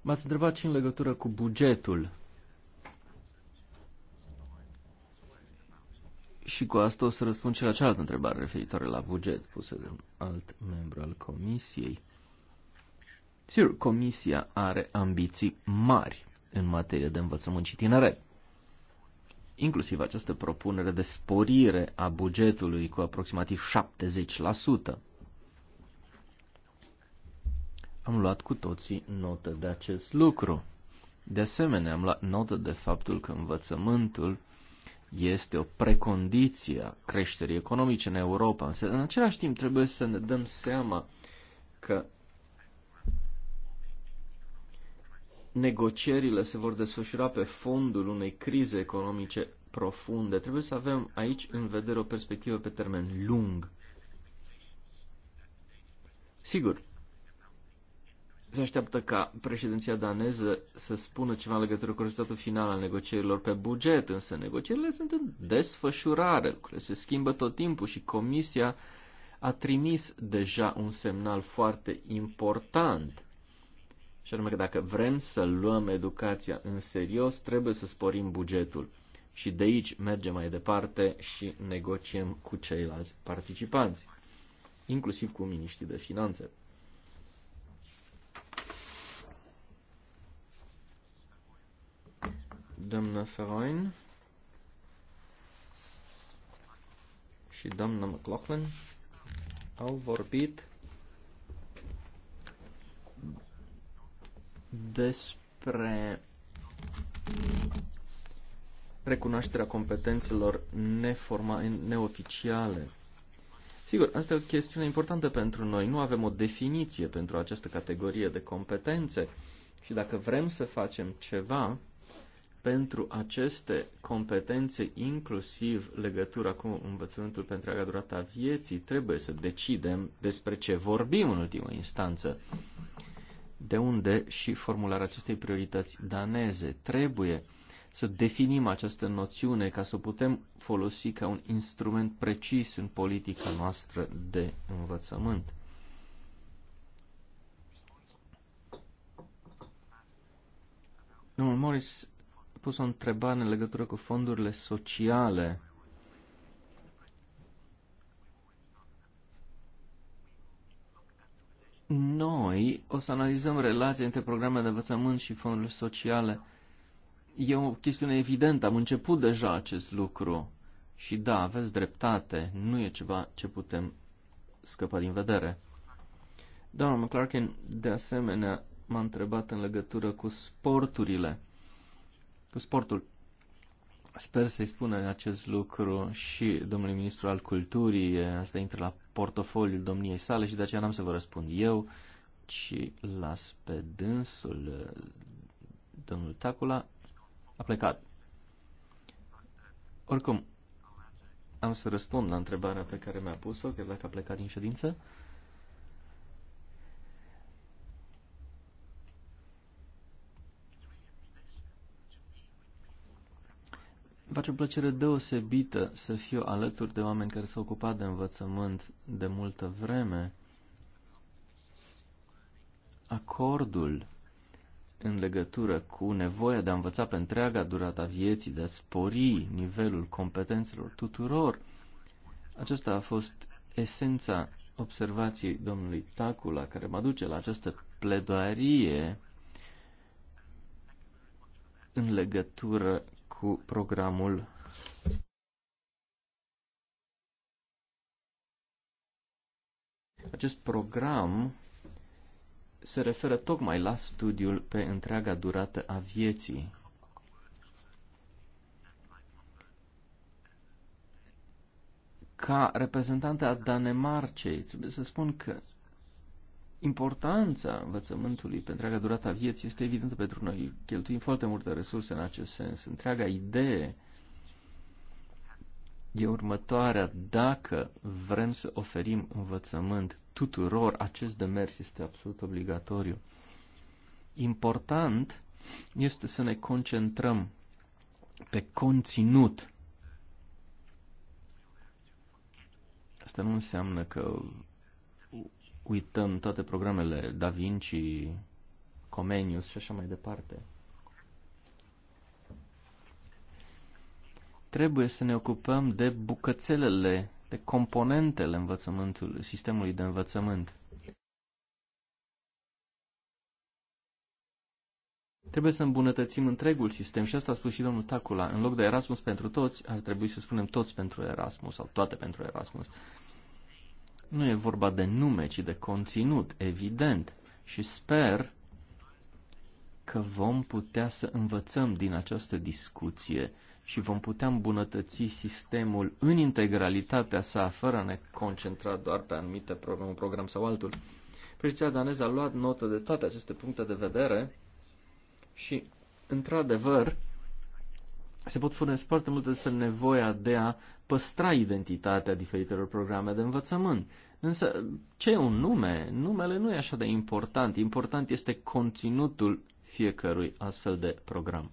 M-ați întrebat și în legătură cu bugetul Și cu asta o să răspund și la cealaltă întrebare referitoare la buget pusă de un alt membru al comisiei. Sigur, comisia are ambiții mari în materie de învățământ și tineret. Inclusiv această propunere de sporire a bugetului cu aproximativ 70%. Am luat cu toții notă de acest lucru. De asemenea, am luat notă de faptul că învățământul este o precondiție a creșterii economice în Europa. Însă, în același timp, trebuie să ne dăm seama că negocierile se vor desfășura pe fondul unei crize economice profunde. Trebuie să avem aici în vedere o perspectivă pe termen lung. Sigur, se așteaptă ca președinția daneză să spună ceva în legătură cu rezultatul final al negocierilor pe buget, însă negocierile sunt în desfășurare, lucrurile se schimbă tot timpul și Comisia a trimis deja un semnal foarte important. Și anume că dacă vrem să luăm educația în serios, trebuie să sporim bugetul. Și de aici mergem mai departe și negociem cu ceilalți participanți, inclusiv cu miniștrii de finanțe. doamna Feroin și doamna McLaughlin au vorbit despre recunoașterea competențelor neformale, neoficiale. Sigur, asta e o chestiune importantă pentru noi. Nu avem o definiție pentru această categorie de competențe și dacă vrem să facem ceva, pentru aceste competențe, inclusiv legătura cu învățământul pentru a durata vieții, trebuie să decidem despre ce vorbim în ultimă instanță. De unde și formularea acestei priorități daneze. Trebuie să definim această noțiune ca să o putem folosi ca un instrument precis în politica noastră de învățământ. Domnul Morris pus o întrebare în legătură cu fondurile sociale. Noi o să analizăm relația între programele de învățământ și fondurile sociale. E o chestiune evidentă, am început deja acest lucru. Și da, aveți dreptate, nu e ceva ce putem scăpa din vedere. Doamna McClarkin, de asemenea, m-a întrebat în legătură cu sporturile cu sportul. Sper să-i spună acest lucru și domnului ministru al culturii, asta intră la portofoliul domniei sale și de aceea n-am să vă răspund eu, ci las pe dânsul domnul Tacula, a plecat. Oricum, am să răspund la întrebarea pe care mi-a pus-o, chiar dacă a plecat din ședință. Uh, Îmi face o plăcere deosebită să fiu alături de oameni care s-au ocupat de învățământ de multă vreme. Acordul în legătură cu nevoia de a învăța pe întreaga durata vieții, de a spori nivelul competențelor tuturor, acesta a fost esența observației domnului Tacula, care mă duce la această pledoarie în legătură cu programul Acest program se referă tocmai la studiul pe întreaga durată a vieții. Ca reprezentant a Danemarcei, trebuie să spun că Importanța învățământului pe întreaga durata vieții este evidentă pentru noi. Cheltuim foarte multe resurse în acest sens. Întreaga idee e următoarea. Dacă vrem să oferim învățământ tuturor, acest demers este absolut obligatoriu. Important este să ne concentrăm pe conținut. Asta nu înseamnă că uităm toate programele Da Vinci, Comenius și așa mai departe. Trebuie să ne ocupăm de bucățelele, de componentele învățământului, sistemului de învățământ. Trebuie să îmbunătățim întregul sistem și asta a spus și domnul Tacula. În loc de Erasmus pentru toți, ar trebui să spunem toți pentru Erasmus sau toate pentru Erasmus. Nu e vorba de nume, ci de conținut, evident. Și sper că vom putea să învățăm din această discuție și vom putea îmbunătăți sistemul în integralitatea sa, fără a ne concentra doar pe anumite program, un program sau altul. Președinția daneză a luat notă de toate aceste puncte de vedere și, într-adevăr, se pot spune foarte multe despre nevoia de a păstra identitatea diferitelor programe de învățământ. Însă, ce e un nume? Numele nu e așa de important. Important este conținutul fiecărui astfel de program.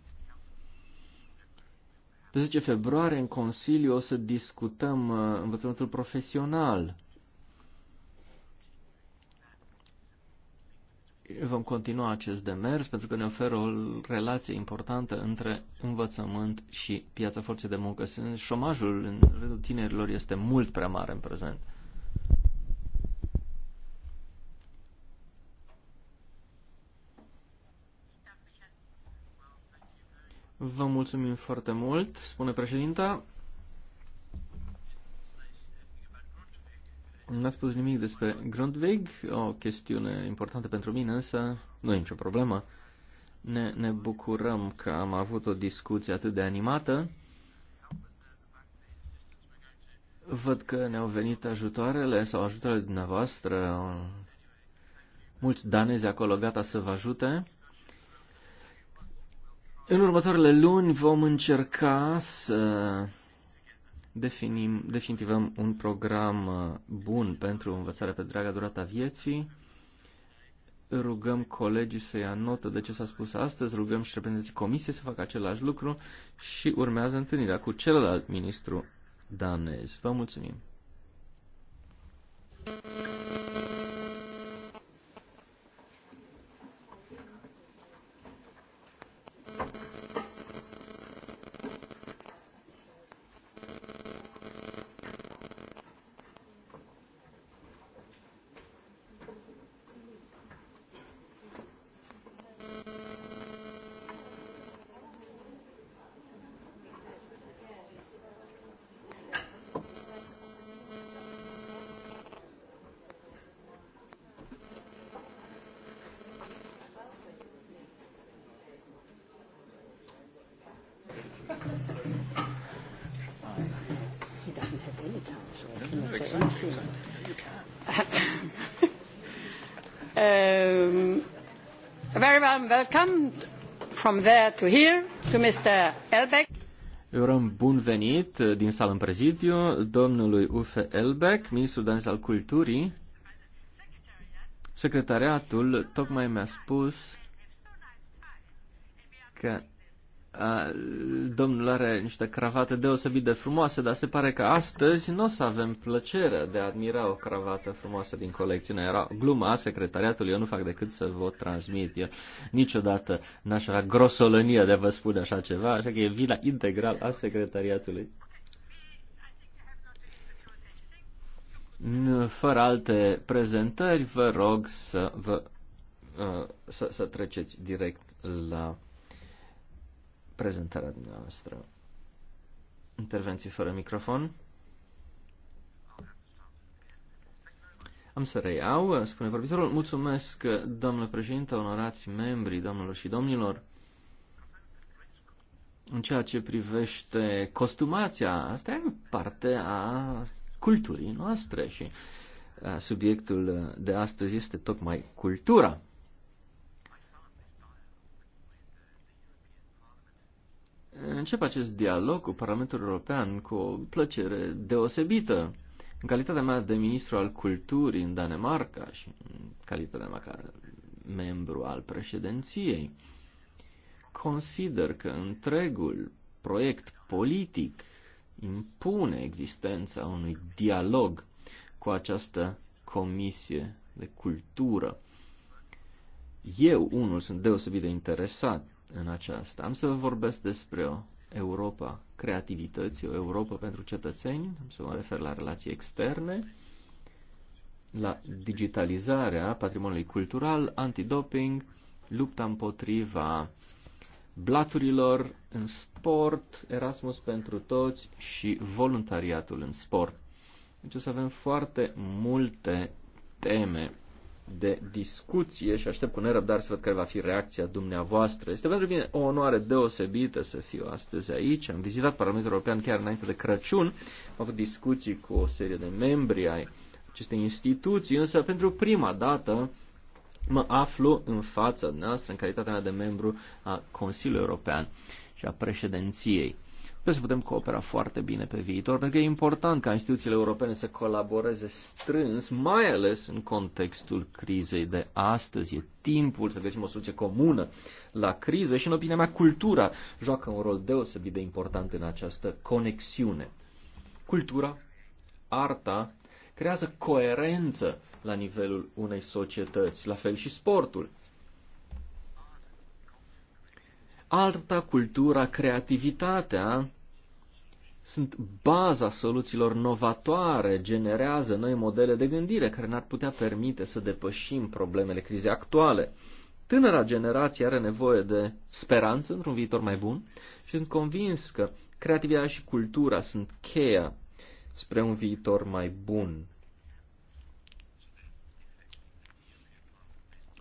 Pe 10 februarie, în Consiliu, o să discutăm uh, învățământul profesional vom continua acest demers pentru că ne oferă o relație importantă între învățământ și piața forței de muncă. Șomajul în rândul tinerilor este mult prea mare în prezent. Vă mulțumim foarte mult, spune președinta. N-a spus nimic despre Grundvig, o chestiune importantă pentru mine, însă nu e nicio problemă. Ne, ne bucurăm că am avut o discuție atât de animată. Văd că ne-au venit ajutoarele sau ajutoarele dumneavoastră. Mulți danezi acolo gata să vă ajute. În următoarele luni vom încerca să definim, definitivăm un program uh, bun pentru învățare pe draga durata vieții. Rugăm colegii să ia notă de ce s-a spus astăzi, rugăm și reprezentanții comisiei să facă același lucru și urmează întâlnirea cu celălalt ministru danez. Vă mulțumim! welcome from there to here to Mr. Elbeck. urăm bun venit uh, din sală în prezidiu domnului Ufe Elbeck, ministrul danez al culturii. Secretariatul tocmai mi-a spus că Domnul are niște cravate deosebit de frumoase, dar se pare că astăzi nu o să avem plăcerea de a admira o cravată frumoasă din colecție. Era gluma a secretariatului, eu nu fac decât să vă transmit. Eu niciodată n-aș avea grosolănie de a vă spune așa ceva, așa că e vina integral a secretariatului. Fără alte prezentări, vă rog să, vă, să, să treceți direct la prezentarea dumneavoastră. Intervenții fără microfon. Am să reiau, spune vorbitorul. Mulțumesc, domnule președinte, onorați membri, domnilor și domnilor. În ceea ce privește costumația, asta e parte a culturii noastre și subiectul de astăzi este tocmai cultura. încep acest dialog cu Parlamentul European cu o plăcere deosebită. În calitatea mea de ministru al culturii în Danemarca și în calitatea mea ca membru al președinției, consider că întregul proiect politic impune existența unui dialog cu această comisie de cultură. Eu, unul, sunt deosebit de interesat în aceasta. Am să vă vorbesc despre o Europa creativității, o Europa pentru cetățeni, am să mă refer la relații externe, la digitalizarea patrimoniului cultural, antidoping, lupta împotriva blaturilor în sport, Erasmus pentru toți și voluntariatul în sport. Deci o să avem foarte multe teme de discuție și aștept cu nerăbdare să văd care va fi reacția dumneavoastră. Este pentru mine o onoare deosebită să fiu astăzi aici. Am vizitat Parlamentul European chiar înainte de Crăciun, am avut discuții cu o serie de membri ai acestei instituții, însă pentru prima dată mă aflu în fața noastră în calitatea mea de membru a Consiliului European și a președinției. Sper să putem coopera foarte bine pe viitor, pentru că e important ca instituțiile europene să colaboreze strâns, mai ales în contextul crizei de astăzi. E timpul să găsim o soluție comună la criză și, în opinia mea, cultura joacă un rol deosebit de important în această conexiune. Cultura, arta, creează coerență la nivelul unei societăți, la fel și sportul. Arta, cultura, creativitatea sunt baza soluțiilor novatoare, generează noi modele de gândire care ne-ar putea permite să depășim problemele crizei actuale. Tânăra generație are nevoie de speranță într-un viitor mai bun și sunt convins că creativitatea și cultura sunt cheia spre un viitor mai bun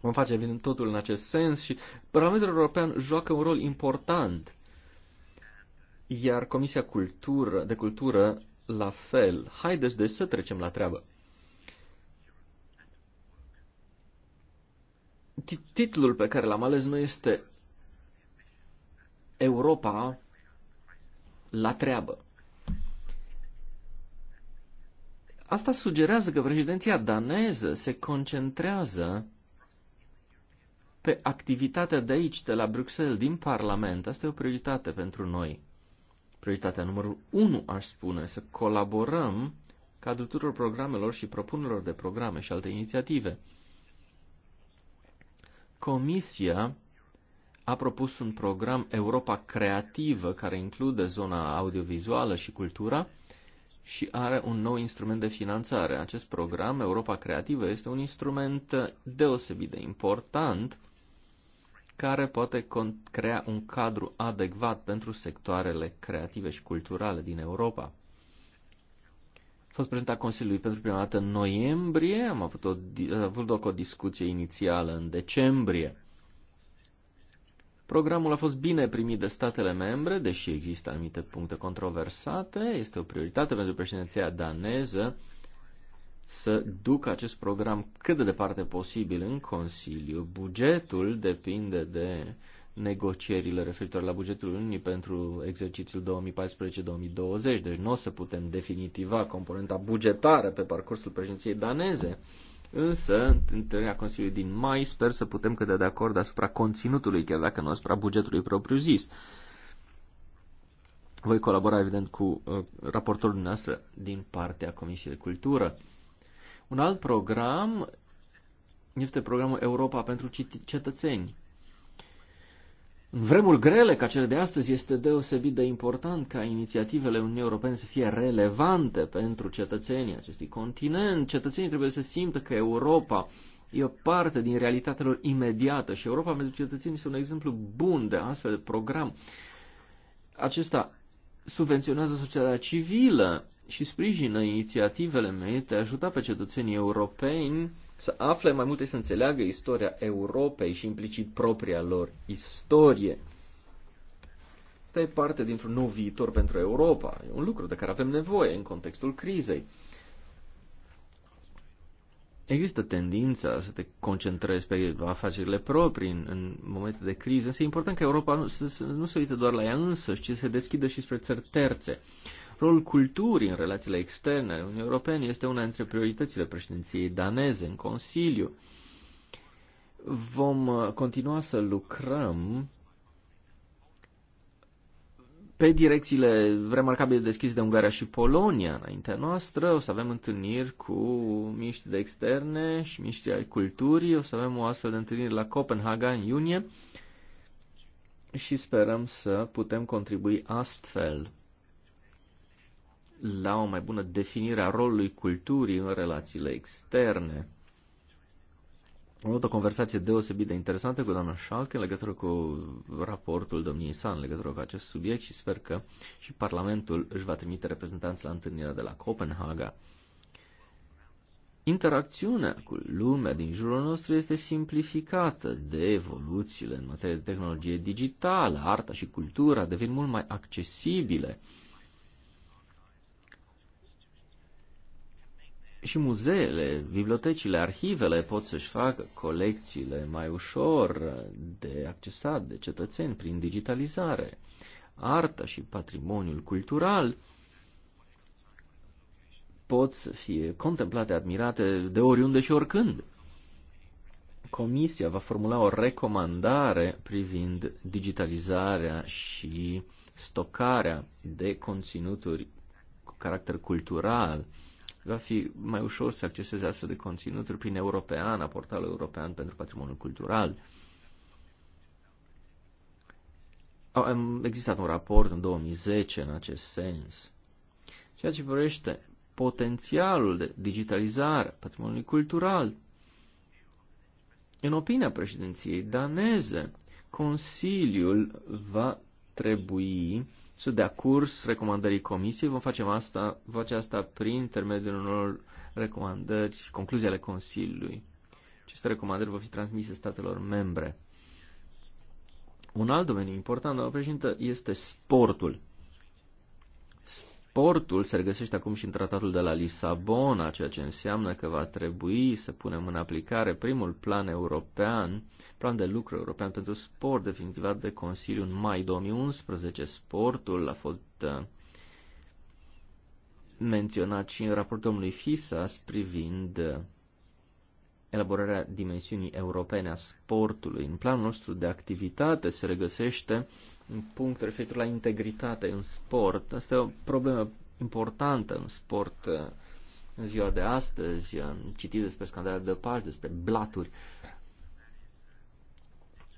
Vom face, evident, totul în acest sens și Parlamentul European joacă un rol important, iar Comisia Cultură, de Cultură la fel. Haideți, de deci, să trecem la treabă. Titlul pe care l-am ales nu este Europa la treabă. Asta sugerează că președinția daneză se concentrează pe activitatea de aici, de la Bruxelles, din Parlament. Asta e o prioritate pentru noi. Prioritatea numărul 1, aș spune, să colaborăm cadrul tuturor programelor și propunerilor de programe și alte inițiative. Comisia a propus un program Europa Creativă care include zona audiovizuală și cultura și are un nou instrument de finanțare. Acest program Europa Creativă este un instrument deosebit de important care poate crea un cadru adecvat pentru sectoarele creative și culturale din Europa. A fost prezentat Consiliului pentru prima dată în noiembrie, am avut o, avut loc o discuție inițială în decembrie. Programul a fost bine primit de statele membre, deși există anumite puncte controversate, este o prioritate pentru președinția daneză să ducă acest program cât de departe posibil în Consiliu. Bugetul depinde de negocierile referitoare la bugetul Uniunii pentru exercițiul 2014-2020, deci nu o să putem definitiva componenta bugetară pe parcursul președinției daneze, însă întâlnirea Consiliului din mai sper să putem cădea de acord asupra conținutului, chiar dacă nu asupra bugetului propriu-zis. Voi colabora, evident, cu uh, raportorul dumneavoastră din partea Comisiei de Cultură. Un alt program este programul Europa pentru cetățeni. În vremuri grele ca cele de astăzi este deosebit de important ca inițiativele Uniunii Europene să fie relevante pentru cetățenii acestui continent. Cetățenii trebuie să simtă că Europa e o parte din realitatea lor imediată și Europa pentru cetățenii este un exemplu bun de astfel de program. Acesta subvenționează societatea civilă și sprijină inițiativele mele de a ajuta pe cetățenii europeni să afle mai multe și să înțeleagă istoria Europei și implicit propria lor istorie. Asta e parte dintr-un nou viitor pentru Europa. E un lucru de care avem nevoie în contextul crizei. Există tendința să te concentrezi pe afacerile proprii în, în momente de criză, însă e important că Europa nu, să, să, nu se uite doar la ea însă, ci să se deschidă și spre țări terțe. Rolul culturii în relațiile externe ale Uniunii Europene este una dintre prioritățile președinției daneze în Consiliu. Vom uh, continua să lucrăm pe direcțiile remarcabile deschise de Ungaria și Polonia înaintea noastră. O să avem întâlniri cu miniștri de externe și miniștri ai culturii. O să avem o astfel de întâlnire la Copenhaga în iunie și sperăm să putem contribui astfel la o mai bună definire a rolului culturii în relațiile externe. Am avut o conversație deosebit de interesantă cu doamna Schalke în legătură cu raportul domniei sa în legătură cu acest subiect și sper că și Parlamentul își va trimite reprezentanți la întâlnirea de la Copenhaga. Interacțiunea cu lumea din jurul nostru este simplificată de evoluțiile în materie de tehnologie digitală, arta și cultura devin mult mai accesibile și muzeele, bibliotecile, arhivele pot să-și facă colecțiile mai ușor de accesat de cetățeni prin digitalizare. Arta și patrimoniul cultural pot să fie contemplate, admirate de oriunde și oricând. Comisia va formula o recomandare privind digitalizarea și stocarea de conținuturi cu caracter cultural va fi mai ușor să acceseze astfel de conținuturi prin Europeana, portalul european pentru patrimoniul cultural. A existat un raport în 2010 în acest sens. Ceea ce vorbește potențialul de digitalizare patrimoniului cultural, în opinia președinției daneze, Consiliul va trebui să dea curs recomandării comisiei. Vom face asta, face asta prin intermediul unor recomandări și concluzii ale Consiliului. Aceste recomandări vor fi transmise statelor membre. Un alt domeniu important, doamnă președintă, este sportul portul se regăsește acum și în tratatul de la Lisabona, ceea ce înseamnă că va trebui să punem în aplicare primul plan european, plan de lucru european pentru sport, definitivat de Consiliu în mai 2011. Sportul a fost uh, menționat și în raportul domnului Fisas privind uh, elaborarea dimensiunii europene a sportului. În planul nostru de activitate se regăsește un punct referitor la integritate în sport. Asta e o problemă importantă în sport uh, în ziua de astăzi. Am citit despre scandalele de pași, despre blaturi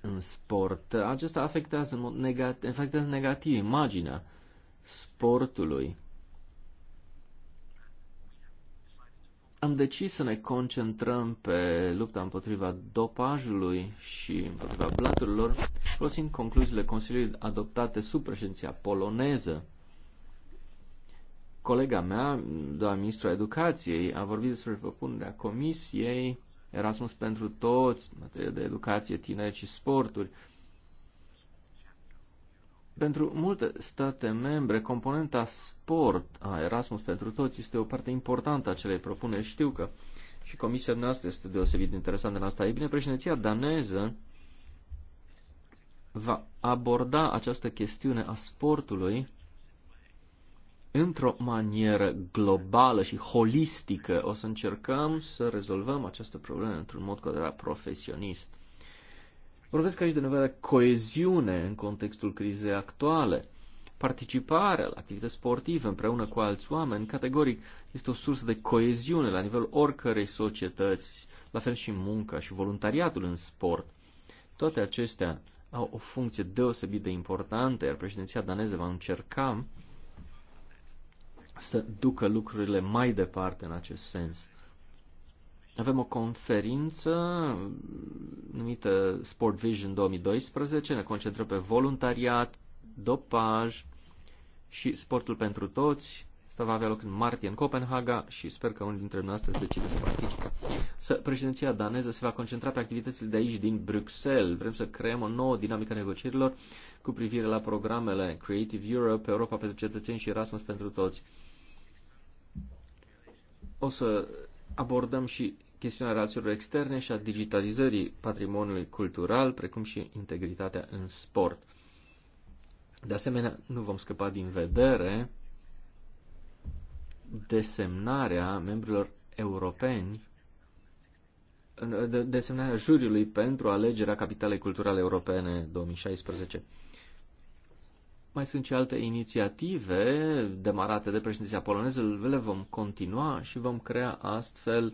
în sport. Acesta afectează în mod negativ, afectează negativ imaginea sportului. am decis să ne concentrăm pe lupta împotriva dopajului și împotriva blaturilor, folosind concluziile Consiliului adoptate sub președinția poloneză. Colega mea, doamna ministru a educației, a vorbit despre propunerea comisiei Erasmus pentru toți, materie de educație, tineri și sporturi. Pentru multe state membre, componenta sport a Erasmus pentru toți este o parte importantă a celei propuneri. Știu că și comisia noastră este deosebit de interesantă în asta. E bine, președinția daneză va aborda această chestiune a sportului într-o manieră globală și holistică. O să încercăm să rezolvăm această problemă într-un mod cu adevărat profesionist. Vorbesc aici de nevoia de coeziune în contextul crizei actuale. Participarea la activități sportive împreună cu alți oameni, categoric, este o sursă de coeziune la nivel oricărei societăți, la fel și munca și voluntariatul în sport. Toate acestea au o funcție deosebit de importantă, iar președinția daneză va încerca să ducă lucrurile mai departe în acest sens avem o conferință numită Sport Vision 2012, ne concentrăm pe voluntariat, dopaj și sportul pentru toți. Asta va avea loc în martie în Copenhaga și sper că unul dintre noi astăzi decide să participe. Să, președinția daneză se va concentra pe activitățile de aici din Bruxelles. Vrem să creăm o nouă dinamică negocierilor cu privire la programele Creative Europe, Europa pentru cetățeni și Erasmus pentru toți. O să abordăm și chestiunea relațiilor externe și a digitalizării patrimoniului cultural, precum și integritatea în sport. De asemenea, nu vom scăpa din vedere desemnarea membrilor europeni, desemnarea juriului pentru alegerea capitalei culturale europene 2016. Mai sunt și alte inițiative demarate de președinția poloneză, le vom continua și vom crea astfel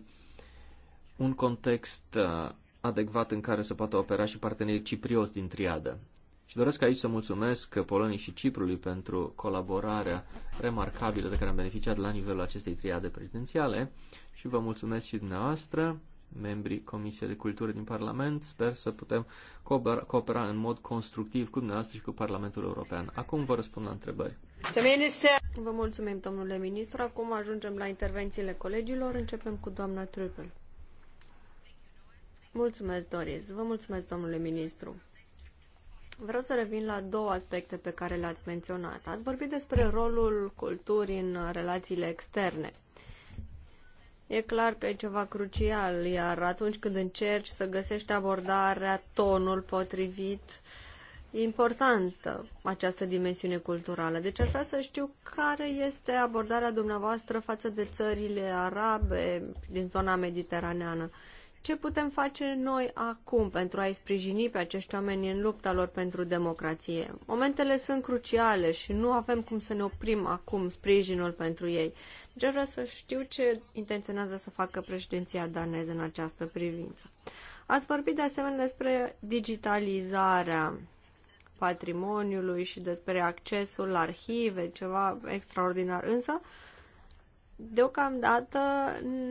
un context uh, adecvat în care să poată opera și partenerii ciprios din triadă. Și doresc aici să mulțumesc Polonii și Ciprului pentru colaborarea remarcabilă de care am beneficiat la nivelul acestei triade prezidențiale și vă mulțumesc și dumneavoastră membrii Comisiei de Cultură din Parlament. Sper să putem coopera în mod constructiv cu dumneavoastră și cu Parlamentul European. Acum vă răspund la întrebări. Vă mulțumim, domnule ministru. Acum ajungem la intervențiile colegilor. Începem cu doamna Trupel. Mulțumesc, Doris. Vă mulțumesc, domnule ministru. Vreau să revin la două aspecte pe care le-ați menționat. Ați vorbit despre rolul culturii în relațiile externe. E clar că e ceva crucial, iar atunci când încerci să găsești abordarea, tonul potrivit, e importantă această dimensiune culturală. Deci aș vrea să știu care este abordarea dumneavoastră față de țările arabe din zona mediteraneană. Ce putem face noi acum pentru a-i sprijini pe acești oameni în lupta lor pentru democrație? Momentele sunt cruciale și nu avem cum să ne oprim acum sprijinul pentru ei. Deci vreau să știu ce intenționează să facă președinția daneză în această privință. Ați vorbit de asemenea despre digitalizarea patrimoniului și despre accesul la arhive, ceva extraordinar. Însă, deocamdată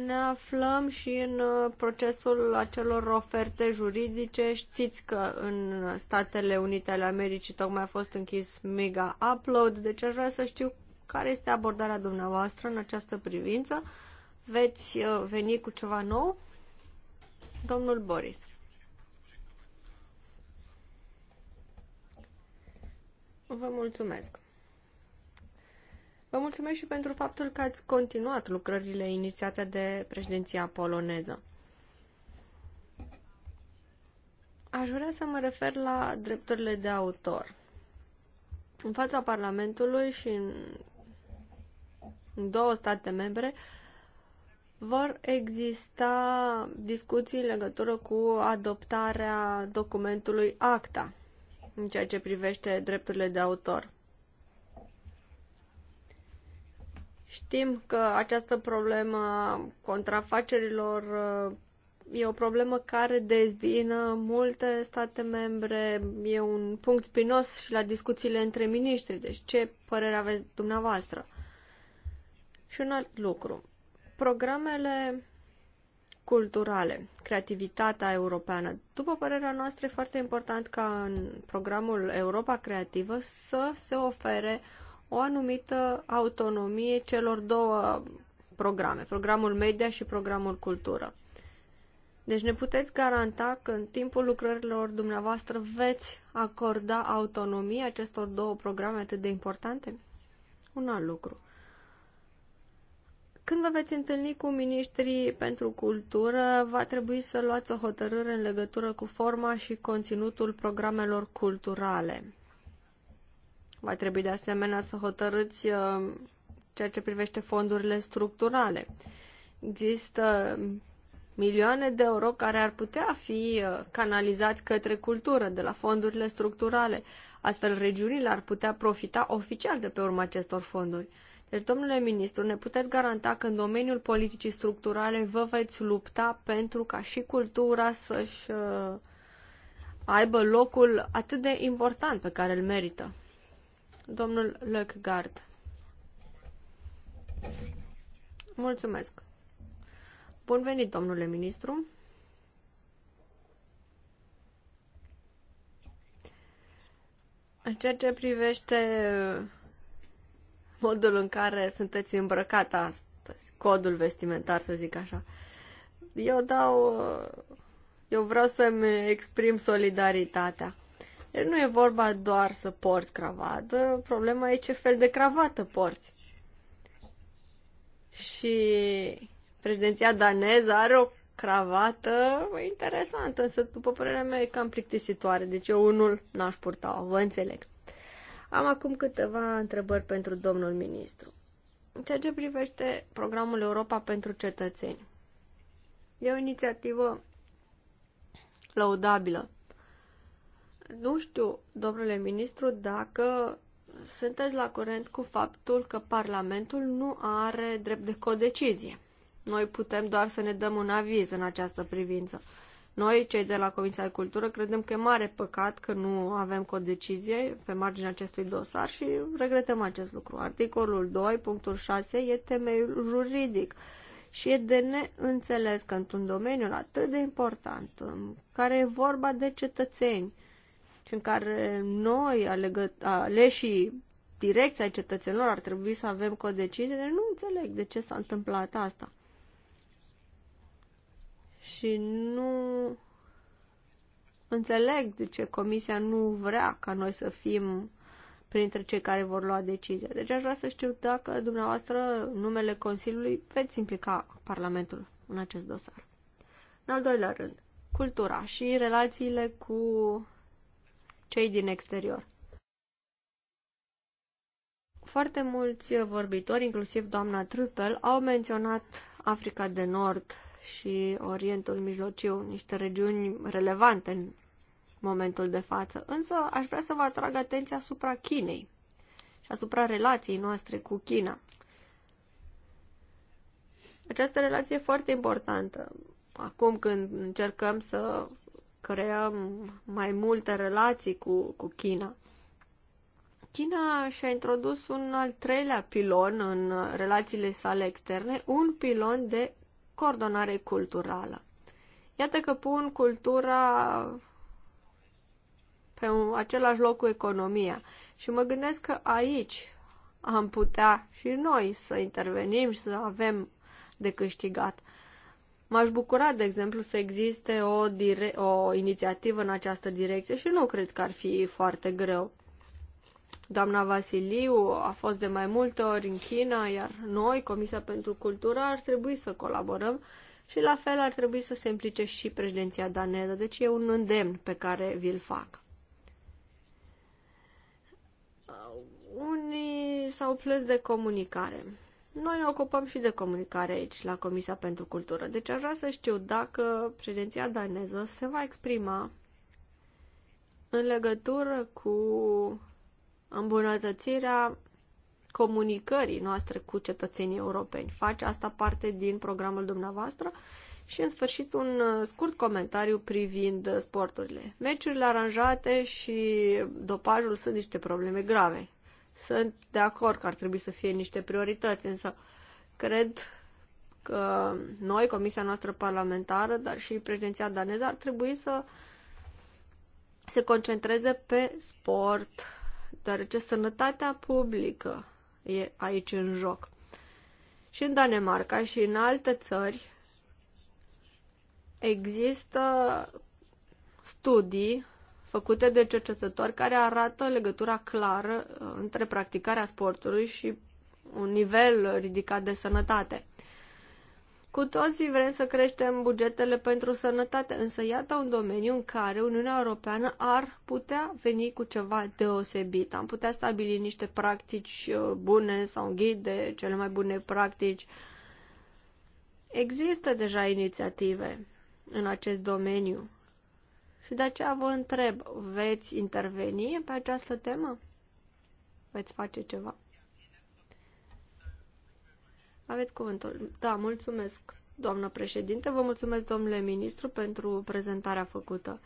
ne aflăm și în uh, procesul acelor oferte juridice. Știți că în Statele Unite ale Americii tocmai a fost închis Mega Upload, deci aș vrea să știu care este abordarea dumneavoastră în această privință? Veți uh, veni cu ceva nou? Domnul Boris. Vă mulțumesc. Vă mulțumesc și pentru faptul că ați continuat lucrările inițiate de președinția poloneză. Aș vrea să mă refer la drepturile de autor. În fața Parlamentului și în în două state membre, vor exista discuții în legătură cu adoptarea documentului ACTA în ceea ce privește drepturile de autor. Știm că această problemă contrafacerilor uh, e o problemă care dezbină multe state membre, e un punct spinos și la discuțiile între miniștri. Deci ce părere aveți dumneavoastră? Și un alt lucru. Programele culturale, creativitatea europeană. După părerea noastră, e foarte important ca în programul Europa Creativă să se ofere o anumită autonomie celor două programe, programul media și programul cultură. Deci ne puteți garanta că în timpul lucrărilor dumneavoastră veți acorda autonomie acestor două programe atât de importante? Un alt lucru. Când vă veți întâlni cu ministrii pentru cultură, va trebui să luați o hotărâre în legătură cu forma și conținutul programelor culturale. Va trebui de asemenea să hotărâți uh, ceea ce privește fondurile structurale. Există milioane de euro care ar putea fi uh, canalizați către cultură de la fondurile structurale. Astfel, regiunile ar putea profita oficial de pe urma acestor fonduri. Deci, domnule ministru, ne puteți garanta că în domeniul politicii structurale vă veți lupta pentru ca și cultura să-și uh, aibă locul atât de important pe care îl merită? Domnul Löckgard. Mulțumesc. Bun venit, domnule ministru. În ceea ce privește modul în care sunteți îmbrăcat astăzi, codul vestimentar, să zic așa. Eu dau... Eu vreau să-mi exprim solidaritatea. Deci nu e vorba doar să porți cravată, problema e ce fel de cravată porți. Și președinția daneză are o cravată interesantă, însă, după părerea mea, e cam plictisitoare. Deci eu unul n-aș purta-o, vă înțeleg. Am acum câteva întrebări pentru domnul ministru. În ceea ce privește programul Europa pentru cetățeni, e o inițiativă laudabilă. Nu știu, domnule ministru, dacă sunteți la curent cu faptul că Parlamentul nu are drept de codecizie. Noi putem doar să ne dăm un aviz în această privință. Noi, cei de la Comisia de Cultură, credem că e mare păcat că nu avem o decizie pe marginea acestui dosar și regretăm acest lucru. Articolul 2, punctul 6, e temeiul juridic și e de neînțeles că într-un domeniu atât de important, în care e vorba de cetățeni și în care noi, aleșii direcția cetățenilor, ar trebui să avem decizie, nu înțeleg de ce s-a întâmplat asta și nu înțeleg de ce Comisia nu vrea ca noi să fim printre cei care vor lua decizia. Deci aș vrea să știu dacă dumneavoastră numele Consiliului veți implica Parlamentul în acest dosar. În al doilea rând, cultura și relațiile cu cei din exterior. Foarte mulți vorbitori, inclusiv doamna Trupel, au menționat Africa de Nord și Orientul Mijlociu, niște regiuni relevante în momentul de față. Însă aș vrea să vă atrag atenția asupra Chinei și asupra relației noastre cu China. Această relație e foarte importantă. Acum când încercăm să creăm mai multe relații cu, cu China. China și-a introdus un al treilea pilon în relațiile sale externe, un pilon de coordonare culturală. Iată că pun cultura pe un, același loc cu economia și mă gândesc că aici am putea și noi să intervenim și să avem de câștigat. M-aș bucura, de exemplu, să existe o, dire- o inițiativă în această direcție și nu cred că ar fi foarte greu. Doamna Vasiliu a fost de mai multe ori în China, iar noi, Comisia pentru Cultură, ar trebui să colaborăm și la fel ar trebui să se implice și președinția daneză. Deci e un îndemn pe care vi-l fac. Unii s-au plâns de comunicare. Noi ne ocupăm și de comunicare aici, la Comisia pentru Cultură. Deci aș vrea să știu dacă președinția daneză se va exprima în legătură cu îmbunătățirea comunicării noastre cu cetățenii europeni. Face asta parte din programul dumneavoastră? Și în sfârșit un uh, scurt comentariu privind uh, sporturile. Meciurile aranjate și dopajul sunt niște probleme grave. Sunt de acord că ar trebui să fie niște priorități, însă cred că noi, Comisia noastră parlamentară, dar și președinția daneză, ar trebui să se concentreze pe sport, deoarece sănătatea publică e aici în joc. Și în Danemarca și în alte țări există studii făcute de cercetători care arată legătura clară uh, între practicarea sportului și un nivel ridicat de sănătate. Cu toții vrem să creștem bugetele pentru sănătate, însă iată un domeniu în care Uniunea Europeană ar putea veni cu ceva deosebit. Am putea stabili niște practici uh, bune sau ghide, cele mai bune practici. Există deja inițiative în acest domeniu și de aceea vă întreb, veți interveni pe această temă? Veți face ceva? Aveți cuvântul. Da, mulțumesc, doamnă președinte. Vă mulțumesc, domnule ministru, pentru prezentarea făcută.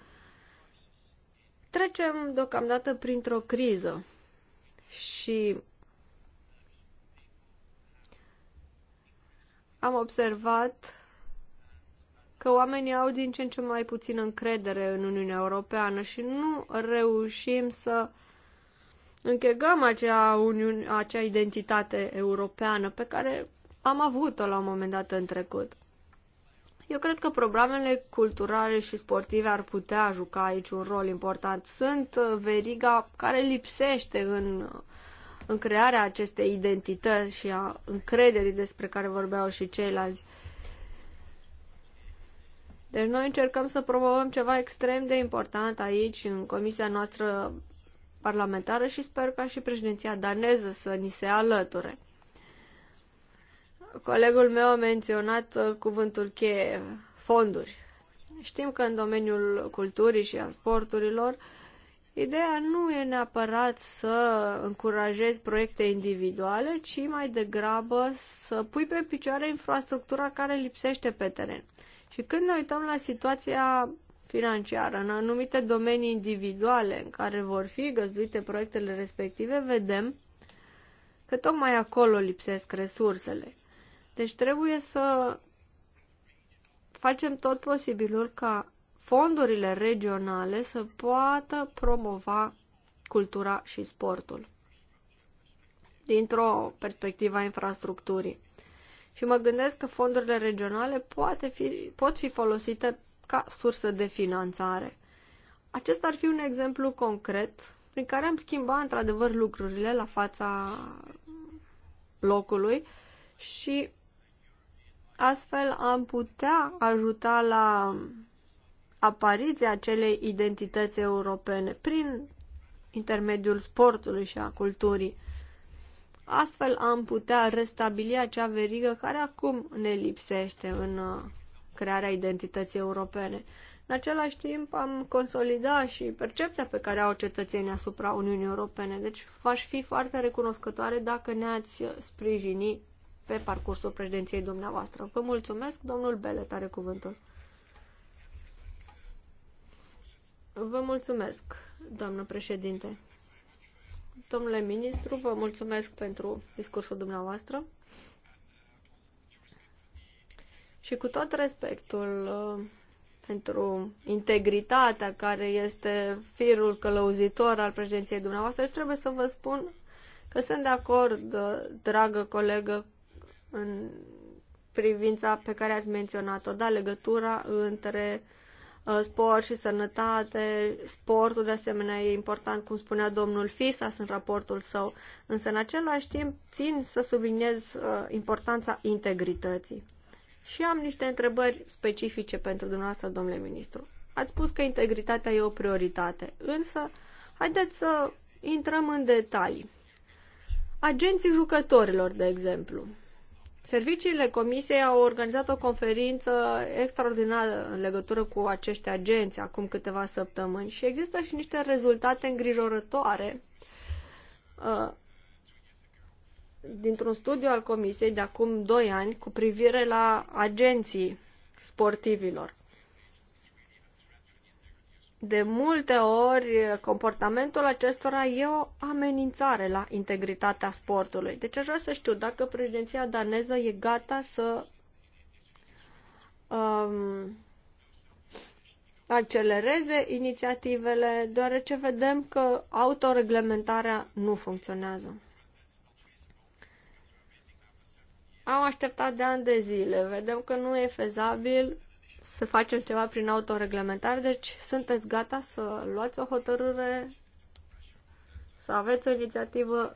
Trecem deocamdată printr-o criză și am observat că oamenii au din ce în ce mai puțin încredere în Uniunea Europeană și nu reușim să închegăm acea, uniune, acea identitate europeană pe care am avut-o la un moment dat în trecut. Eu cred că programele culturale și sportive ar putea juca aici un rol important. Sunt uh, veriga care lipsește în, uh, în crearea acestei identități și a încrederii despre care vorbeau și ceilalți. Deci noi încercăm să promovăm ceva extrem de important aici, în comisia noastră parlamentară și sper ca și președinția daneză să ni se alăture. Colegul meu a menționat uh, cuvântul cheie, fonduri. Știm că în domeniul culturii și a sporturilor, ideea nu e neapărat să încurajezi proiecte individuale, ci mai degrabă să pui pe picioare infrastructura care lipsește pe teren. Și când ne uităm la situația financiară în anumite domenii individuale în care vor fi găzduite proiectele respective, vedem că tocmai acolo lipsesc resursele. Deci trebuie să facem tot posibilul ca fondurile regionale să poată promova cultura și sportul dintr-o perspectivă a infrastructurii. Și mă gândesc că fondurile regionale poate fi, pot fi folosite ca sursă de finanțare. Acesta ar fi un exemplu concret prin care am schimbat într-adevăr lucrurile la fața locului și Astfel am putea ajuta la apariția acelei identități europene prin intermediul sportului și a culturii. Astfel am putea restabili acea verigă care acum ne lipsește în uh, crearea identității europene. În același timp am consolidat și percepția pe care au cetățenii asupra Uniunii Europene. Deci v-aș fi foarte recunoscătoare dacă ne-ați sprijini pe parcursul președinției dumneavoastră. Vă mulțumesc, domnul Belet are cuvântul. Vă mulțumesc, doamnă președinte. Domnule ministru, vă mulțumesc pentru discursul dumneavoastră. Și cu tot respectul uh, pentru integritatea care este firul călăuzitor al președinției dumneavoastră, trebuie să vă spun că sunt de acord, uh, dragă colegă, în privința pe care ați menționat-o, da, legătura între uh, sport și sănătate, sportul de asemenea e important, cum spunea domnul Fisas în raportul său, însă în același timp țin să subliniez uh, importanța integrității. Și am niște întrebări specifice pentru dumneavoastră, domnule ministru. Ați spus că integritatea e o prioritate, însă haideți să intrăm în detalii. Agenții jucătorilor, de exemplu. Serviciile Comisiei au organizat o conferință extraordinară în legătură cu acești agenți acum câteva săptămâni și există și niște rezultate îngrijorătoare uh, dintr-un studiu al Comisiei de acum 2 ani cu privire la agenții sportivilor de multe ori comportamentul acestora e o amenințare la integritatea sportului. Deci aș vrea să știu dacă președinția daneză e gata să um, accelereze inițiativele, deoarece vedem că autoreglementarea nu funcționează. Am așteptat de ani de zile, vedem că nu e fezabil să facem ceva prin autoreglementare, deci sunteți gata să luați o hotărâre, să aveți o inițiativă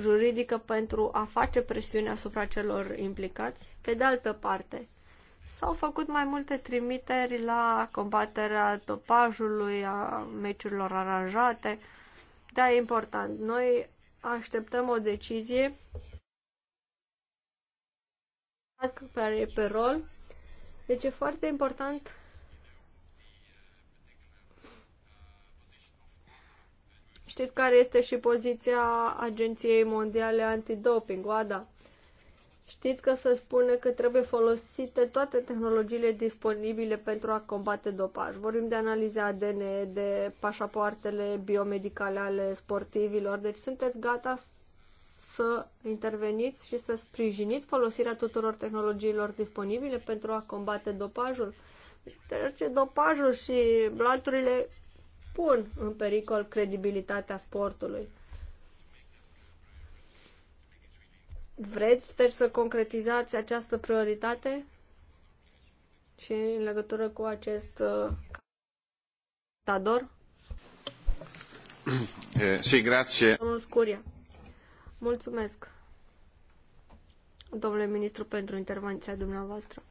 juridică pentru a face presiune asupra celor implicați. Pe de altă parte, s-au făcut mai multe trimiteri la combaterea topajului, a meciurilor aranjate. Da, e important. Noi așteptăm o decizie pe, pe rol deci e foarte important Știți care este și poziția Agenției Mondiale Antidoping, OADA? Știți că se spune că trebuie folosite toate tehnologiile disponibile pentru a combate dopaj. Vorbim de analize ADN, de pașapoartele biomedicale ale sportivilor, deci sunteți gata să interveniți și să sprijiniți folosirea tuturor tehnologiilor disponibile pentru a combate dopajul. Deci dopajul și blaturile pun în pericol credibilitatea sportului. Vreți deci, să concretizați această prioritate și în legătură cu acest uh, tador? Eh, sì, grazie. Scuria. Mulțumesc, domnule ministru, pentru intervenția dumneavoastră.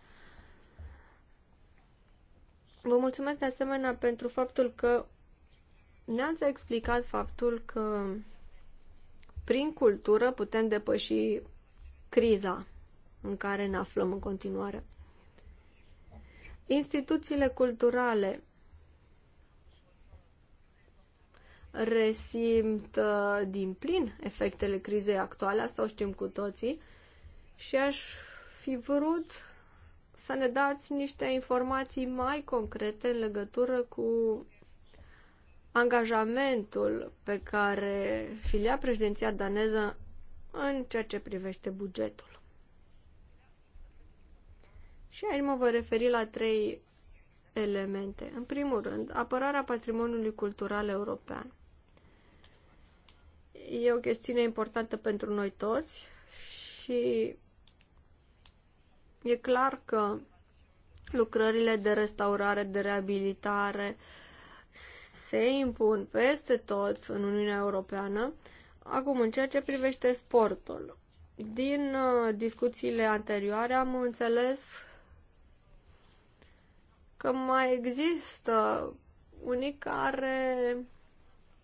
Vă mulțumesc de asemenea pentru faptul că ne-ați explicat faptul că prin cultură putem depăși criza în care ne aflăm în continuare. Instituțiile culturale resimt uh, din plin efectele crizei actuale, asta o știm cu toții, și aș fi vrut să ne dați niște informații mai concrete în legătură cu angajamentul pe care și lea președinția daneză în ceea ce privește bugetul. Și aici mă voi referi la trei elemente. În primul rând, apărarea patrimoniului cultural european e o chestiune importantă pentru noi toți și e clar că lucrările de restaurare, de reabilitare se impun peste tot în Uniunea Europeană. Acum, în ceea ce privește sportul, din uh, discuțiile anterioare am înțeles că mai există unii care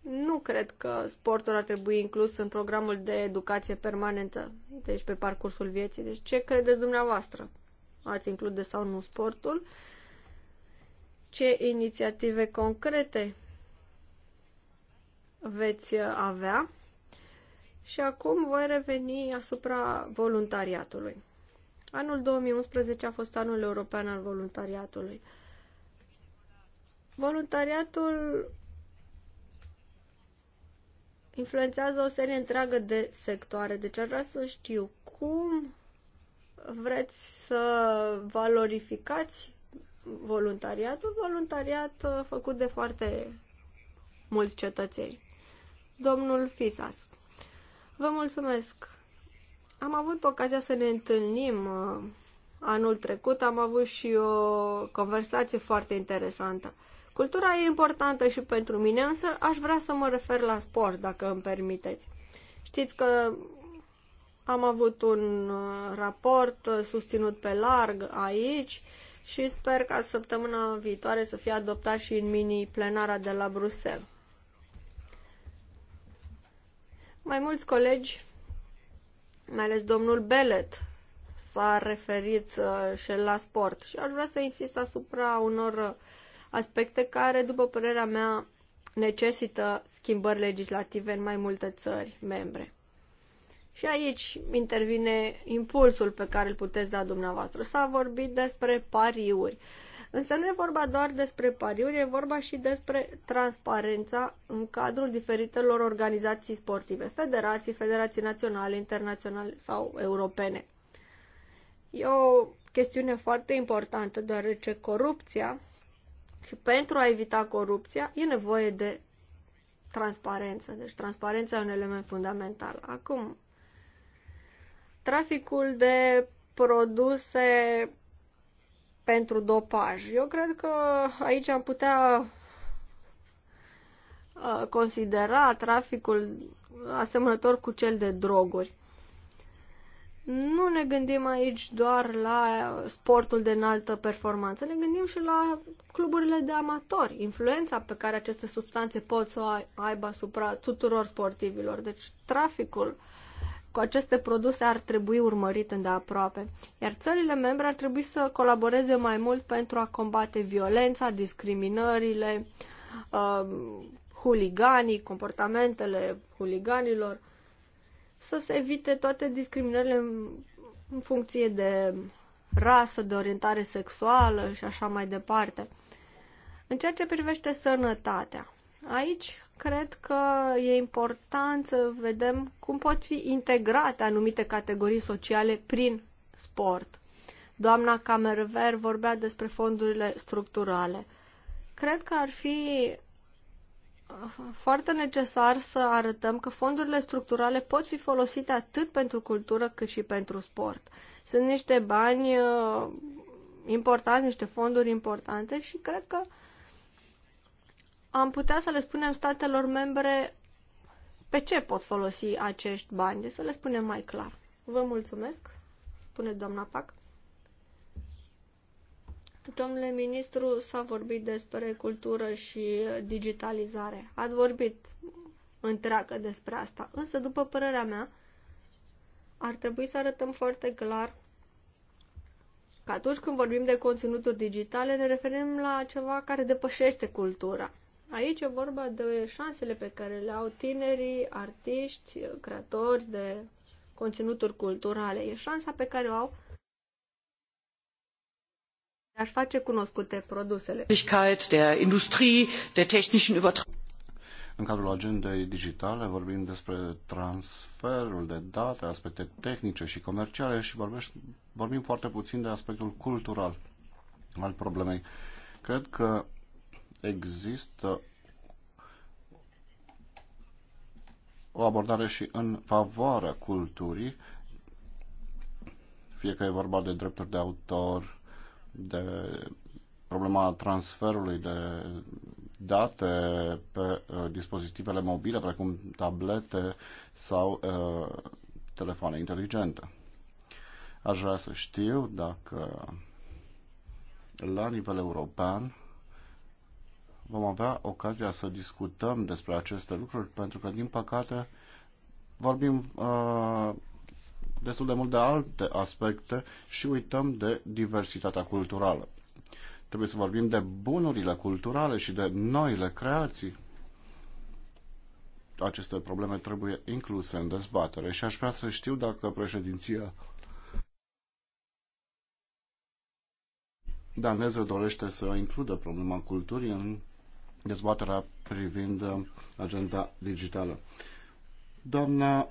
nu cred că sportul ar trebui inclus în programul de educație permanentă, deci pe parcursul vieții. Deci ce credeți dumneavoastră? Ați include sau nu sportul? Ce inițiative concrete veți avea? Și acum voi reveni asupra voluntariatului. Anul 2011 a fost anul european al voluntariatului. Voluntariatul influențează o serie întreagă de sectoare. Deci ar vrea să știu cum vreți să valorificați voluntariatul, voluntariat uh, făcut de foarte mulți cetățeni. Domnul Fisas, vă mulțumesc. Am avut ocazia să ne întâlnim uh, anul trecut, am avut și o conversație foarte interesantă. Cultura e importantă și pentru mine, însă aș vrea să mă refer la sport, dacă îmi permiteți. Știți că am avut un uh, raport uh, susținut pe larg aici și sper ca săptămâna viitoare să fie adoptat și în mini-plenara de la Bruxelles. Mai mulți colegi, mai ales domnul Belet, s-a referit uh, și la sport și aș vrea să insist asupra unor uh, aspecte care, după părerea mea, necesită schimbări legislative în mai multe țări membre. Și aici intervine impulsul pe care îl puteți da dumneavoastră. S-a vorbit despre pariuri. Însă nu e vorba doar despre pariuri, e vorba și despre transparența în cadrul diferitelor organizații sportive, federații, federații naționale, internaționale sau europene. E o chestiune foarte importantă, deoarece corupția și pentru a evita corupția e nevoie de transparență. Deci transparența e un element fundamental. Acum, traficul de produse pentru dopaj. Eu cred că aici am putea uh, considera traficul asemănător cu cel de droguri nu ne gândim aici doar la sportul de înaltă performanță, ne gândim și la cluburile de amatori, influența pe care aceste substanțe pot să o aibă asupra tuturor sportivilor. Deci traficul cu aceste produse ar trebui urmărit îndeaproape, iar țările membre ar trebui să colaboreze mai mult pentru a combate violența, discriminările, uh, huliganii, comportamentele huliganilor – să se evite toate discriminările în, în funcție de rasă, de orientare sexuală și așa mai departe. În ceea ce privește sănătatea, aici cred că e important să vedem cum pot fi integrate anumite categorii sociale prin sport. Doamna Camerver vorbea despre fondurile structurale. Cred că ar fi foarte necesar să arătăm că fondurile structurale pot fi folosite atât pentru cultură cât și pentru sport. Sunt niște bani uh, importanți, niște fonduri importante și cred că am putea să le spunem statelor membre pe ce pot folosi acești bani, să le spunem mai clar. Vă mulțumesc, spune doamna Pac. Domnule ministru, s-a vorbit despre cultură și digitalizare. Ați vorbit întreagă despre asta. Însă, după părerea mea, ar trebui să arătăm foarte clar că atunci când vorbim de conținuturi digitale, ne referim la ceva care depășește cultura. Aici e vorba de șansele pe care le au tinerii, artiști, creatori de conținuturi culturale. E șansa pe care o au aș face cunoscute produsele. În cadrul agendei digitale vorbim despre transferul de date, aspecte tehnice și comerciale și vorbești, vorbim foarte puțin de aspectul cultural al problemei. Cred că există o abordare și în favoarea culturii, fie că e vorba de drepturi de autor, de problema transferului de date pe uh, dispozitivele mobile, precum tablete sau uh, telefoane inteligente. Aș vrea să știu dacă la nivel european vom avea ocazia să discutăm despre aceste lucruri, pentru că, din păcate, vorbim uh, destul de mult de alte aspecte și uităm de diversitatea culturală. Trebuie să vorbim de bunurile culturale și de noile creații. Aceste probleme trebuie incluse în dezbatere și aș vrea să știu dacă președinția daneză dorește să includă problema culturii în dezbaterea privind agenda digitală. Doamna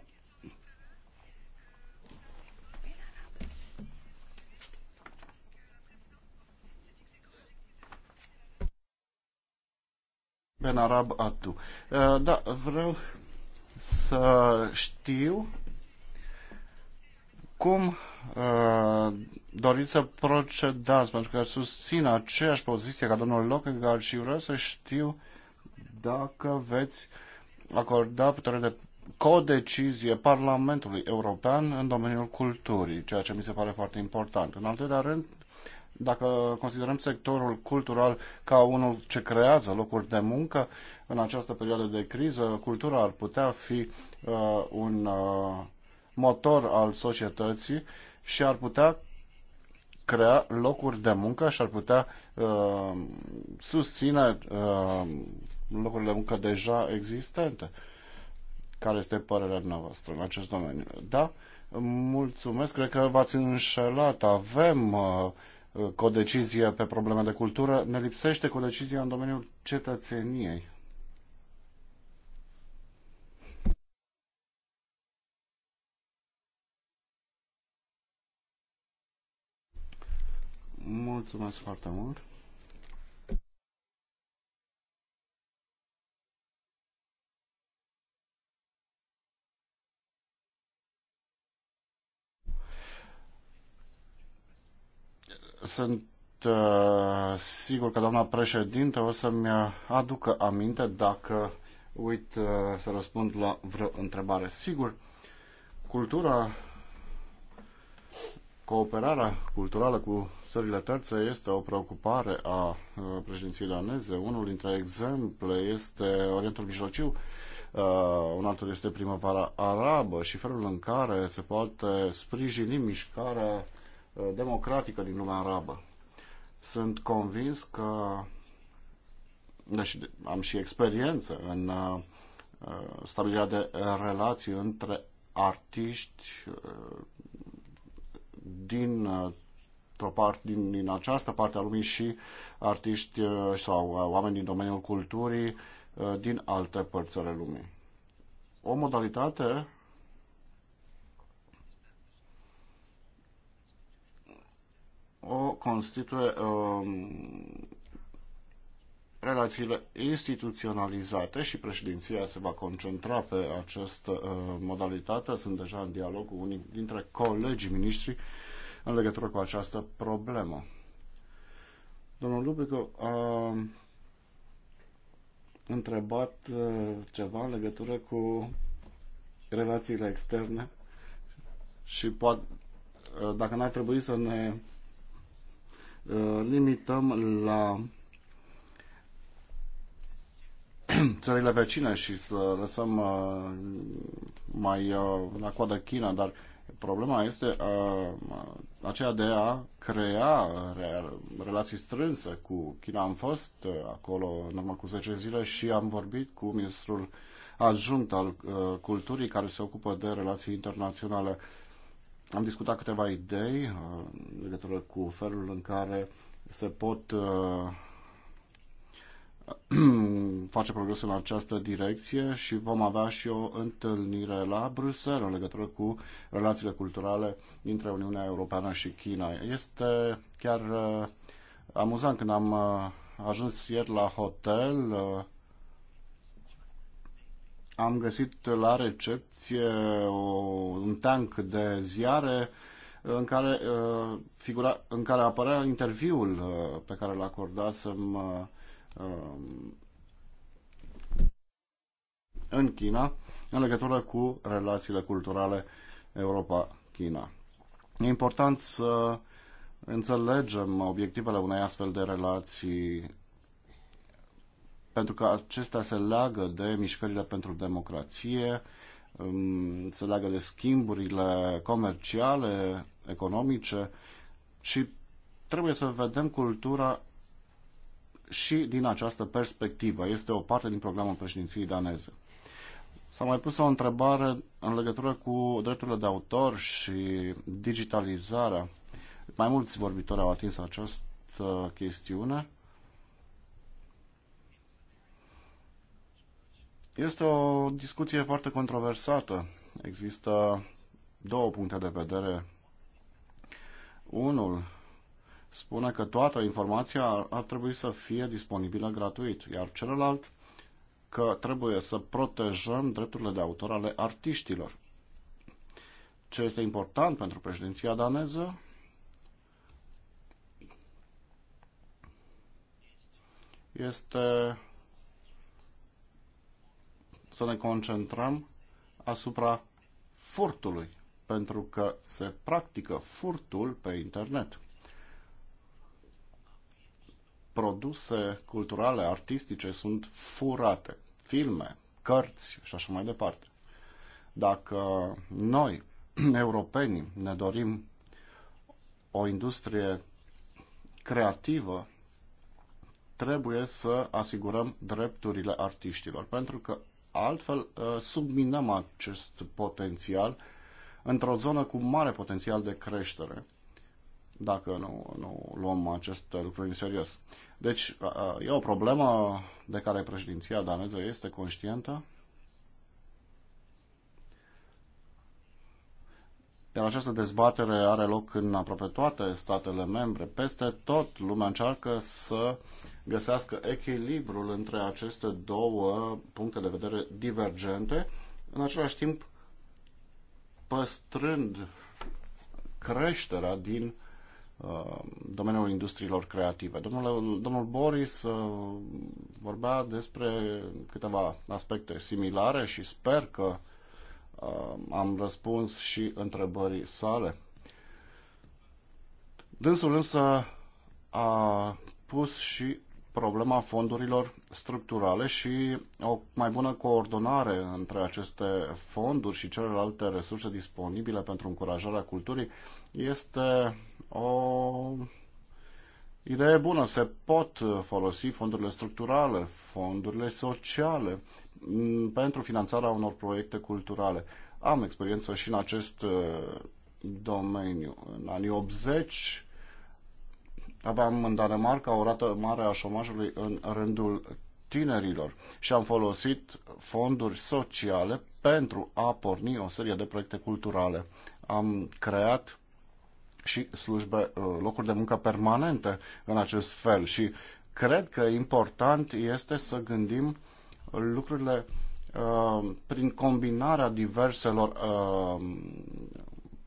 Benarab Atu. Uh, da, vreau să știu cum uh, doriți să procedați, pentru că susțin aceeași poziție ca domnul Lockegaard și vreau să știu dacă veți acorda putere de codecizie Parlamentului European în domeniul culturii, ceea ce mi se pare foarte important. În al doilea rând, dacă considerăm sectorul cultural ca unul ce creează locuri de muncă, în această perioadă de criză, cultura ar putea fi uh, un uh, motor al societății și ar putea crea locuri de muncă și ar putea uh, susține uh, locurile de muncă deja existente. Care este părerea noastră în acest domeniu? Da? Mulțumesc, cred că v-ați înșelat. Avem uh, Uh, codecizie pe probleme de cultură, ne lipsește codecizia în domeniul cetățeniei. Mulțumesc foarte mult! Sunt uh, sigur că doamna președinte o să-mi aducă aminte dacă uit uh, să răspund la vreo întrebare. Sigur, cultura, cooperarea culturală cu țările terțe este o preocupare a uh, președinției daneze. Unul dintre exemple este Orientul Mijlociu, uh, un altul este primăvara arabă și felul în care se poate sprijini mișcarea Uh, democratică din lumea arabă. Sunt convins că, deși am și experiență în uh, uh, stabilirea de relații între artiști din parte, din, din această parte a lumii și artiști sau oameni din domeniul culturii din alte părți ale lumii. O modalitate o constituie um, relațiile instituționalizate și președinția se va concentra pe această uh, modalitate. Sunt deja în dialog cu unii dintre colegii miniștri în legătură cu această problemă. Domnul Lubicu a întrebat uh, ceva în legătură cu relațiile externe și poate, uh, dacă n-ar trebui să ne Uh, limităm la țările vecine și să lăsăm uh, mai uh, la coadă China, dar problema este aceea de a crea relații strânse cu China. Am fost acolo în urmă cu 10 zile și am vorbit cu ministrul adjunct al culturii care se ocupă de relații internaționale am discutat câteva idei uh, în legătură cu felul în care se pot uh, face progrese în această direcție și vom avea și o întâlnire la Bruxelles în legătură cu relațiile culturale dintre Uniunea Europeană și China. Este chiar uh, amuzant când am ajuns ieri la hotel, am găsit la recepție o, uh, un tank de ziare uh, în care, uh, figura, în care apărea interviul uh, pe care l acordasem uh, um, în China în legătură cu relațiile culturale Europa-China. E important să înțelegem obiectivele unei astfel de relații pentru că acestea se leagă de mișcările pentru democrație, um, se leagă de schimburile comerciale, economice și trebuie să vedem cultura și din această perspectivă. Este o parte din programul președinției daneze. S-a mai pus o întrebare în legătură cu drepturile de autor și digitalizarea. Mai mulți vorbitori au atins această chestiune. Este o discuție foarte controversată. Există două puncte de vedere. Unul spune că toată informația ar, ar trebui să fie disponibilă gratuit, iar celălalt că trebuie să protejăm drepturile de autor ale artiștilor. Ce este important pentru președinția daneză este să ne concentrăm asupra furtului, pentru că se practică furtul pe internet. Produse culturale, artistice sunt furate, filme, cărți și așa mai departe. Dacă noi, europenii, ne dorim o industrie creativă, trebuie să asigurăm drepturile artiștilor, pentru că Altfel, uh, subminăm acest potențial într-o zonă cu mare potențial de creștere, dacă nu, nu luăm acest lucru în serios. Deci, uh, uh, e o problemă de care președinția daneză este conștientă Iar această dezbatere are loc în aproape toate statele membre. Peste tot lumea încearcă să găsească echilibrul între aceste două puncte de vedere divergente, în același timp păstrând creșterea din uh, domeniul industriilor creative. Domnul, domnul Boris uh, vorbea despre câteva aspecte similare și sper că am răspuns și întrebării sale. Dânsul însă a pus și problema fondurilor structurale și o mai bună coordonare între aceste fonduri și celelalte resurse disponibile pentru încurajarea culturii este o idee bună. Se pot folosi fondurile structurale, fondurile sociale Mm, pentru finanțarea unor proiecte culturale. Am experiență și în acest uh, domeniu. În anii 80 aveam în Danemarca o rată mare a șomajului în rândul tinerilor și am folosit fonduri sociale pentru a porni o serie de proiecte culturale. Am creat și slujbe, uh, locuri de muncă permanente în acest fel și cred că important este să gândim lucrurile uh, prin combinarea diverselor uh,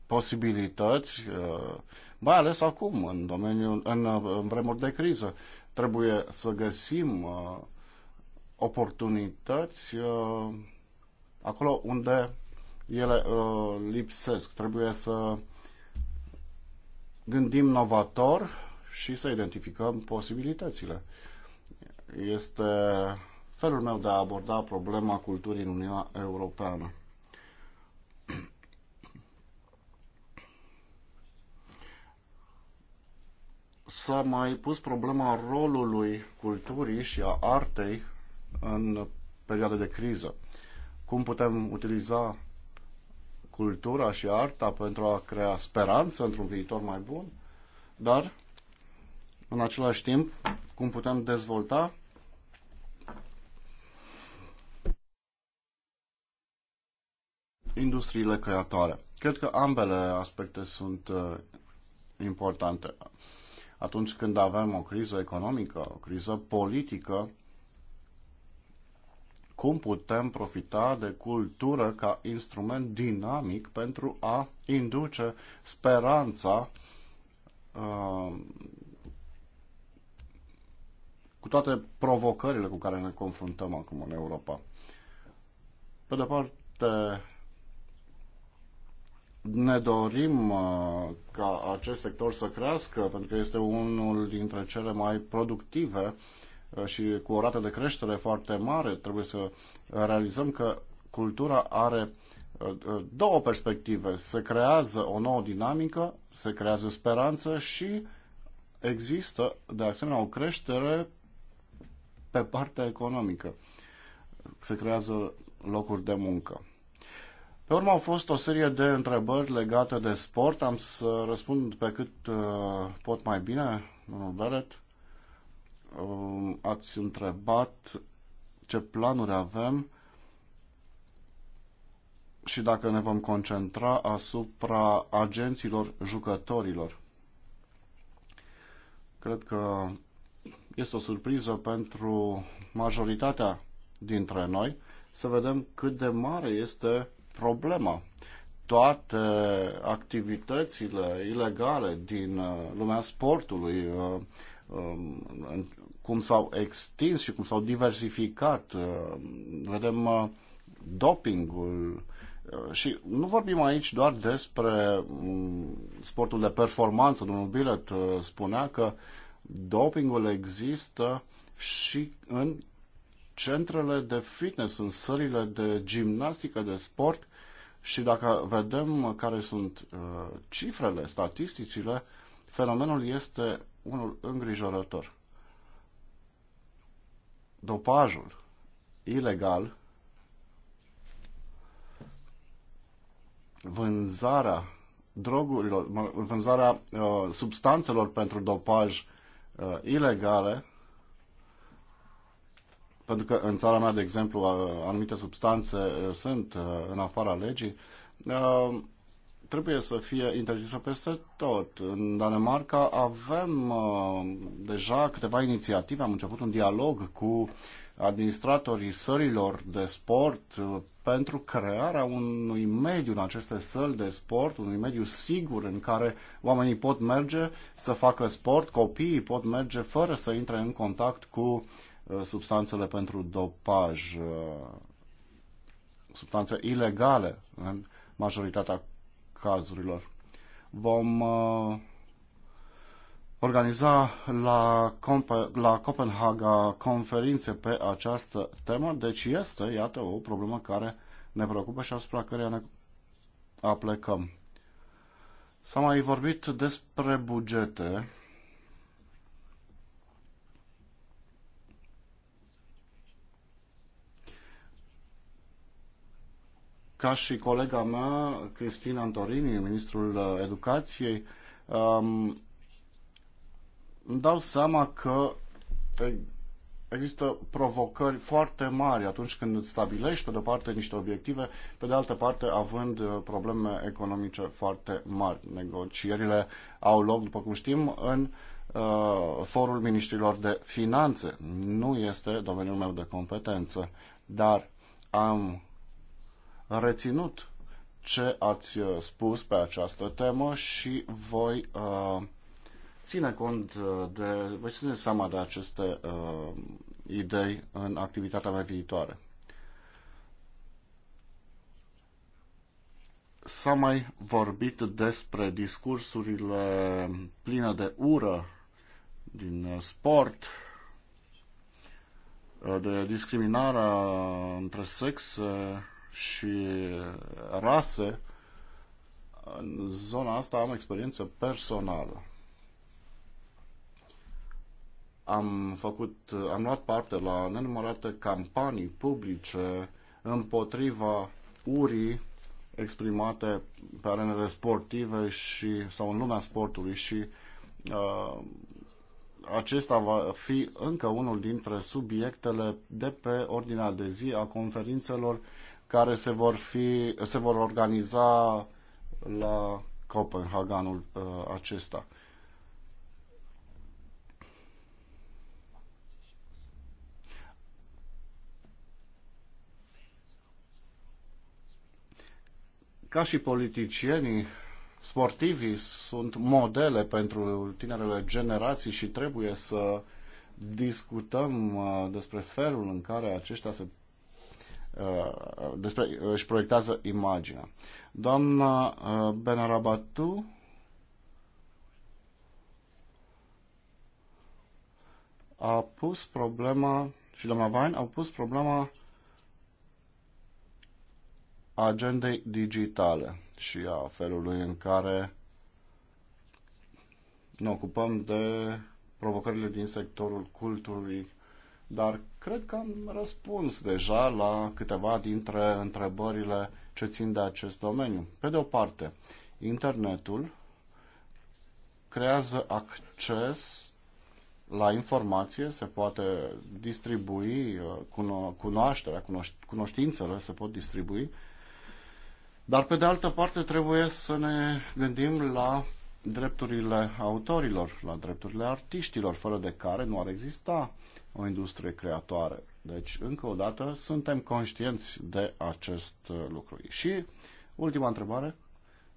posibilități, uh, mai ales acum, în, domeniul, în, în vremuri de criză. Trebuie să găsim oportunități acolo unde ele lipsesc. Trebuie să gândim novator și să identificăm posibilitățile. Este felul meu de a aborda problema culturii în Uniunea Europeană. S-a mai pus problema rolului culturii și a artei în perioada de criză. Cum putem utiliza cultura și arta pentru a crea speranță într-un viitor mai bun, dar în același timp cum putem dezvolta industriile creatoare. Cred că ambele aspecte sunt uh, importante. Atunci când avem o criză economică, o criză politică, cum putem profita de cultură ca instrument dinamic pentru a induce speranța uh, cu toate provocările cu care ne confruntăm acum în Europa. Pe de parte, ne dorim uh, ca acest sector să crească, pentru că este unul dintre cele mai productive uh, și cu o rată de creștere foarte mare. Trebuie să realizăm că cultura are uh, două perspective. Se creează o nouă dinamică, se creează speranță și există, de asemenea, o creștere pe partea economică. Se creează locuri de muncă. Pe urmă au fost o serie de întrebări legate de sport. Am să răspund pe cât uh, pot mai bine, domnul Beret. Um, ați întrebat ce planuri avem și dacă ne vom concentra asupra agenților jucătorilor. Cred că este o surpriză pentru majoritatea dintre noi să vedem cât de mare este problema. Toate activitățile ilegale din uh, lumea sportului, uh, um, cum s-au extins și cum s-au diversificat, uh, vedem dopingul și nu vorbim aici doar despre um, sportul de performanță. Domnul Bilet spunea că dopingul există și în centrele de fitness, în sălile de gimnastică, de sport și dacă vedem care sunt uh, cifrele, statisticile, fenomenul este unul îngrijorător. Dopajul ilegal, vânzarea drogurilor, vânzarea uh, substanțelor pentru dopaj uh, ilegale pentru că în țara mea, de exemplu, anumite substanțe sunt în afara legii, trebuie să fie interzisă peste tot. În Danemarca avem deja câteva inițiative, am început un dialog cu administratorii sărilor de sport pentru crearea unui mediu în aceste săli de sport, unui mediu sigur în care oamenii pot merge să facă sport, copiii pot merge fără să intre în contact cu uh, Uh, substanțele pentru dopaj, uh, substanțe ilegale în majoritatea cazurilor. Vom uh, organiza la, la Copenhaga conferințe pe această temă, deci este, iată, o problemă care ne preocupă și asupra căreia ne aplecăm. S-a mai vorbit despre bugete. ca și colega mea, Cristina Antorini, ministrul uh, educației, um, îmi dau seama că există provocări foarte mari atunci când îți stabilești, pe de-o parte, niște obiective, pe de altă parte, având uh, probleme economice foarte mari. Negocierile au loc, după cum știm, în uh, forul ministrilor de finanțe. Nu este domeniul meu de competență, dar am reținut ce ați uh, spus pe această temă și voi uh, ține cont uh, de, voi ține seama de aceste uh, idei în activitatea mea viitoare. S-a mai vorbit despre discursurile pline de ură din uh, sport, de discriminarea între sexe, și rase, în zona asta am experiență personală. Am, făcut, am luat parte la nenumărate campanii publice împotriva urii exprimate pe arenele sportive și, sau în lumea sportului și uh, acesta va fi încă unul dintre subiectele de pe ordinea de zi a conferințelor care se vor, fi, se vor organiza la Copenhaganul uh, acesta. Ca și politicienii, sportivii sunt modele pentru tinerele generații și trebuie să discutăm uh, despre felul în care aceștia se Uh, despre, își proiectează imaginea. Doamna uh, Benarabatu a pus problema și doamna Vain au pus problema agendei digitale și a felului în care ne ocupăm de provocările din sectorul culturii dar cred că am răspuns deja la câteva dintre întrebările ce țin de acest domeniu. Pe de o parte, internetul creează acces la informație, se poate distribui cuno- cunoașterea, cunoș- cunoștințele se pot distribui, dar pe de altă parte trebuie să ne gândim la drepturile autorilor, la drepturile artiștilor, fără de care nu ar exista o industrie creatoare. Deci, încă o dată, suntem conștienți de acest uh, lucru. Și ultima întrebare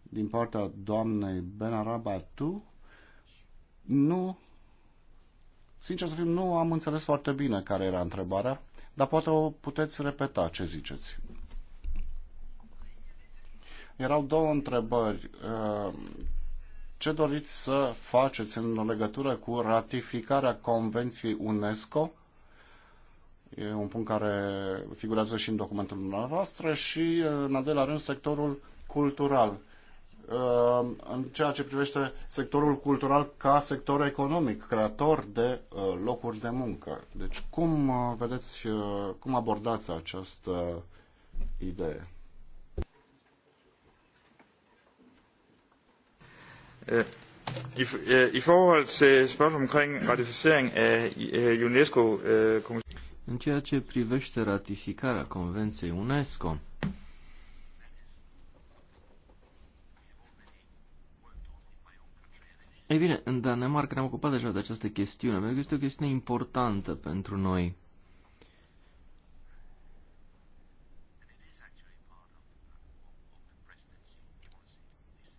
din partea doamnei Benarabatu. Nu, sincer să fiu, nu am înțeles foarte bine care era întrebarea, dar poate o puteți repeta ce ziceți. Erau două întrebări. Uh, ce doriți să faceți în legătură cu ratificarea Convenției UNESCO? E un punct care figurează și în documentul dumneavoastră și, în al doilea rând, sectorul cultural. Uh, în ceea ce privește sectorul cultural ca sector economic, creator de uh, locuri de muncă. Deci, cum uh, vedeți, cum abordați această idee? Øh, I, øh, I forhold til spørgsmålet omkring ratificering af øh, UNESCO În ceea ce privește ratificarea Convenției UNESCO, Ei bine, în Danemarca ne-am ocupat deja de această chestiune, pentru că este o chestiune importantă pentru noi.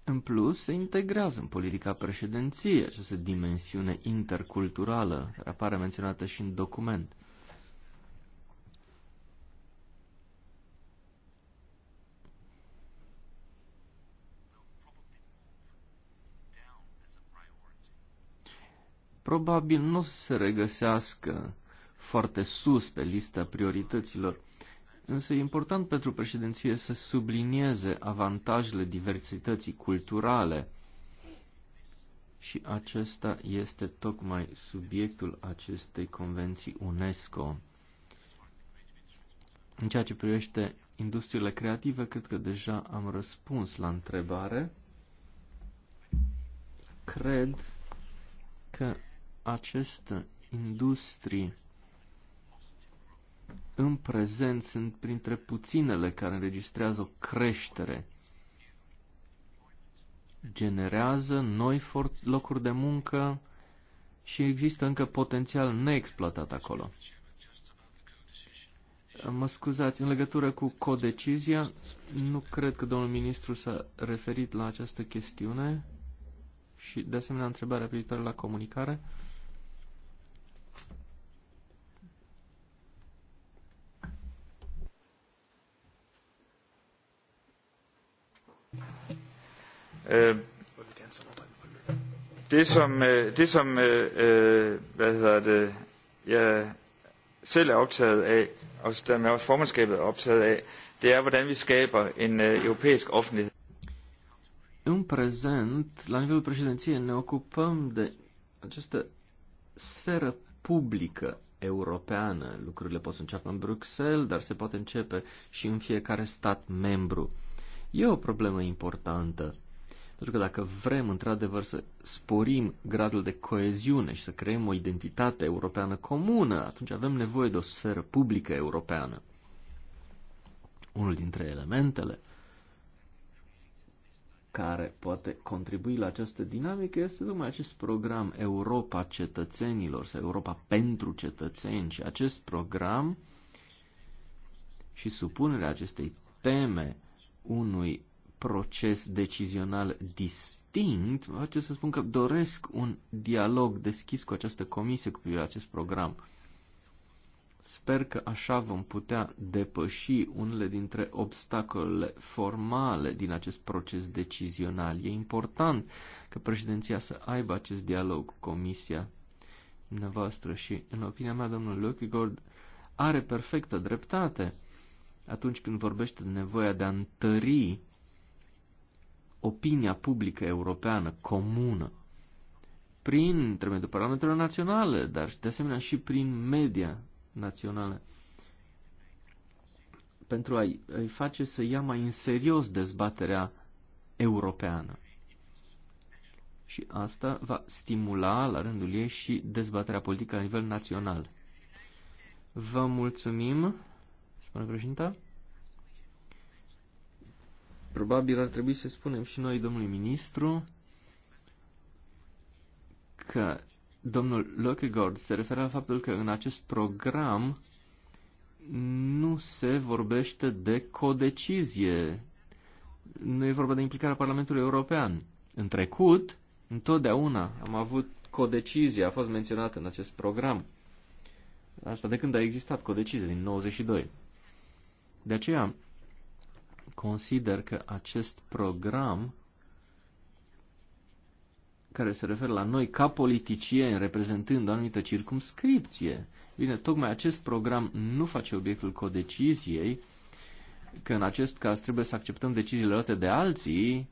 În plus, se integrează în politica președinției această dimensiune interculturală, care apare menționată și în document. Probabil nu se regăsească foarte sus pe lista priorităților, Însă e important pentru președinție să sublinieze avantajele diversității culturale și acesta este tocmai subiectul acestei convenții UNESCO. În ceea ce privește industriile creative, cred că deja am răspuns la întrebare. Cred că aceste industrii în prezent sunt printre puținele care înregistrează o creștere. Generează noi locuri de muncă și există încă potențial neexploatat acolo. Mă scuzați, în legătură cu codecizia, nu cred că domnul ministru s-a referit la această chestiune și, de asemenea, întrebarea privitoare la comunicare. Øh, det som, øh, det som øh, hvad hedder det, jeg selv er optaget af, og dermed også formandskabet er optaget af, det er, hvordan vi skaber en europæisk offentlighed. În prezent, la nivelul președinției, ne ocupăm de această sferă publică europeană. Lucrurile pot să înceapă în Bruxelles, dar se poate începe și în fiecare stat membru. E o problemă importantă. Pentru că dacă vrem într-adevăr să sporim gradul de coeziune și să creăm o identitate europeană comună, atunci avem nevoie de o sferă publică europeană. Unul dintre elementele care poate contribui la această dinamică este numai acest program Europa cetățenilor sau Europa pentru cetățeni și acest program și supunerea acestei teme unui proces decizional distinct, mă face să spun că doresc un dialog deschis cu această comisie cu privire la acest program. Sper că așa vom putea depăși unele dintre obstacolele formale din acest proces decizional. E important că președinția să aibă acest dialog cu Comisia dumneavoastră și, în opinia mea, domnul Lucigord are perfectă dreptate atunci când vorbește de nevoia de a întări opinia publică europeană comună prin intermediul parlamentelor naționale, dar de asemenea și prin media națională pentru a-i, face să ia mai în serios dezbaterea europeană. Și asta va stimula, la rândul ei, și dezbaterea politică la nivel național. Vă mulțumim, spune președinta. Probabil ar trebui să spunem și noi, domnului ministru, că domnul Lockegaard se referă la faptul că în acest program nu se vorbește de codecizie. Nu e vorba de implicarea Parlamentului European. În trecut, întotdeauna am avut codecizie, a fost menționată în acest program. Asta de când a existat codecizie, din 92. De aceea, consider că acest program care se referă la noi ca politicieni reprezentând o anumită circumscripție. Bine, tocmai acest program nu face obiectul codeciziei, că în acest caz trebuie să acceptăm deciziile luate de alții.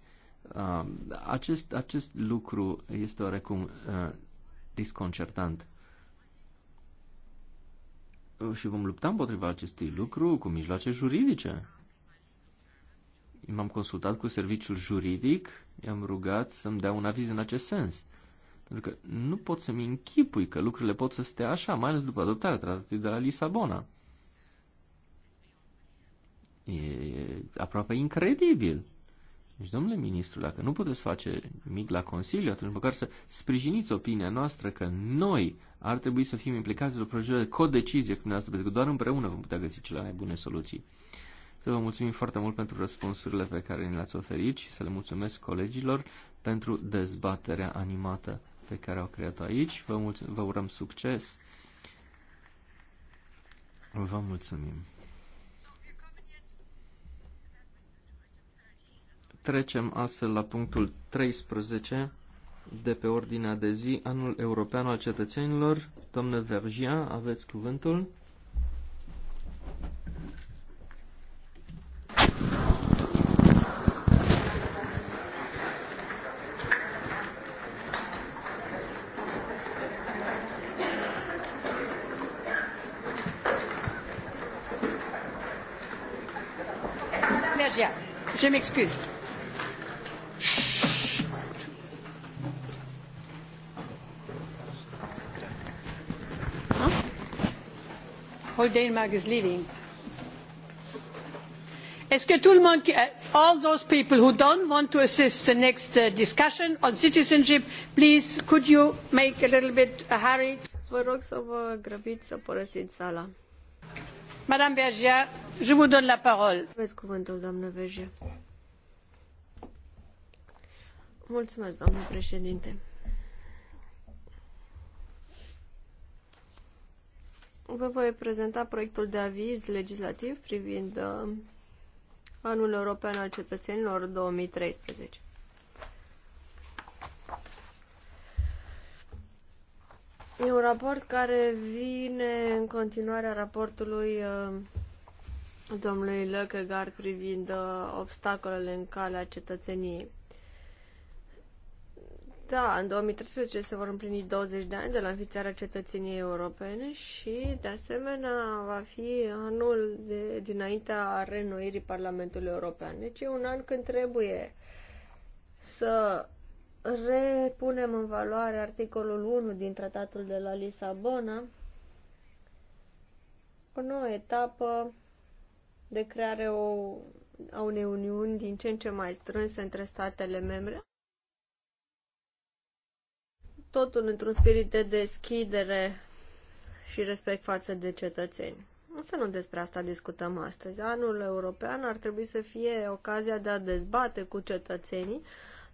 Um, acest, acest lucru este oarecum uh, disconcertant. Și vom lupta împotriva acestui lucru cu mijloace juridice. M-am consultat cu serviciul juridic, i-am rugat să-mi dea un aviz în acest sens. Pentru că nu pot să-mi închipui că lucrurile pot să stea așa, mai ales după adoptarea tratatului de la Lisabona. E aproape incredibil. Deci, domnule ministru, dacă nu puteți face nimic la Consiliu, atunci măcar să sprijiniți opinia noastră că noi ar trebui să fim implicați într-o procedură de codecizie cu dumneavoastră, pentru că doar împreună vom putea găsi cele mai bune soluții. Să vă mulțumim foarte mult pentru răspunsurile pe care ni le-ați oferit și să le mulțumesc colegilor pentru dezbaterea animată pe care au creat aici. Vă, mulțum- vă urăm succes. Vă mulțumim. Trecem astfel la punctul 13 de pe ordinea de zi, Anul European al Cetățenilor. Domnule Vergia, aveți cuvântul. Je m'excuse. Huh? Whole is leaving. Est-ce que tout le monde, eh, all those people who don't want to assist the next uh, discussion on citizenship, please, could you make a little bit a eh, hurry? Vă rog să vă grăbiți să părăsiți sala. Madame Vergia, je vous donne la parole. Aveți cuvântul, doamnă Vergia. Mulțumesc, doamnă președinte. Vă voi prezenta proiectul de aviz legislativ privind uh, Anul European al Cetățenilor 2013. E un raport care vine în continuarea raportului uh, domnului Lăcăgar privind uh, obstacolele în calea cetățeniei. Da, în 2013 se vor împlini 20 de ani de la înființarea cetățeniei europene și, de asemenea, va fi anul de, dinaintea renoirii Parlamentului European. Deci e un an când trebuie să repunem în valoare articolul 1 din tratatul de la Lisabona, o nouă etapă de creare o, a unei uniuni din ce în ce mai strânse între statele membre totul într-un spirit de deschidere și respect față de cetățeni. Însă nu despre asta discutăm astăzi. Anul european ar trebui să fie ocazia de a dezbate cu cetățenii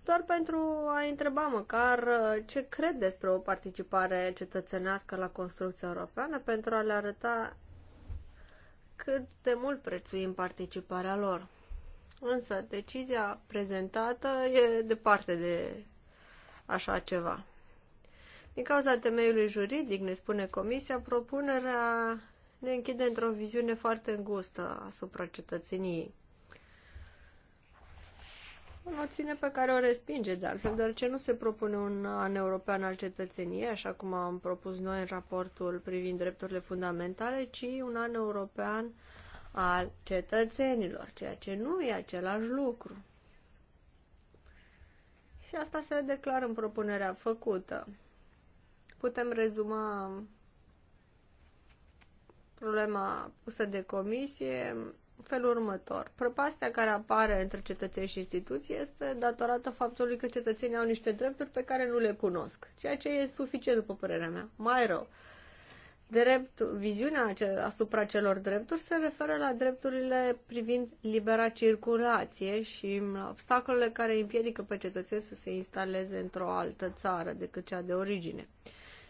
doar pentru a întreba măcar uh, ce cred despre o participare cetățenească la construcția europeană pentru a le arăta cât de mult prețuim participarea lor. Însă decizia prezentată e departe de așa ceva. Din cauza temeiului juridic, ne spune Comisia, propunerea ne închide într-o viziune foarte îngustă asupra cetățeniei. O noțiune pe care o respinge, de altfel, deoarece nu se propune un an european al cetățeniei, așa cum am propus noi în raportul privind drepturile fundamentale, ci un an european al cetățenilor, ceea ce nu e același lucru. Și asta se declară în propunerea făcută putem rezuma problema pusă de comisie în felul următor. Prăpastia care apare între cetățeni și instituții este datorată faptului că cetățenii au niște drepturi pe care nu le cunosc, ceea ce e suficient, după părerea mea. Mai rău, drept, viziunea asupra celor drepturi se referă la drepturile privind libera circulație și la obstacolele care împiedică pe cetățeni să se instaleze într-o altă țară decât cea de origine.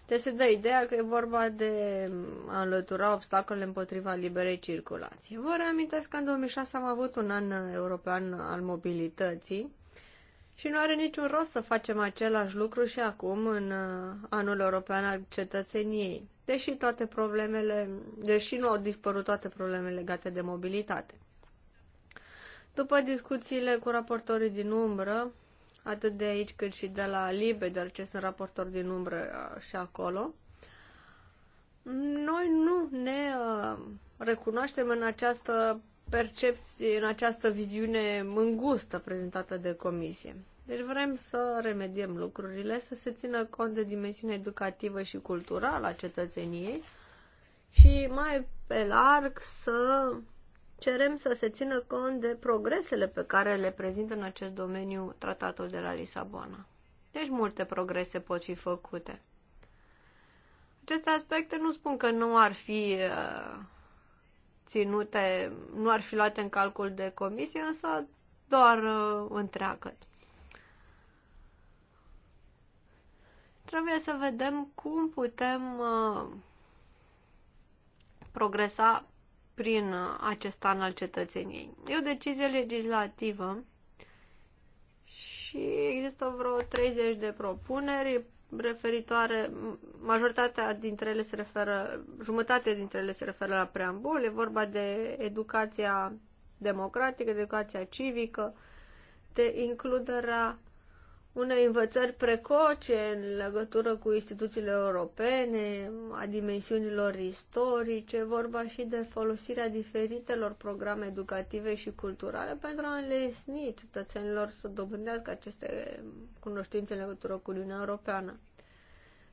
Te se dă ideea că e vorba de a înlătura obstacolele împotriva liberei circulații. Vă reamintesc că în 2006 am avut un an european al mobilității și nu are niciun rost să facem același lucru și acum în uh, anul european al cetățeniei, deși toate problemele, deși nu au dispărut toate problemele legate de mobilitate. După discuțiile cu raportorii din umbră, atât de aici cât și de la Libe, ce sunt raportor din umbră și acolo, noi nu ne recunoaștem în această percepție, în această viziune îngustă prezentată de comisie. Deci vrem să remediem lucrurile, să se țină cont de dimensiunea educativă și culturală a cetățeniei și mai pe larg să cerem să se țină cont de progresele pe care le prezintă în acest domeniu tratatul de la Lisabona. Deci multe progrese pot fi făcute. Aceste aspecte nu spun că nu ar fi uh, ținute, nu ar fi luate în calcul de comisie, însă doar uh, întreagă. Trebuie să vedem cum putem uh, progresa prin uh, acest an al cetățeniei. E o decizie legislativă și există vreo 30 de propuneri referitoare, majoritatea dintre ele se referă, jumătate dintre ele se referă la preambul, e vorba de educația democratică, de educația civică, de includerea unei învățări precoce în legătură cu instituțiile europene, a dimensiunilor istorice, vorba și de folosirea diferitelor programe educative și culturale pentru a înlesni cetățenilor să dobândească aceste cunoștințe în legătură cu Uniunea Europeană.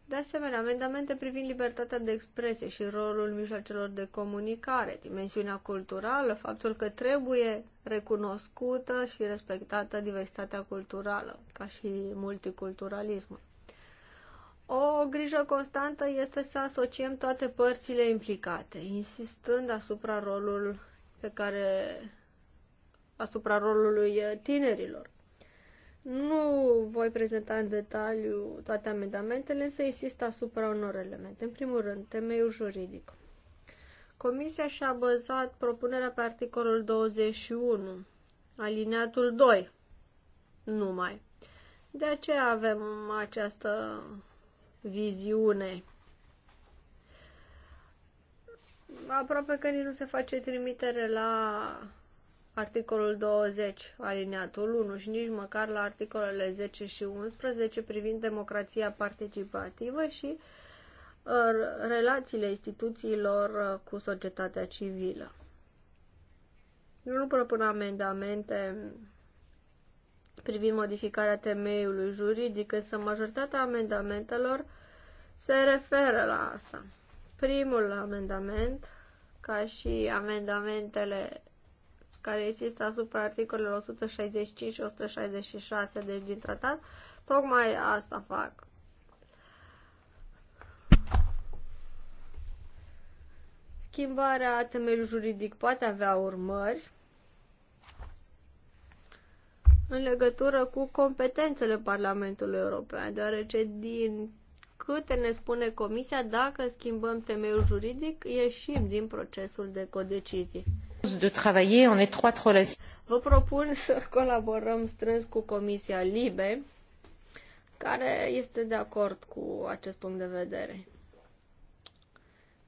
De asemenea, amendamente privind libertatea de expresie și rolul mijloacelor de comunicare, dimensiunea culturală, faptul că trebuie recunoscută și respectată diversitatea culturală, ca și multiculturalismul. O grijă constantă este să asociem toate părțile implicate, insistând asupra rolul pe care asupra rolului tinerilor nu voi prezenta în detaliu toate amendamentele, însă insist asupra unor elemente. În primul rând, temeiul juridic. Comisia și-a bazat propunerea pe articolul 21, alineatul 2, numai. De aceea avem această viziune. Aproape că nici nu se face trimitere la articolul 20, alineatul 1 și nici măcar la articolele 10 și 11 privind democrația participativă și uh, relațiile instituțiilor uh, cu societatea civilă. Eu nu propun amendamente privind modificarea temeiului juridic, însă majoritatea amendamentelor se referă la asta. Primul amendament, ca și amendamentele care există asupra articolelor 165 și 166 deci din tratat, tocmai asta fac. Schimbarea temeiului juridic poate avea urmări în legătură cu competențele Parlamentului European, deoarece din câte ne spune Comisia, dacă schimbăm temeiul juridic, ieșim din procesul de codecizie de travailler en étroite relation. Vă propun să colaborăm strâns cu Comisia Libe, care este de acord cu acest punct de vedere.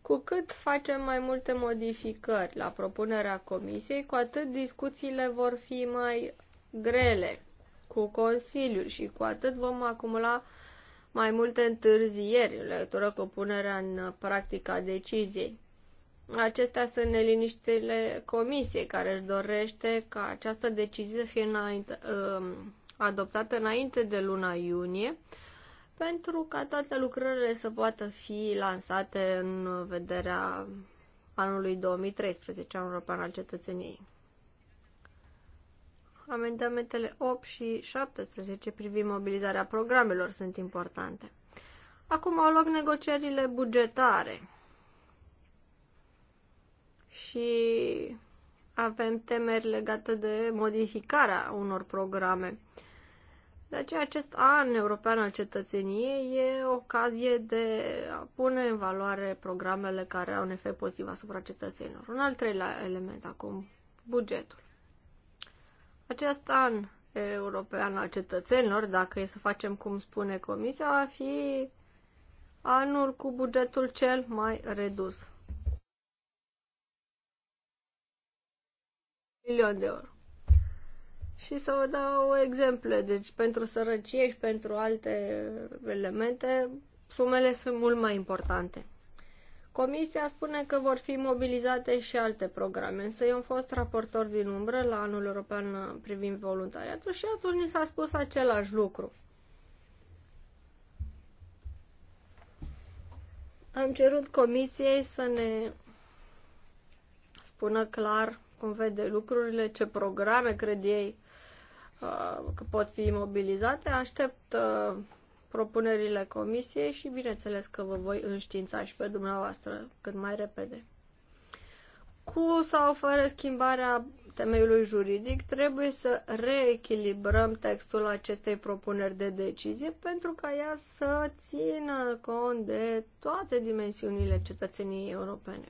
Cu cât facem mai multe modificări la propunerea Comisiei, cu atât discuțiile vor fi mai grele cu Consiliul și cu atât vom acumula mai multe întârzieri în legătură cu punerea în a deciziei. Acestea sunt neliniștile comisiei care își dorește ca această decizie să fie înainte, um, adoptată înainte de luna iunie pentru ca toate lucrările să poată fi lansate în vederea anului 2013, anul european al cetățeniei. Amendamentele 8 și 17 privind mobilizarea programelor sunt importante. Acum au loc negocierile bugetare și avem temeri legate de modificarea unor programe. De aceea acest an european al cetățeniei e ocazie de a pune în valoare programele care au un efect pozitiv asupra cetățenilor. Un al treilea element acum, bugetul. Acest an european al cetățenilor, dacă e să facem cum spune Comisia, va fi anul cu bugetul cel mai redus. milion de euro. Și să vă dau exemple, deci pentru sărăcie și pentru alte elemente, sumele sunt mult mai importante. Comisia spune că vor fi mobilizate și alte programe, însă eu am fost raportor din umbră la anul european privind voluntariatul și atunci ni s-a spus același lucru. Am cerut comisiei să ne spună clar cum vede lucrurile, ce programe cred ei uh, că pot fi mobilizate. Aștept uh, propunerile comisiei și bineînțeles că vă voi înștiința și pe dumneavoastră cât mai repede. Cu sau fără schimbarea temeiului juridic, trebuie să reechilibrăm textul acestei propuneri de decizie pentru ca ea să țină cont de toate dimensiunile cetățeniei europene.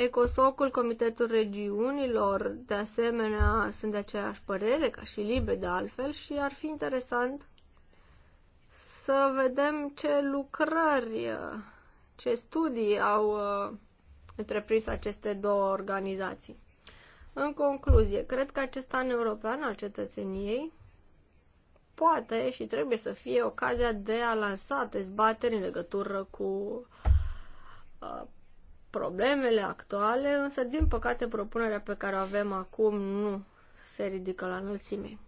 Ecosocul, Comitetul Regiunilor, de asemenea, sunt de aceeași părere, ca și Libe de altfel, și ar fi interesant să vedem ce lucrări, ce studii au uh, întreprins aceste două organizații. În concluzie, cred că acest an european al cetățeniei poate și trebuie să fie ocazia de a lansa dezbateri în legătură cu uh, problemele actuale, însă, din păcate, propunerea pe care o avem acum nu se ridică la înălțime.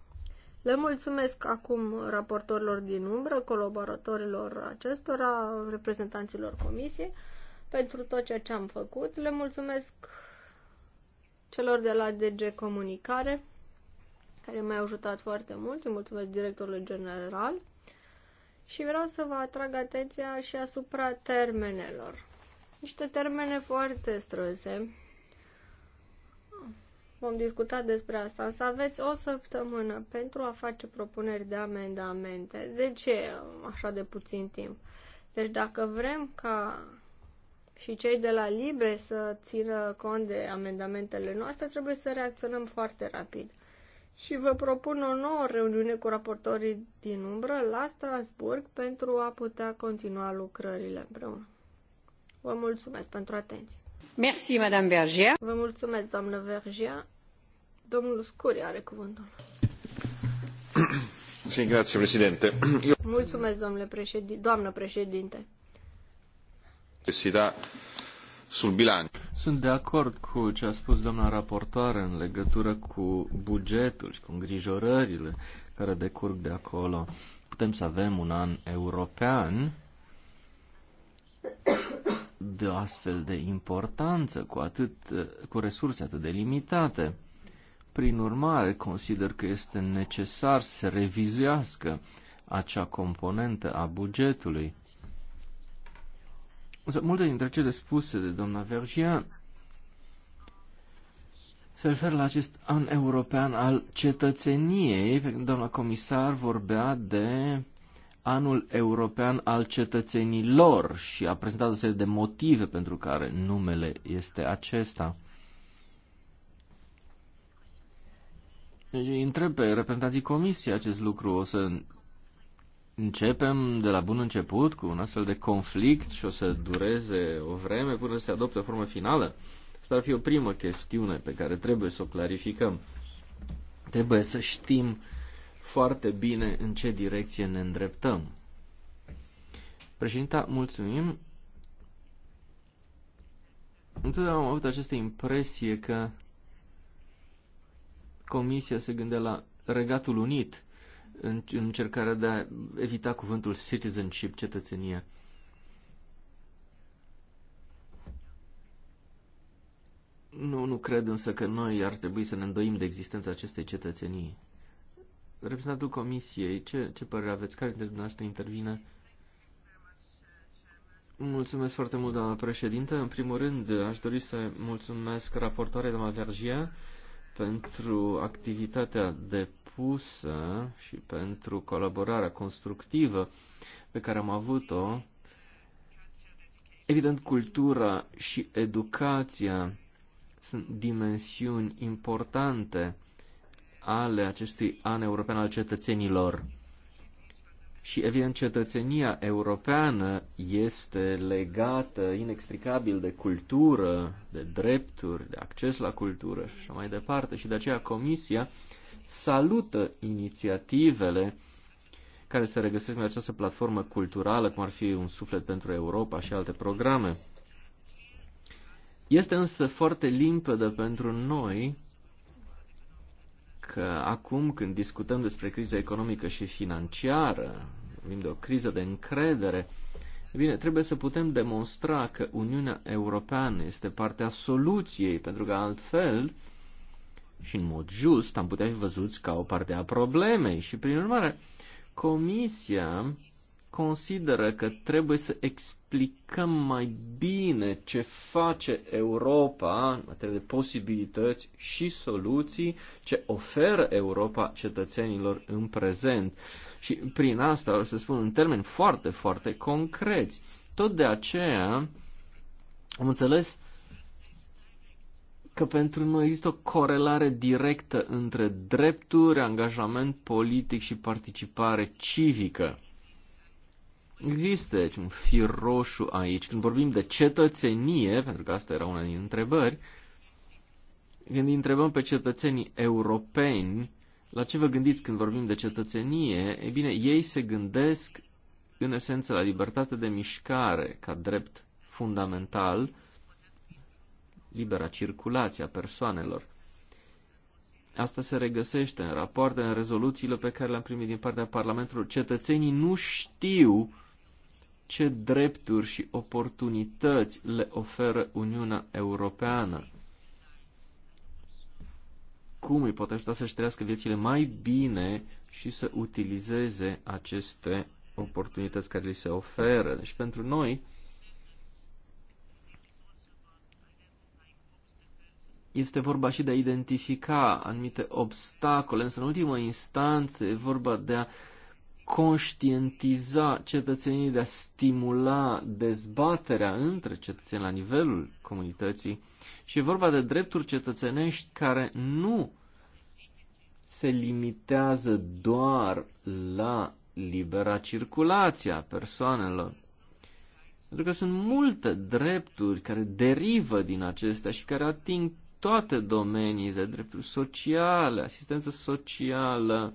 Le mulțumesc acum raportorilor din umbră, colaboratorilor acestora, reprezentanților comisiei, pentru tot ceea ce am făcut. Le mulțumesc celor de la DG Comunicare, care m-au ajutat foarte mult. Îi mulțumesc directorului general. Și vreau să vă atrag atenția și asupra termenelor niște termene foarte strânse. Vom discuta despre asta, să aveți o săptămână pentru a face propuneri de amendamente. De ce așa de puțin timp? Deci dacă vrem ca și cei de la LIBE să țină cont de amendamentele noastre, trebuie să reacționăm foarte rapid. Și vă propun o nouă reuniune cu raportorii din umbră la Strasburg pentru a putea continua lucrările împreună. Vă mulțumesc pentru atenție. Merci, Madame Vergia. Vă mulțumesc, doamnă Vergia. Domnul Scuri are cuvântul. Sí, grazie, Presidente. Eu... Mulțumesc, domnule președinte, doamnă președinte. Necesità sul bilanț. Sunt de acord cu ce a spus doamna raportoare în legătură cu bugetul și cu îngrijorările care decurg de acolo. Putem să avem un an european de astfel de importanță, cu, atât, cu resurse atât de limitate. Prin urmare, consider că este necesar să revizuiască acea componentă a bugetului. Multe dintre cele spuse de doamna Vergian se referă la acest an european al cetățeniei. Doamna comisar vorbea de anul european al cetățenilor și a prezentat o serie de motive pentru care numele este acesta. Deci întreb pe reprezentanții comisiei acest lucru. O să începem de la bun început cu un astfel de conflict și o să dureze o vreme până se adopte o formă finală? Asta ar fi o primă chestiune pe care trebuie să o clarificăm. Trebuie să știm uh, foarte bine în ce direcție ne îndreptăm. Președinta, mulțumim. Întotdeauna am avut această impresie că Comisia se gândea la Regatul Unit în încercarea de a evita cuvântul citizenship, cetățenie. Nu, nu cred însă că noi ar trebui să ne îndoim de existența acestei cetățenii reprezentantul Comisiei, ce, ce părere aveți? Care dintre dumneavoastră intervine? Mulțumesc foarte mult, doamna președinte. În primul rând, aș dori să mulțumesc raportoarei doamna Vergia pentru activitatea depusă și pentru colaborarea constructivă pe care am avut-o. Evident, cultura și educația sunt dimensiuni importante ale acestui an european al cetățenilor. Și, evident, cetățenia europeană este legată inextricabil de cultură, de drepturi, de acces la cultură și așa mai departe. Și de aceea Comisia salută inițiativele care se regăsesc în această platformă culturală, cum ar fi Un suflet pentru Europa și alte programe. Este însă foarte limpede pentru noi că acum când discutăm despre criza economică și financiară, vorbim de o criză de încredere, bine, trebuie să putem demonstra că Uniunea Europeană este partea soluției, pentru că altfel și în mod just am putea fi văzuți ca o parte a problemei și prin urmare Comisia consideră că trebuie să explice aplicăm mai bine ce face Europa în materie de posibilități și soluții ce oferă Europa cetățenilor în prezent. Și prin asta, o să spun în termeni foarte, foarte concreți. Tot de aceea am înțeles că pentru noi există o corelare directă între drepturi, angajament politic și participare civică. Există deci, un fir roșu aici. Când vorbim de cetățenie, pentru că asta era una din întrebări, când îi întrebăm pe cetățenii europeni la ce vă gândiți când vorbim de cetățenie, e bine, ei se gândesc în esență la libertate de mișcare ca drept fundamental, libera circulație a persoanelor. Asta se regăsește în rapoarte, în rezoluțiile pe care le-am primit din partea Parlamentului. Cetățenii nu știu ce drepturi și oportunități le oferă Uniunea Europeană. Cum îi poate ajuta să-și trăiască viețile mai bine și să utilizeze aceste oportunități care li se oferă. Deci pentru noi este vorba și de a identifica anumite obstacole, însă în ultimă instanță e vorba de a uh, conștientiza cetățenii, de a stimula dezbaterea între cetățeni la nivelul comunității și e vorba de drepturi cetățenești care nu se limitează doar la libera circulație a persoanelor. Pentru că sunt multe drepturi care derivă din acestea și care ating toate domeniile, drepturi sociale, asistență socială,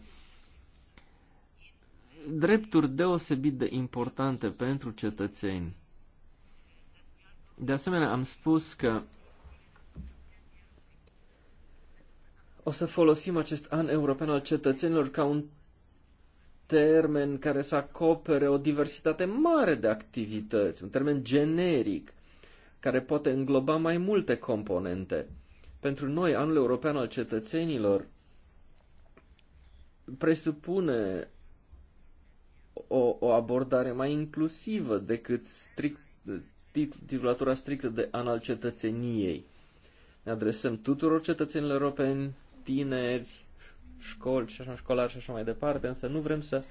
drepturi deosebit de importante pentru cetățeni. De asemenea, am spus că o să folosim acest an european al cetățenilor ca un termen care să acopere o diversitate mare de activități, un termen generic care poate îngloba mai multe componente. Pentru noi, anul european al cetățenilor presupune o, o abordare mai inclusivă decât strict, titulatura strictă de an al cetățeniei. Ne adresăm tuturor cetățenilor europeni, tineri, școli și așa, școlari și așa mai departe, însă nu vrem să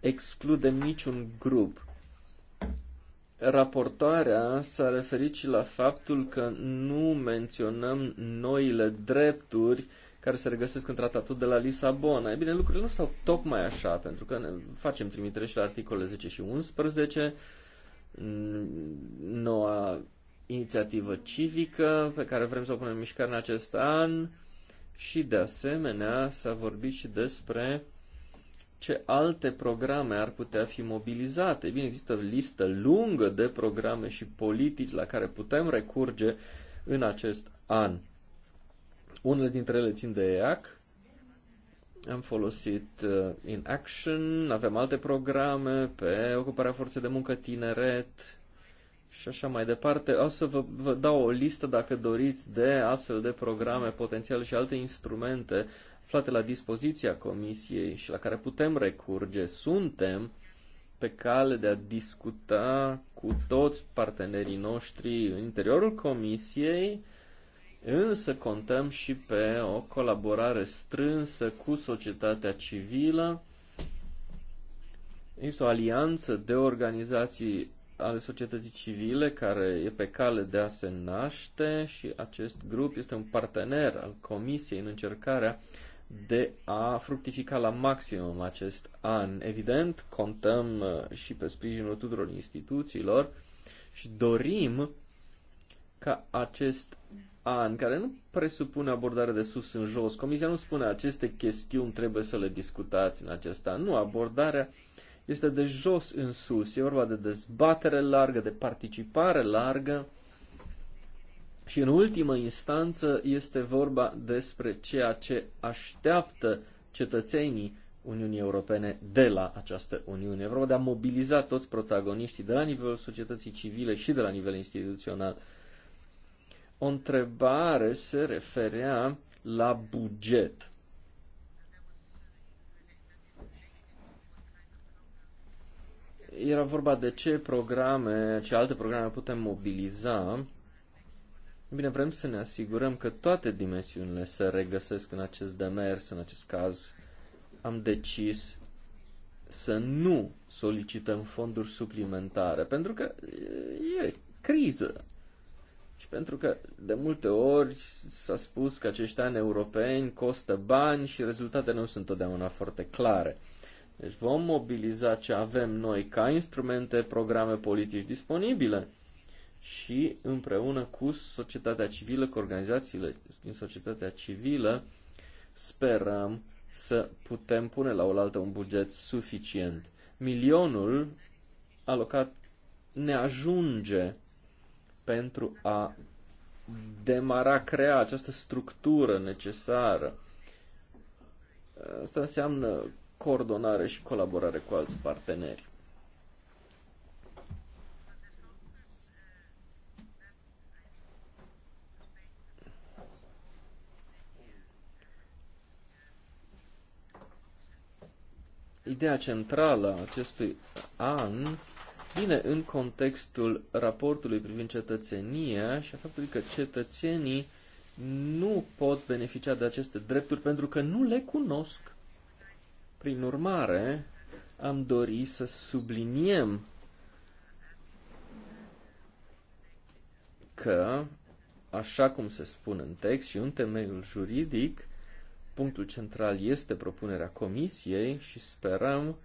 excludem niciun grup. Raportarea s-a referit și la faptul că nu menționăm noile drepturi care se regăsesc în tratatul de la Lisabona. E bine, lucrurile nu stau tocmai așa, pentru că facem trimitere și la articole 10 și 11, noua inițiativă civică pe care vrem să o punem în mișcare în acest an și de asemenea s-a vorbit și despre ce alte programe ar putea fi mobilizate. Bine, există o listă lungă de programe și politici la care putem recurge în acest an. Unele dintre ele țin de EAC. Am folosit uh, In Action, avem alte programe pe ocuparea forței de muncă, tineret și așa mai departe. O să vă, vă dau o listă, dacă doriți, de astfel de programe potențiale și alte instrumente aflate la dispoziția Comisiei și la care putem recurge. Suntem pe cale de a discuta cu toți partenerii noștri în interiorul Comisiei însă contăm și pe o colaborare strânsă cu societatea civilă. Există o alianță de organizații ale societății civile care e pe cale de a se naște și acest grup este un partener al Comisiei în încercarea de a fructifica la maximum acest an. Evident, contăm uh, și pe sprijinul tuturor instituțiilor și dorim ca acest an, care nu presupune abordare de sus în jos. Comisia nu spune aceste chestiuni trebuie să le discutați în acest an. Nu, abordarea este de jos în sus. E vorba de dezbatere largă, de participare largă și în ultimă instanță este vorba despre ceea ce așteaptă cetățenii Uniunii Europene de la această Uniune. E vorba de a mobiliza toți protagoniștii de la nivelul societății civile și de la nivel instituțional o întrebare se referea la buget. Era vorba de ce programe, ce alte programe putem mobiliza. Bine, vrem să ne asigurăm că toate dimensiunile se regăsesc în acest demers, în acest caz am decis să nu solicităm fonduri suplimentare, pentru că e criză. Și pentru că de multe ori s-a spus că acești ani europeni costă bani și rezultatele nu sunt totdeauna foarte clare. Deci vom mobiliza ce avem noi ca instrumente, programe politici disponibile și împreună cu societatea civilă, cu organizațiile din societatea civilă, sperăm să putem pune la oaltă un buget suficient. Milionul alocat ne ajunge pentru a demara, crea această structură necesară. Asta înseamnă coordonare și colaborare cu alți parteneri. Ideea centrală a acestui an Bine, în contextul raportului privind cetățenia și a faptului că cetățenii nu pot beneficia de aceste drepturi pentru că nu le cunosc. Prin urmare, am dori să subliniem că, așa cum se spune în text și în temeiul juridic, punctul central este propunerea comisiei și sperăm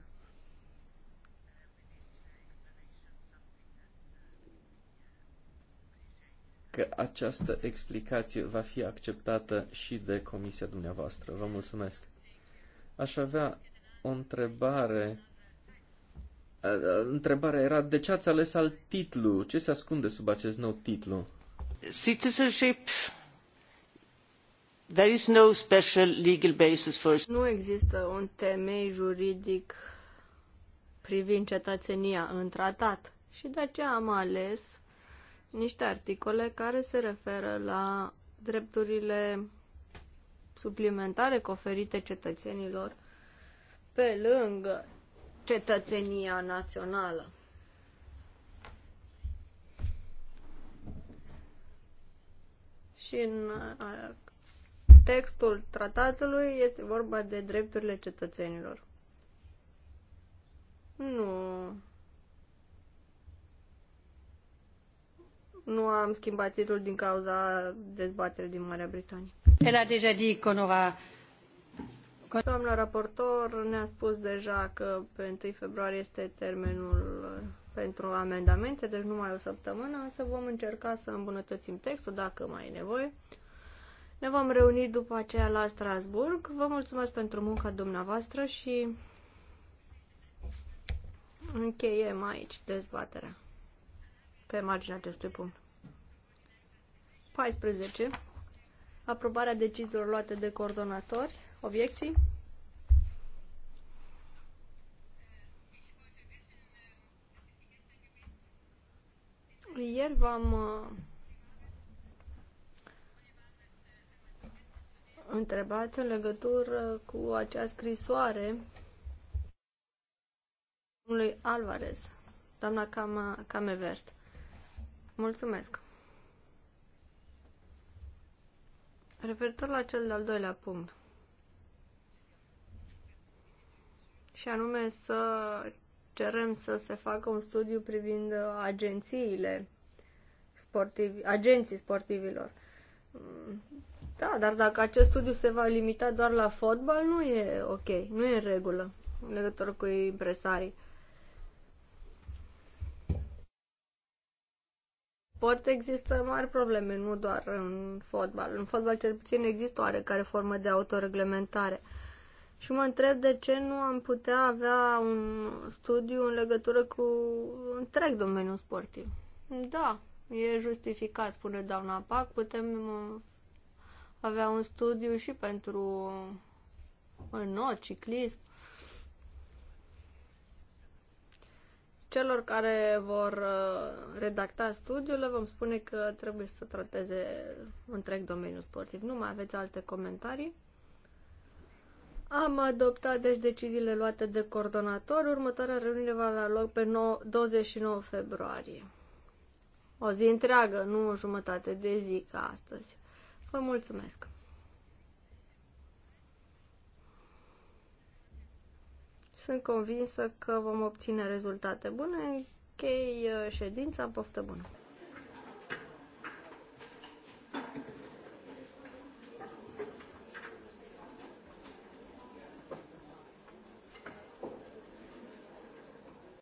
că această explicație va fi acceptată și de comisia dumneavoastră. Vă mulțumesc. Aș avea o întrebare. Întrebarea era de ce ați ales alt titlu? Ce se ascunde sub acest nou titlu? Citizenship There is no special legal basis for... Nu există un temei juridic privind cetățenia în tratat și de aceea am ales niște articole care se referă la drepturile suplimentare conferite cetățenilor pe lângă cetățenia națională. Și în textul tratatului este vorba de drepturile cetățenilor. Nu Nu am schimbat titlul din cauza dezbaterii din Marea Britanie. El a deja dit nu va... Doamna raportor ne-a spus deja că pe 1 februarie este termenul uh, pentru amendamente, deci numai o săptămână, însă vom încerca să îmbunătățim textul dacă mai e nevoie. Ne vom reuni după aceea la Strasburg. Vă mulțumesc pentru munca dumneavoastră și încheiem aici dezbaterea pe marginea acestui punct. 14. Aprobarea deciziilor luate de coordonatori. Obiecții? Ieri v-am uh, întrebat în legătură cu acea scrisoare lui Alvarez, doamna Cam Camevert. Mulțumesc. Referitor la cel de-al doilea punct, și anume să cerem să se facă un studiu privind agențiile sportivi, agenții sportivilor. Da, dar dacă acest studiu se va limita doar la fotbal, nu e ok, nu e în regulă în legătură cu impresarii. sport există mari probleme, nu doar în fotbal. În fotbal cel puțin există oarecare formă de autoreglementare. Și mă întreb de ce nu am putea avea un studiu în legătură cu întreg domeniul sportiv. Da, e justificat, spune doamna Pac, putem uh, avea un studiu și pentru uh, în not, ciclism. Celor care vor uh, redacta studiul, vom spune că trebuie să trateze întreg domeniul sportiv. Nu mai aveți alte comentarii? Am adoptat deci deciziile luate de coordonator. Următoarea reuniune va avea loc pe 29 februarie. O zi întreagă, nu o jumătate de zi ca astăzi. Vă mulțumesc! Sunt convinsă că vom obține rezultate bune. Închei uh, ședința. Poftă bună!